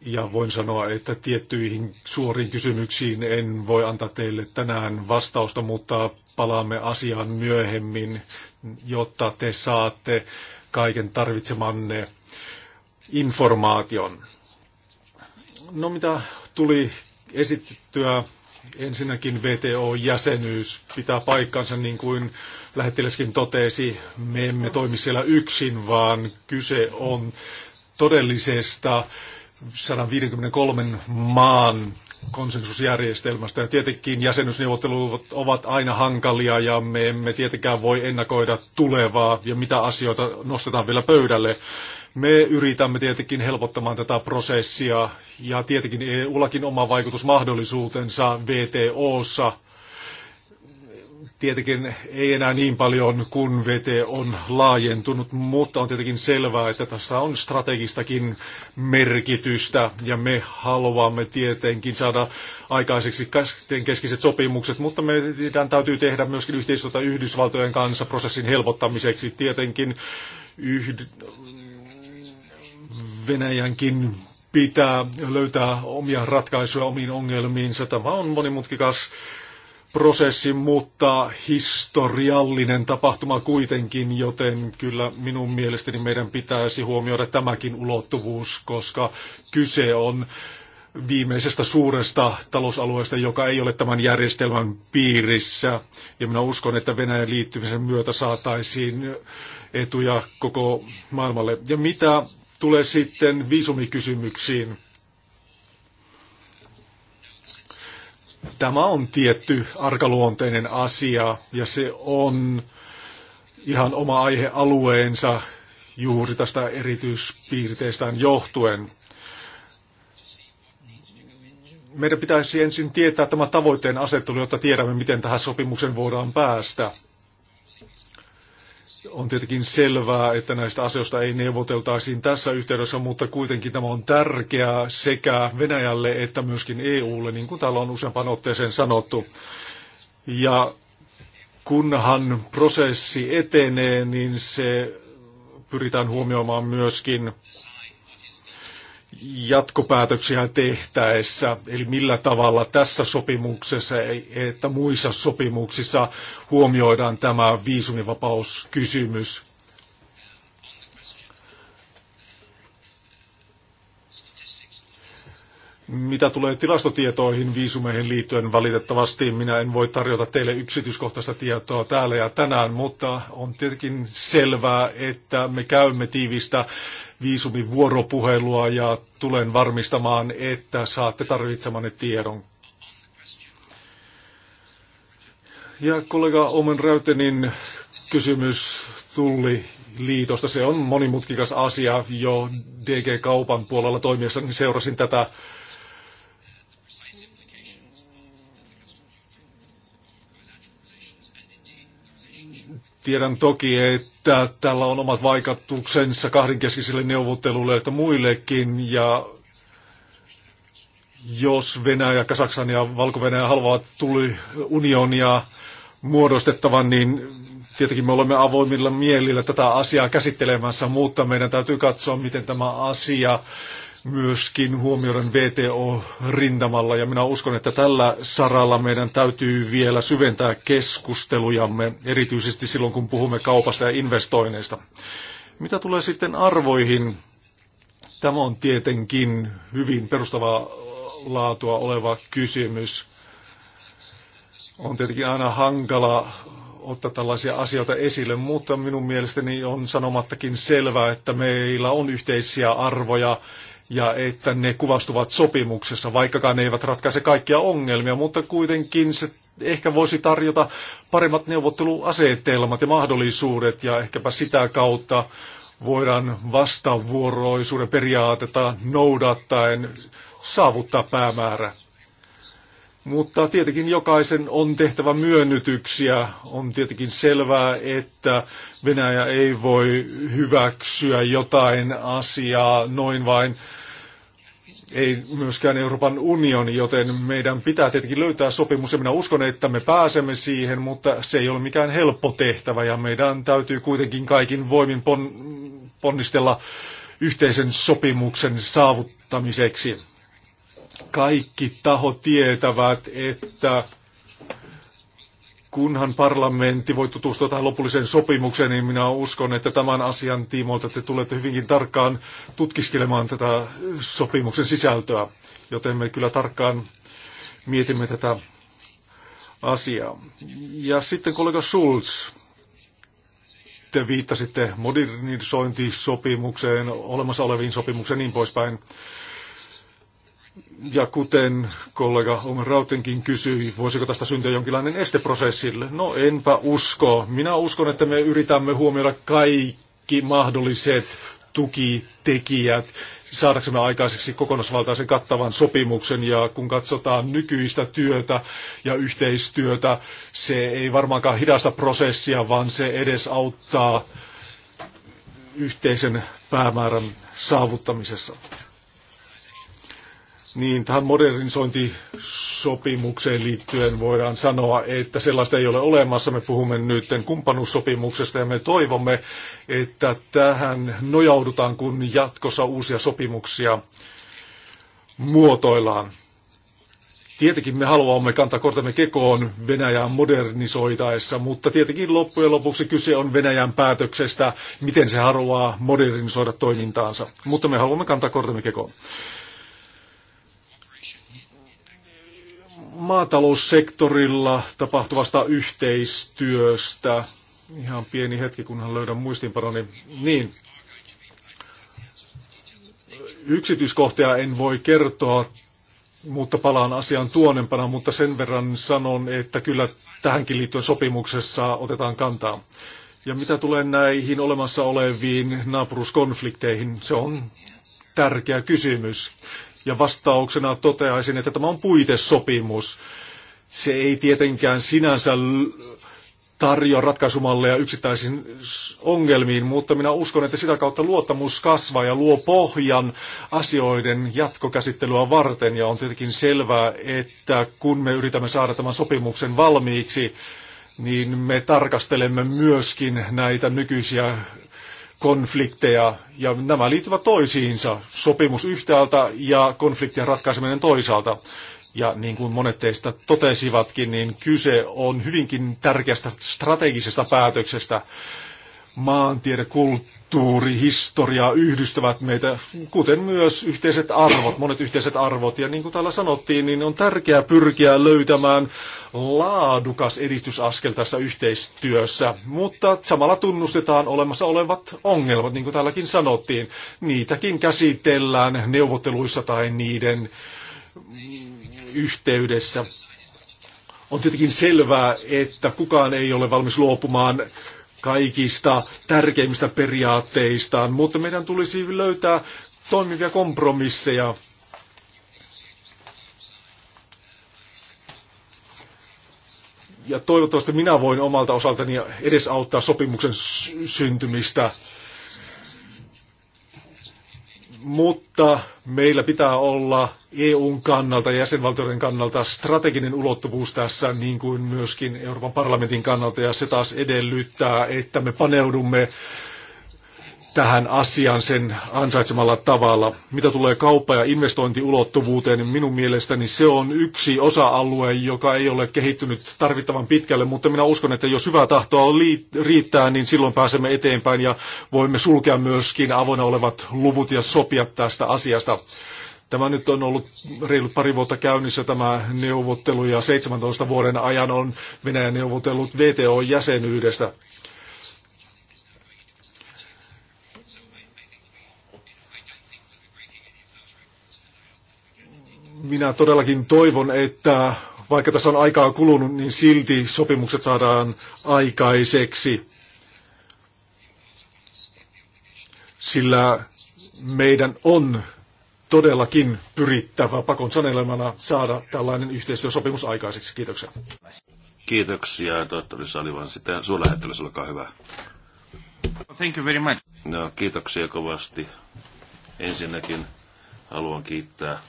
Ja voin sanoa, että tiettyihin suoriin kysymyksiin en voi antaa teille tänään vastausta, mutta palaamme asiaan myöhemmin, jotta te saatte kaiken tarvitsemanne informaation. No mitä tuli esitettyä, ensinnäkin VTO-jäsenyys pitää paikkansa niin kuin lähettiläskin totesi, me emme toimi siellä yksin, vaan kyse on todellisesta 153 maan konsensusjärjestelmästä. Ja tietenkin jäsenyysneuvottelut ovat aina hankalia ja me emme tietenkään voi ennakoida tulevaa ja mitä asioita nostetaan vielä pöydälle. Me yritämme tietenkin helpottamaan tätä prosessia ja tietenkin EUllakin oma vaikutusmahdollisuutensa VTOssa – Tietenkin ei enää niin paljon, kun VT on laajentunut, mutta on tietenkin selvää, että tässä on strategistakin merkitystä ja me haluamme tietenkin saada aikaiseksi keskiset sopimukset, mutta meidän täytyy tehdä myöskin yhteistyötä Yhdysvaltojen kanssa prosessin helpottamiseksi. Tietenkin yhd... Venäjänkin pitää löytää omia ratkaisuja omiin ongelmiinsa. Tämä on monimutkikas prosessi, mutta historiallinen tapahtuma kuitenkin, joten kyllä minun mielestäni meidän pitäisi huomioida tämäkin ulottuvuus, koska kyse on viimeisestä suuresta talousalueesta, joka ei ole tämän järjestelmän piirissä. Ja minä uskon, että Venäjän liittymisen myötä saataisiin etuja koko maailmalle. Ja mitä tulee sitten viisumikysymyksiin? Tämä on tietty arkaluonteinen asia ja se on ihan oma aihealueensa juuri tästä erityispiirteistään johtuen. Meidän pitäisi ensin tietää tämä tavoitteen asettelu, jotta tiedämme, miten tähän sopimukseen voidaan päästä. On tietenkin selvää, että näistä asioista ei neuvoteltaisiin tässä yhteydessä, mutta kuitenkin tämä on tärkeää sekä Venäjälle että myöskin EUlle, niin kuin täällä on useampaan otteeseen sanottu. Ja kunhan prosessi etenee, niin se pyritään huomioimaan myöskin jatkopäätöksiä tehtäessä, eli millä tavalla tässä sopimuksessa että muissa sopimuksissa huomioidaan tämä viisumivapauskysymys. Mitä tulee tilastotietoihin viisumeihin liittyen, valitettavasti minä en voi tarjota teille yksityiskohtaista tietoa täällä ja tänään, mutta on tietenkin selvää, että me käymme tiivistä viisumivuoropuhelua ja tulen varmistamaan, että saatte tarvitsemanne tiedon. Ja kollega Omen Räytenin kysymys tuli liitosta. Se on monimutkikas asia jo DG-kaupan puolella toimiessa. Niin seurasin tätä Tiedän toki, että tällä on omat vaikutuksensa kahdenkeskisille neuvotteluille, että muillekin, ja jos Venäjä, Kasaksan ja Valko-Venäjä haluavat tuli unionia muodostettavan, niin tietenkin me olemme avoimilla mielillä tätä asiaa käsittelemässä, mutta meidän täytyy katsoa, miten tämä asia myöskin huomioiden VTO-rintamalla ja minä uskon, että tällä saralla meidän täytyy vielä syventää keskustelujamme, erityisesti silloin kun puhumme kaupasta ja investoinneista. Mitä tulee sitten arvoihin, tämä on tietenkin hyvin perustavaa laatua oleva kysymys. On tietenkin aina hankala ottaa tällaisia asioita esille, mutta minun mielestäni on sanomattakin selvää, että meillä on yhteisiä arvoja ja että ne kuvastuvat sopimuksessa, vaikkakaan ne eivät ratkaise kaikkia ongelmia, mutta kuitenkin se ehkä voisi tarjota paremmat neuvotteluasetelmat ja mahdollisuudet ja ehkäpä sitä kautta voidaan vastavuoroisuuden periaatetta noudattaen saavuttaa päämäärä. Mutta tietenkin jokaisen on tehtävä myönnytyksiä. On tietenkin selvää, että Venäjä ei voi hyväksyä jotain asiaa noin vain ei myöskään Euroopan unioni, joten meidän pitää tietenkin löytää sopimus ja minä uskon, että me pääsemme siihen, mutta se ei ole mikään helppo tehtävä ja meidän täytyy kuitenkin kaikin voimin pon, ponnistella yhteisen sopimuksen saavuttamiseksi. Kaikki taho tietävät, että kunhan parlamentti voi tutustua tähän lopulliseen sopimukseen, niin minä uskon, että tämän asian tiimoilta te tulette hyvinkin tarkkaan tutkiskelemaan tätä sopimuksen sisältöä, joten me kyllä tarkkaan mietimme tätä asiaa. Ja sitten kollega Schulz, te viittasitte modernisointisopimukseen, olemassa oleviin sopimukseen ja niin poispäin. Ja kuten kollega Omer Rautenkin kysyi, voisiko tästä syntyä jonkinlainen esteprosessille? No enpä usko. Minä uskon, että me yritämme huomioida kaikki mahdolliset tukitekijät saadaksemme aikaiseksi kokonaisvaltaisen kattavan sopimuksen ja kun katsotaan nykyistä työtä ja yhteistyötä, se ei varmaankaan hidasta prosessia, vaan se edes auttaa yhteisen päämäärän saavuttamisessa. Niin, tähän modernisointisopimukseen liittyen voidaan sanoa, että sellaista ei ole olemassa. Me puhumme nyt kumppanuussopimuksesta ja me toivomme, että tähän nojaudutaan, kun jatkossa uusia sopimuksia muotoillaan. Tietenkin me haluamme kantaa kortemme kekoon Venäjän modernisoitaessa, mutta tietenkin loppujen lopuksi kyse on Venäjän päätöksestä, miten se haluaa modernisoida toimintaansa. Mutta me haluamme kantaa kortemme kekoon. maataloussektorilla tapahtuvasta yhteistyöstä. Ihan pieni hetki, kunhan löydän muistinparoni. Niin. Yksityiskohtia en voi kertoa, mutta palaan asian tuonempana, mutta sen verran sanon, että kyllä tähänkin liittyen sopimuksessa otetaan kantaa. Ja mitä tulee näihin olemassa oleviin naapuruskonflikteihin, se on tärkeä kysymys. Ja vastauksena toteaisin, että tämä on puitesopimus. Se ei tietenkään sinänsä tarjoa ratkaisumalleja yksittäisiin ongelmiin, mutta minä uskon, että sitä kautta luottamus kasvaa ja luo pohjan asioiden jatkokäsittelyä varten. Ja on tietenkin selvää, että kun me yritämme saada tämän sopimuksen valmiiksi, niin me tarkastelemme myöskin näitä nykyisiä konflikteja, ja nämä liittyvät toisiinsa, sopimus yhtäältä ja konfliktien ratkaiseminen toisaalta. Ja niin kuin monet teistä totesivatkin, niin kyse on hyvinkin tärkeästä strategisesta päätöksestä. Maantiede, kulttuuri, historia yhdistävät meitä, kuten myös yhteiset arvot, monet yhteiset arvot. Ja niin kuin täällä sanottiin, niin on tärkeää pyrkiä löytämään laadukas edistysaskel tässä yhteistyössä, mutta samalla tunnustetaan olemassa olevat ongelmat, niin kuin täälläkin sanottiin. Niitäkin käsitellään neuvotteluissa tai niiden yhteydessä. On tietenkin selvää, että kukaan ei ole valmis luopumaan kaikista tärkeimmistä periaatteistaan, mutta meidän tulisi löytää toimivia kompromisseja. Ja toivottavasti minä voin omalta osaltani edesauttaa sopimuksen syntymistä mutta meillä pitää olla EUn kannalta, jäsenvaltioiden kannalta strateginen ulottuvuus tässä, niin kuin myöskin Euroopan parlamentin kannalta, ja se taas edellyttää, että me paneudumme tähän asiaan sen ansaitsemalla tavalla. Mitä tulee kauppa- ja investointiulottuvuuteen, niin minun mielestäni se on yksi osa-alue, joka ei ole kehittynyt tarvittavan pitkälle, mutta minä uskon, että jos hyvää tahtoa riittää, niin silloin pääsemme eteenpäin ja voimme sulkea myöskin avoinna olevat luvut ja sopia tästä asiasta. Tämä nyt on ollut reilut pari vuotta käynnissä tämä neuvottelu ja 17 vuoden ajan on Venäjä neuvotellut VTO-jäsenyydestä. minä todellakin toivon, että vaikka tässä on aikaa kulunut, niin silti sopimukset saadaan aikaiseksi. Sillä meidän on todellakin pyrittävä pakon sanelemana saada tällainen yhteistyösopimus aikaiseksi. Kiitoksia. Kiitoksia, tohtori Salivan. Sitten suurlähettiläs, olkaa hyvä. Thank you very much. No, kiitoksia kovasti. Ensinnäkin haluan kiittää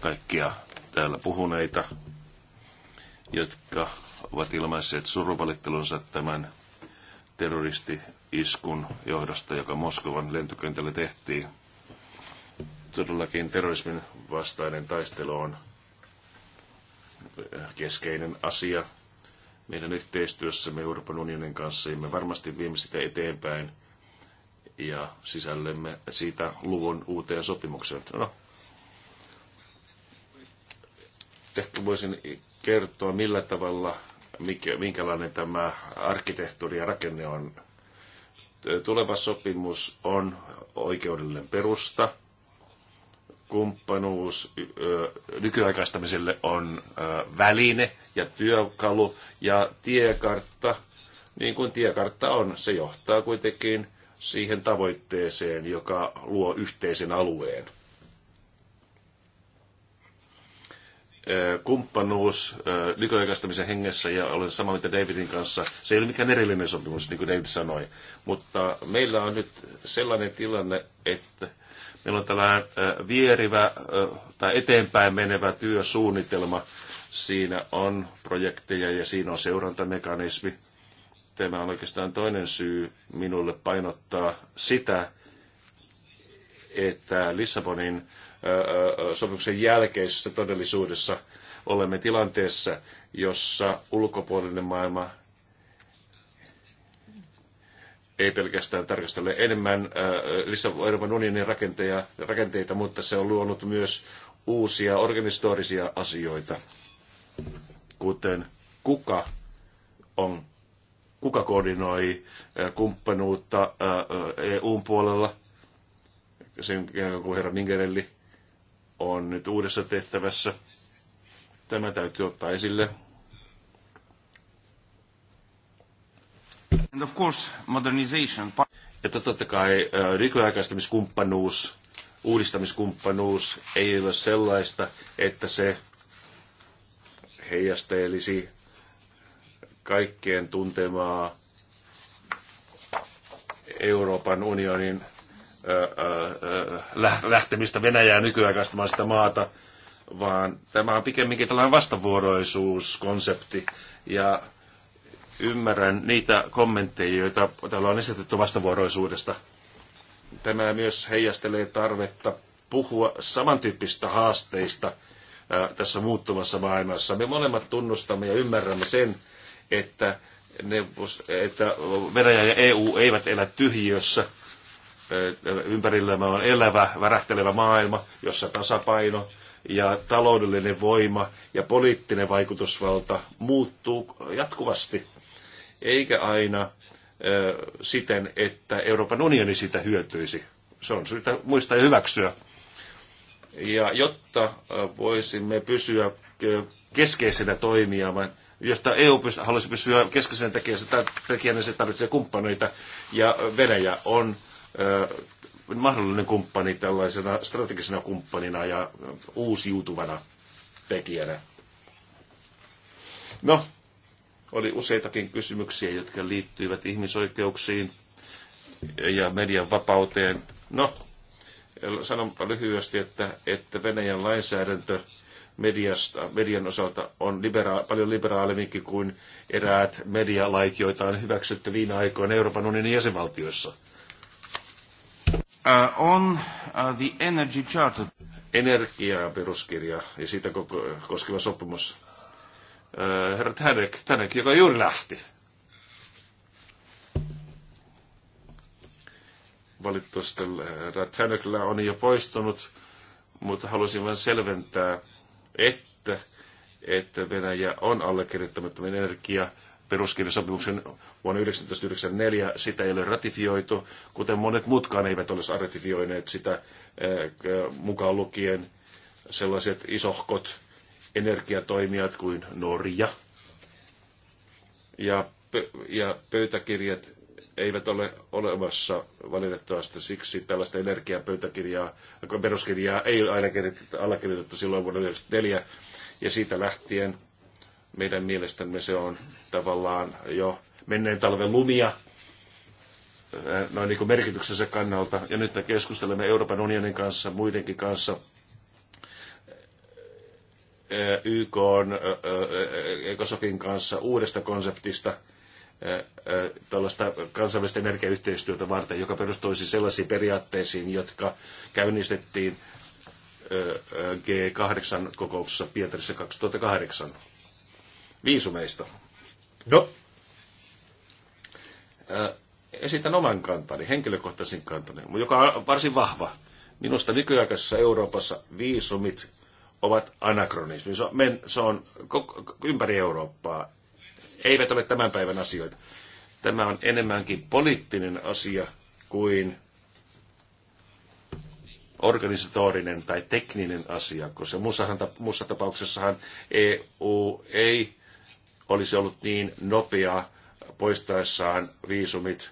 kaikkia täällä puhuneita, jotka ovat ilmaisseet suruvalittelunsa tämän terroristi-iskun johdosta, joka Moskovan lentokentällä tehtiin. Todellakin terrorismin vastainen taistelu on keskeinen asia meidän yhteistyössämme Euroopan unionin kanssa, ja me varmasti viemme sitä eteenpäin ja sisällemme siitä luvun uuteen sopimukseen. No, ehkä voisin kertoa, millä tavalla, mikä, minkälainen tämä arkkitehtuuri ja rakenne on. Tuleva sopimus on oikeudellinen perusta. Kumppanuus nykyaikaistamiselle on väline ja työkalu ja tiekartta. Niin kuin tiekartta on, se johtaa kuitenkin siihen tavoitteeseen, joka luo yhteisen alueen – kumppanuus nykyaikaistamisen hengessä ja olen samaa mieltä Davidin kanssa. Se ei ole mikään erillinen sopimus, niin kuin David sanoi, mutta meillä on nyt sellainen tilanne, että meillä on tällainen vierivä tai eteenpäin menevä työsuunnitelma. Siinä on projekteja ja siinä on seurantamekanismi. Tämä on oikeastaan toinen syy minulle painottaa sitä, että Lissabonin sopimuksen jälkeisessä todellisuudessa olemme tilanteessa, jossa ulkopuolinen maailma ei pelkästään tarkastele enemmän Euroopan unionin rakenteja, rakenteita, mutta se on luonut myös uusia organisatorisia asioita, kuten kuka on kuka koordinoi kumppanuutta EUn puolella, sen kuin herra Mingerelli on nyt uudessa tehtävässä. Tämä täytyy ottaa esille. And of course, modernization. Ja totta kai nykyaikaistamiskumppanuus, uudistamiskumppanuus ei ole sellaista, että se heijastelisi kaikkien tuntemaa Euroopan unionin lähtemistä Venäjää nykyaikaistamaan sitä maata, vaan tämä on pikemminkin tällainen vastavuoroisuuskonsepti. Ja ymmärrän niitä kommentteja, joita täällä on esitetty vastavuoroisuudesta. Tämä myös heijastelee tarvetta puhua samantyyppistä haasteista tässä muuttuvassa maailmassa. Me molemmat tunnustamme ja ymmärrämme sen, että, ne, että Venäjä ja EU eivät elä tyhjiössä – ympärillämme on elävä, värähtelevä maailma, jossa tasapaino ja taloudellinen voima ja poliittinen vaikutusvalta muuttuu jatkuvasti, eikä aina siten, että Euroopan unioni siitä hyötyisi. Se on syytä muistaa ja hyväksyä. Ja jotta voisimme pysyä keskeisenä toimijana, josta EU haluaisi pysyä keskeisenä tekijänä, se tarvitsee kumppaneita, ja Venäjä on mahdollinen kumppani tällaisena strategisena kumppanina ja uusiutuvana tekijänä. No, oli useitakin kysymyksiä, jotka liittyivät ihmisoikeuksiin ja median vapauteen. No, sanon lyhyesti, että, että Venäjän lainsäädäntö mediasta, median osalta on libera- paljon liberaalimminkin kuin eräät medialait, joita on hyväksytty viime aikoina Euroopan unionin jäsenvaltioissa. Uh, on uh, the energy charter. Energiaa peruskirja ja siitä koko, koskeva sopimus. Uh, herra Tänek, Tänek, joka juuri lähti. Valitettavasti uh, herra Tänekillä on jo poistunut, mutta halusin vain selventää, että, että Venäjä on allekirjoittamattomien energiaa. energia- peruskirjasopimuksen vuonna 1994. Sitä ei ole ratifioitu, kuten monet muutkaan eivät ole ratifioineet sitä eh, eh, mukaan lukien sellaiset isohkot energiatoimijat kuin Norja. Ja, ja pöytäkirjat eivät ole olemassa valitettavasti siksi tällaista energiapöytäkirjaa, peruskirjaa ei allekirjoitettu silloin vuonna 1994 ja siitä lähtien meidän mielestämme se on tavallaan jo menneen talven lumia noin niin kuin merkityksensä kannalta. Ja nyt me keskustelemme Euroopan unionin kanssa, muidenkin kanssa, YK on Ekosokin kanssa uudesta konseptista tällaista kansainvälistä energiayhteistyötä varten, joka perustuisi sellaisiin periaatteisiin, jotka käynnistettiin G8-kokouksessa Pietarissa 2008 viisumeista. No, esitän oman kantani, henkilökohtaisen kantani, joka on varsin vahva. Minusta nykyaikaisessa Euroopassa viisumit ovat anakronismi. Se on, men, se on ympäri Eurooppaa. Eivät ole tämän päivän asioita. Tämä on enemmänkin poliittinen asia kuin organisatorinen tai tekninen asia, koska muussa, muussa tapauksessahan EU ei olisi ollut niin nopea poistaessaan viisumit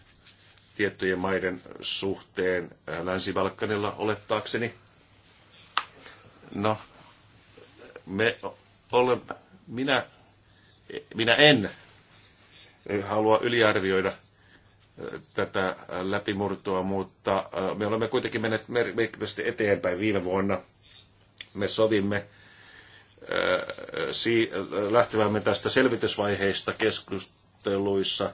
tiettyjen maiden suhteen äh, Länsi-Balkanilla olettaakseni. No, me ole, minä, minä en halua yliarvioida äh, tätä läpimurtoa, mutta äh, me olemme kuitenkin menneet merkittävästi eteenpäin viime vuonna. Me sovimme lähtevämme tästä selvitysvaiheista keskusteluissa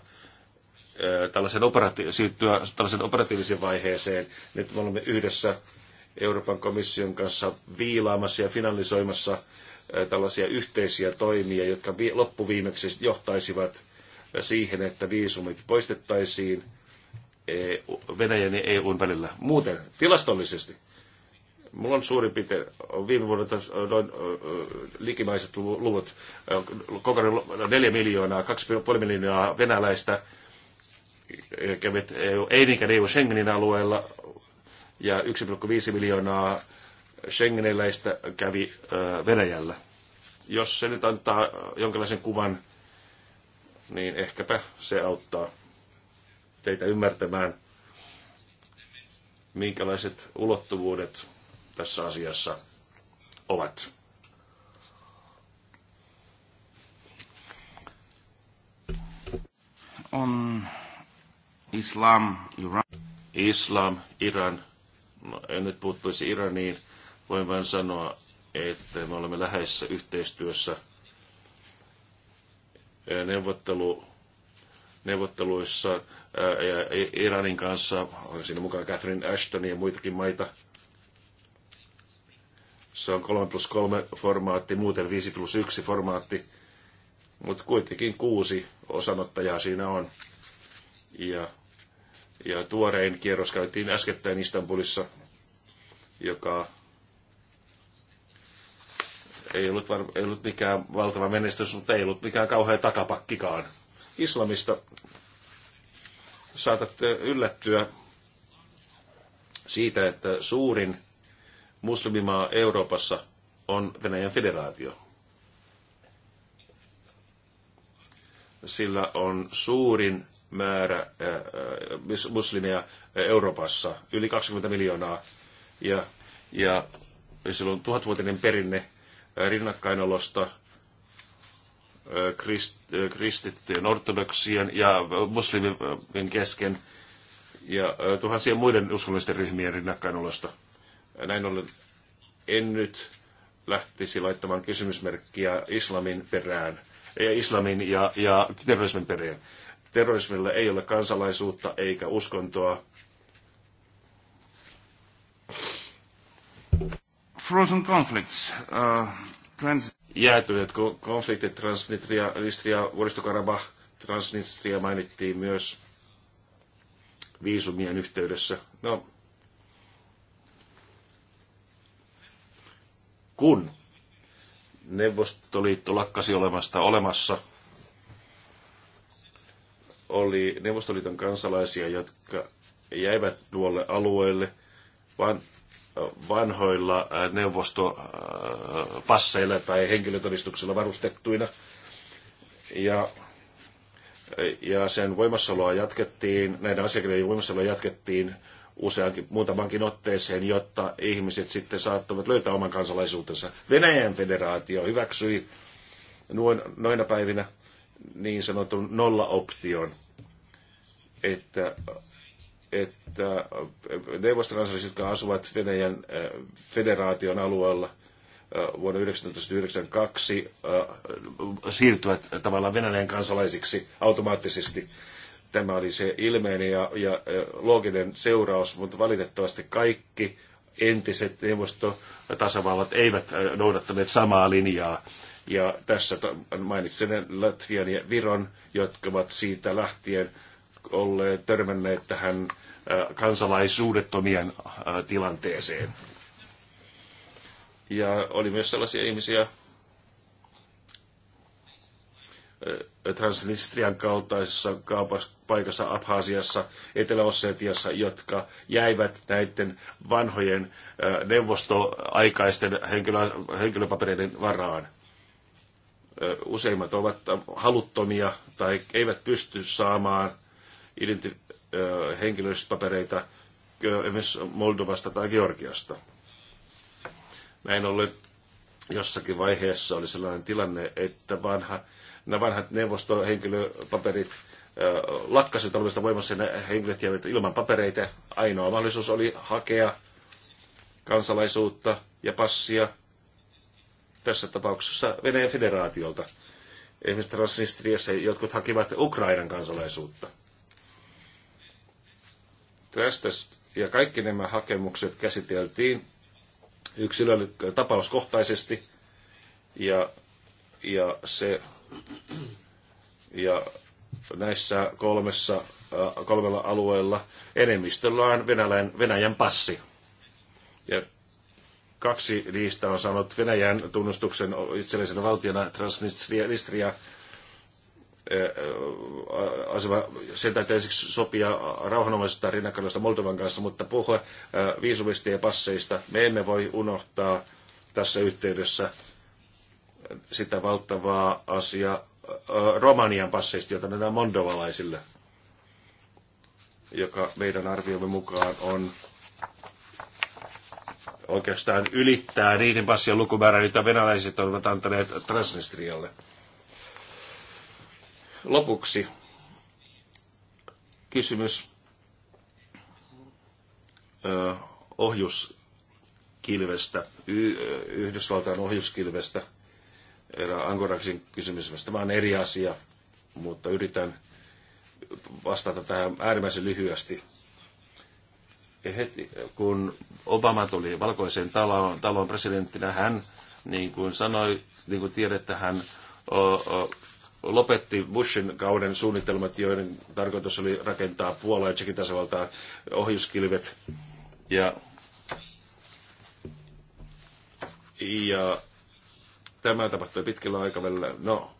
tällaisen operati- siirtyä tällaisen operatiiviseen vaiheeseen. Nyt me olemme yhdessä Euroopan komission kanssa viilaamassa ja finalisoimassa tällaisia yhteisiä toimia, jotka loppuviimeksi johtaisivat siihen, että viisumit poistettaisiin Venäjän ja EUn välillä. Muuten tilastollisesti Mulla on suurin piirtein viime vuonna noin likimaiset luvut, kokonaan 4 no, miljoonaa, 2,5 miljoonaa venäläistä kävit ei niinkään EU Schengenin alueella ja 1,5 miljoonaa Schengeniläistä kävi Venäjällä. Jos se nyt antaa jonkinlaisen kuvan, niin ehkäpä se auttaa teitä ymmärtämään, minkälaiset ulottuvuudet tässä asiassa ovat. On Islam, Iran. Islam, Iran. No, en nyt puuttuisi Iraniin. Voin vain sanoa, että me olemme läheisessä yhteistyössä neuvottelu, neuvotteluissa ää, Iranin kanssa. Olen siinä mukana Catherine Ashton ja muitakin maita – se on 3 plus 3 formaatti, muuten 5 plus 1 formaatti, mutta kuitenkin kuusi osanottajaa siinä on. Ja, ja tuorein kierros käytiin äskettäin Istanbulissa, joka ei ollut, var, ei ollut mikään valtava menestys, mutta ei ollut mikään kauhea takapakkikaan. Islamista saatatte yllättyä siitä, että suurin muslimimaa Euroopassa on Venäjän federaatio. Sillä on suurin määrä äh, äh, muslimeja Euroopassa, yli 20 miljoonaa. Ja, ja sillä on tuhatvuotinen perinne äh, rinnakkainolosta krist, kristittyjen ortodoksien ja muslimien kesken ja tuhansien muiden uskonnollisten ryhmien rinnakkainolosta. Näin ollen en nyt lähtisi laittamaan kysymysmerkkiä islamin perään, ei islamin ja, ja terrorismin perään. Terrorismilla ei ole kansalaisuutta eikä uskontoa. Frozen conflicts. Uh, trans- Jäätyneet konfliktit, Transnistria, Listria, Vuoristokarabah, Transnistria mainittiin myös viisumien yhteydessä. No, kun Neuvostoliitto lakkasi olemasta olemassa, oli Neuvostoliiton kansalaisia, jotka jäivät tuolle alueelle van, vanhoilla neuvostopasseilla tai henkilötodistuksella varustettuina. Ja, ja sen voimassaoloa jatkettiin, näiden asiakirjojen voimassaoloa jatkettiin useankin, muutamankin otteeseen, jotta ihmiset sitten saattavat löytää oman kansalaisuutensa. Venäjän federaatio hyväksyi noin, noina päivinä niin sanotun nolla-option, että, että neuvostokansalaiset, jotka asuvat Venäjän äh, federaation alueella äh, vuonna 1992, äh, siirtyvät tavallaan Venäjän kansalaisiksi automaattisesti Tämä oli se ilmeinen ja, ja, ja looginen seuraus, mutta valitettavasti kaikki entiset neuvostotasavallat eivät noudattaneet samaa linjaa. Ja tässä mainitsen Latvian ja Viron, jotka ovat siitä lähtien olleet törmänneet tähän kansalaisuudettomien tilanteeseen. Ja oli myös sellaisia ihmisiä, Transnistrian kaltaisessa paikassa Abhaasiassa, Etelä-Ossetiassa, jotka jäivät näiden vanhojen neuvostoaikaisten henkilö, henkilöpapereiden varaan. Useimmat ovat haluttomia tai eivät pysty saamaan identi- henkilöllisyyspapereita esimerkiksi Moldovasta tai Georgiasta. Näin ollen jossakin vaiheessa oli sellainen tilanne, että vanha nämä vanhat neuvostohenkilöpaperit lakkasivat olemasta voimassa ja henkilöt jäivät ilman papereita. Ainoa mahdollisuus oli hakea kansalaisuutta ja passia tässä tapauksessa Venäjän federaatiolta. Esimerkiksi Transnistriassa jotkut hakivat Ukrainan kansalaisuutta. Tästä ja kaikki nämä hakemukset käsiteltiin yksilön tapauskohtaisesti ja, ja se ja näissä kolmessa, äh, kolmella alueella enemmistöllä on Venäjän, Venäjän passi. Ja kaksi niistä on saanut Venäjän tunnustuksen itsellisen valtiona Transnistria äh, äh, asema, sen täytyy ensiksi sopia rauhanomaisesta rinnakkaisesta Moldovan kanssa, mutta puhua viisumista ja passeista me emme voi unohtaa tässä yhteydessä sitä valtavaa asiaa äh, Romanian passeista, jota näytetään mondovalaisille, joka meidän arviomme mukaan on oikeastaan ylittää niiden passien lukumäärän, joita venäläiset ovat antaneet Transnistrialle. Lopuksi kysymys ohjuskilvestä, Yhdysvaltain ohjuskilvestä – Angoraksin vasta vaan eri asia, mutta yritän vastata tähän äärimmäisen lyhyesti. Heti kun Obama tuli valkoiseen taloon, taloon presidenttinä, hän, niin kuin sanoi, niin kuin tiedätte, hän o, o, lopetti Bushin kauden suunnitelmat, joiden tarkoitus oli rakentaa Puola ja Tsekin tasavaltaan ohjuskilvet. Ja, ja Tämä tapahtui pitkällä aikavälillä. No,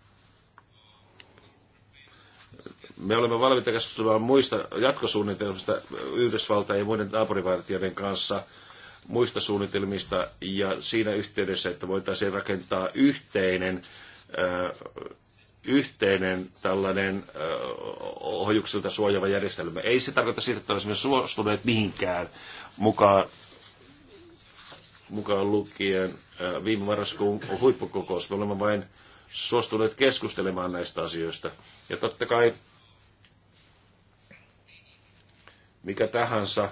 me olemme valmiita keskustelemaan muista jatkosuunnitelmista Yhdysvaltain ja muiden naapurivartijoiden kanssa muista suunnitelmista ja siinä yhteydessä, että voitaisiin rakentaa yhteinen, äh, yhteinen tällainen äh, ohjuksilta suojava järjestelmä. Ei se tarkoita sitä, että olisimme suostuneet mihinkään mukaan, mukaan lukien viime marraskuun huippukokous. Me olemme vain suostuneet keskustelemaan näistä asioista. Ja totta kai mikä tahansa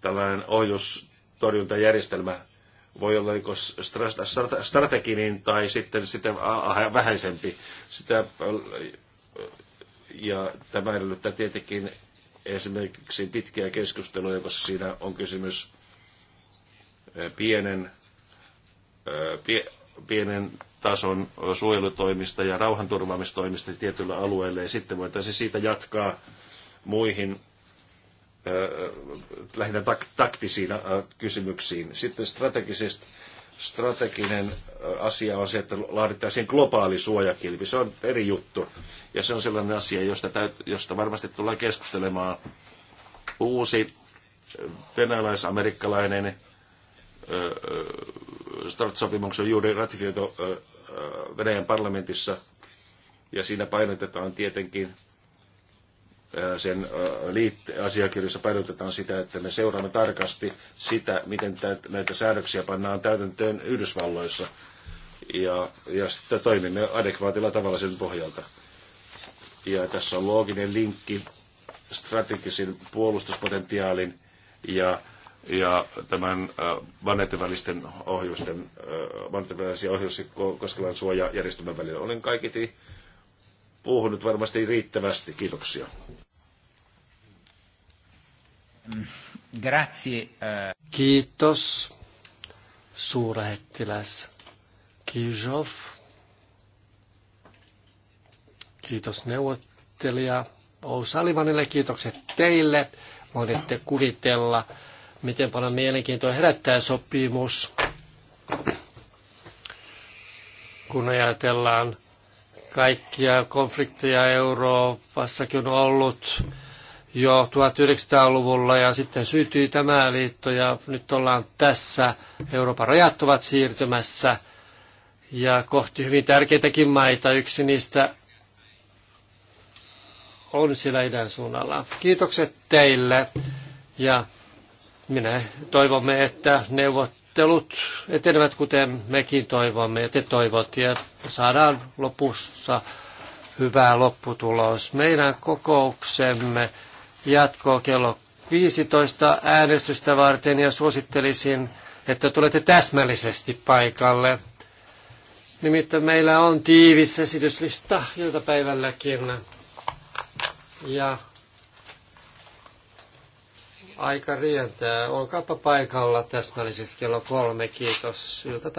tällainen ohjustorjuntajärjestelmä voi olla joko strateginen tai sitten sitä vähäisempi. Sitä, ja tämä edellyttää tietenkin esimerkiksi pitkiä keskusteluja, koska siinä on kysymys pienen pienen tason suojelutoimista ja rauhanturvaamistoimista tietyllä alueelle ja sitten voitaisiin siitä jatkaa muihin lähinnä tak- taktisiin kysymyksiin. Sitten strategisesti strateginen asia on se, että laadittaisiin globaali suojakilpi. Se on eri juttu. Ja se on sellainen asia, josta, täyt- josta varmasti tullaan keskustelemaan. Uusi venäläis-amerikkalainen Start-sopimuksen on juuri ratifioitu Venäjän parlamentissa, ja siinä painotetaan tietenkin sen liitteasiakirjassa painotetaan sitä, että me seuraamme tarkasti sitä, miten näitä säädöksiä pannaan täytäntöön Yhdysvalloissa ja, ja sitten toimimme adekvaatilla tavalla sen pohjalta. Ja tässä on looginen linkki strategisen puolustuspotentiaalin ja ja tämän äh, vanhettivälisten ohjusten, äh, vanhettivälisiä ohjuuksia koskevan suojajärjestelmän välillä. Olen kaikiti puhunut varmasti riittävästi. Kiitoksia. Mm, grazie. Äh. Kiitos, suurlähettiläs Kijov. Kiitos neuvottelija Ousalivanille, kiitokset teille. Voitte kuvitella, miten paljon mielenkiintoa herättää sopimus, kun ajatellaan kaikkia konflikteja Euroopassakin on ollut jo 1900-luvulla ja sitten syntyi tämä liitto ja nyt ollaan tässä. Euroopan rajat ovat siirtymässä ja kohti hyvin tärkeitäkin maita. Yksi niistä on siellä idän suunnalla. Kiitokset teille ja minä toivomme, että neuvottelut etenevät kuten mekin toivomme ja te toivot ja saadaan lopussa hyvää lopputulos. Meidän kokouksemme jatkoo kello 15 äänestystä varten ja suosittelisin, että tulette täsmällisesti paikalle. Nimittäin meillä on tiivis esityslista iltapäivälläkin. Ja Aika rientää. Olkaapa paikalla täsmällisesti kello kolme. Kiitos. Yltä tai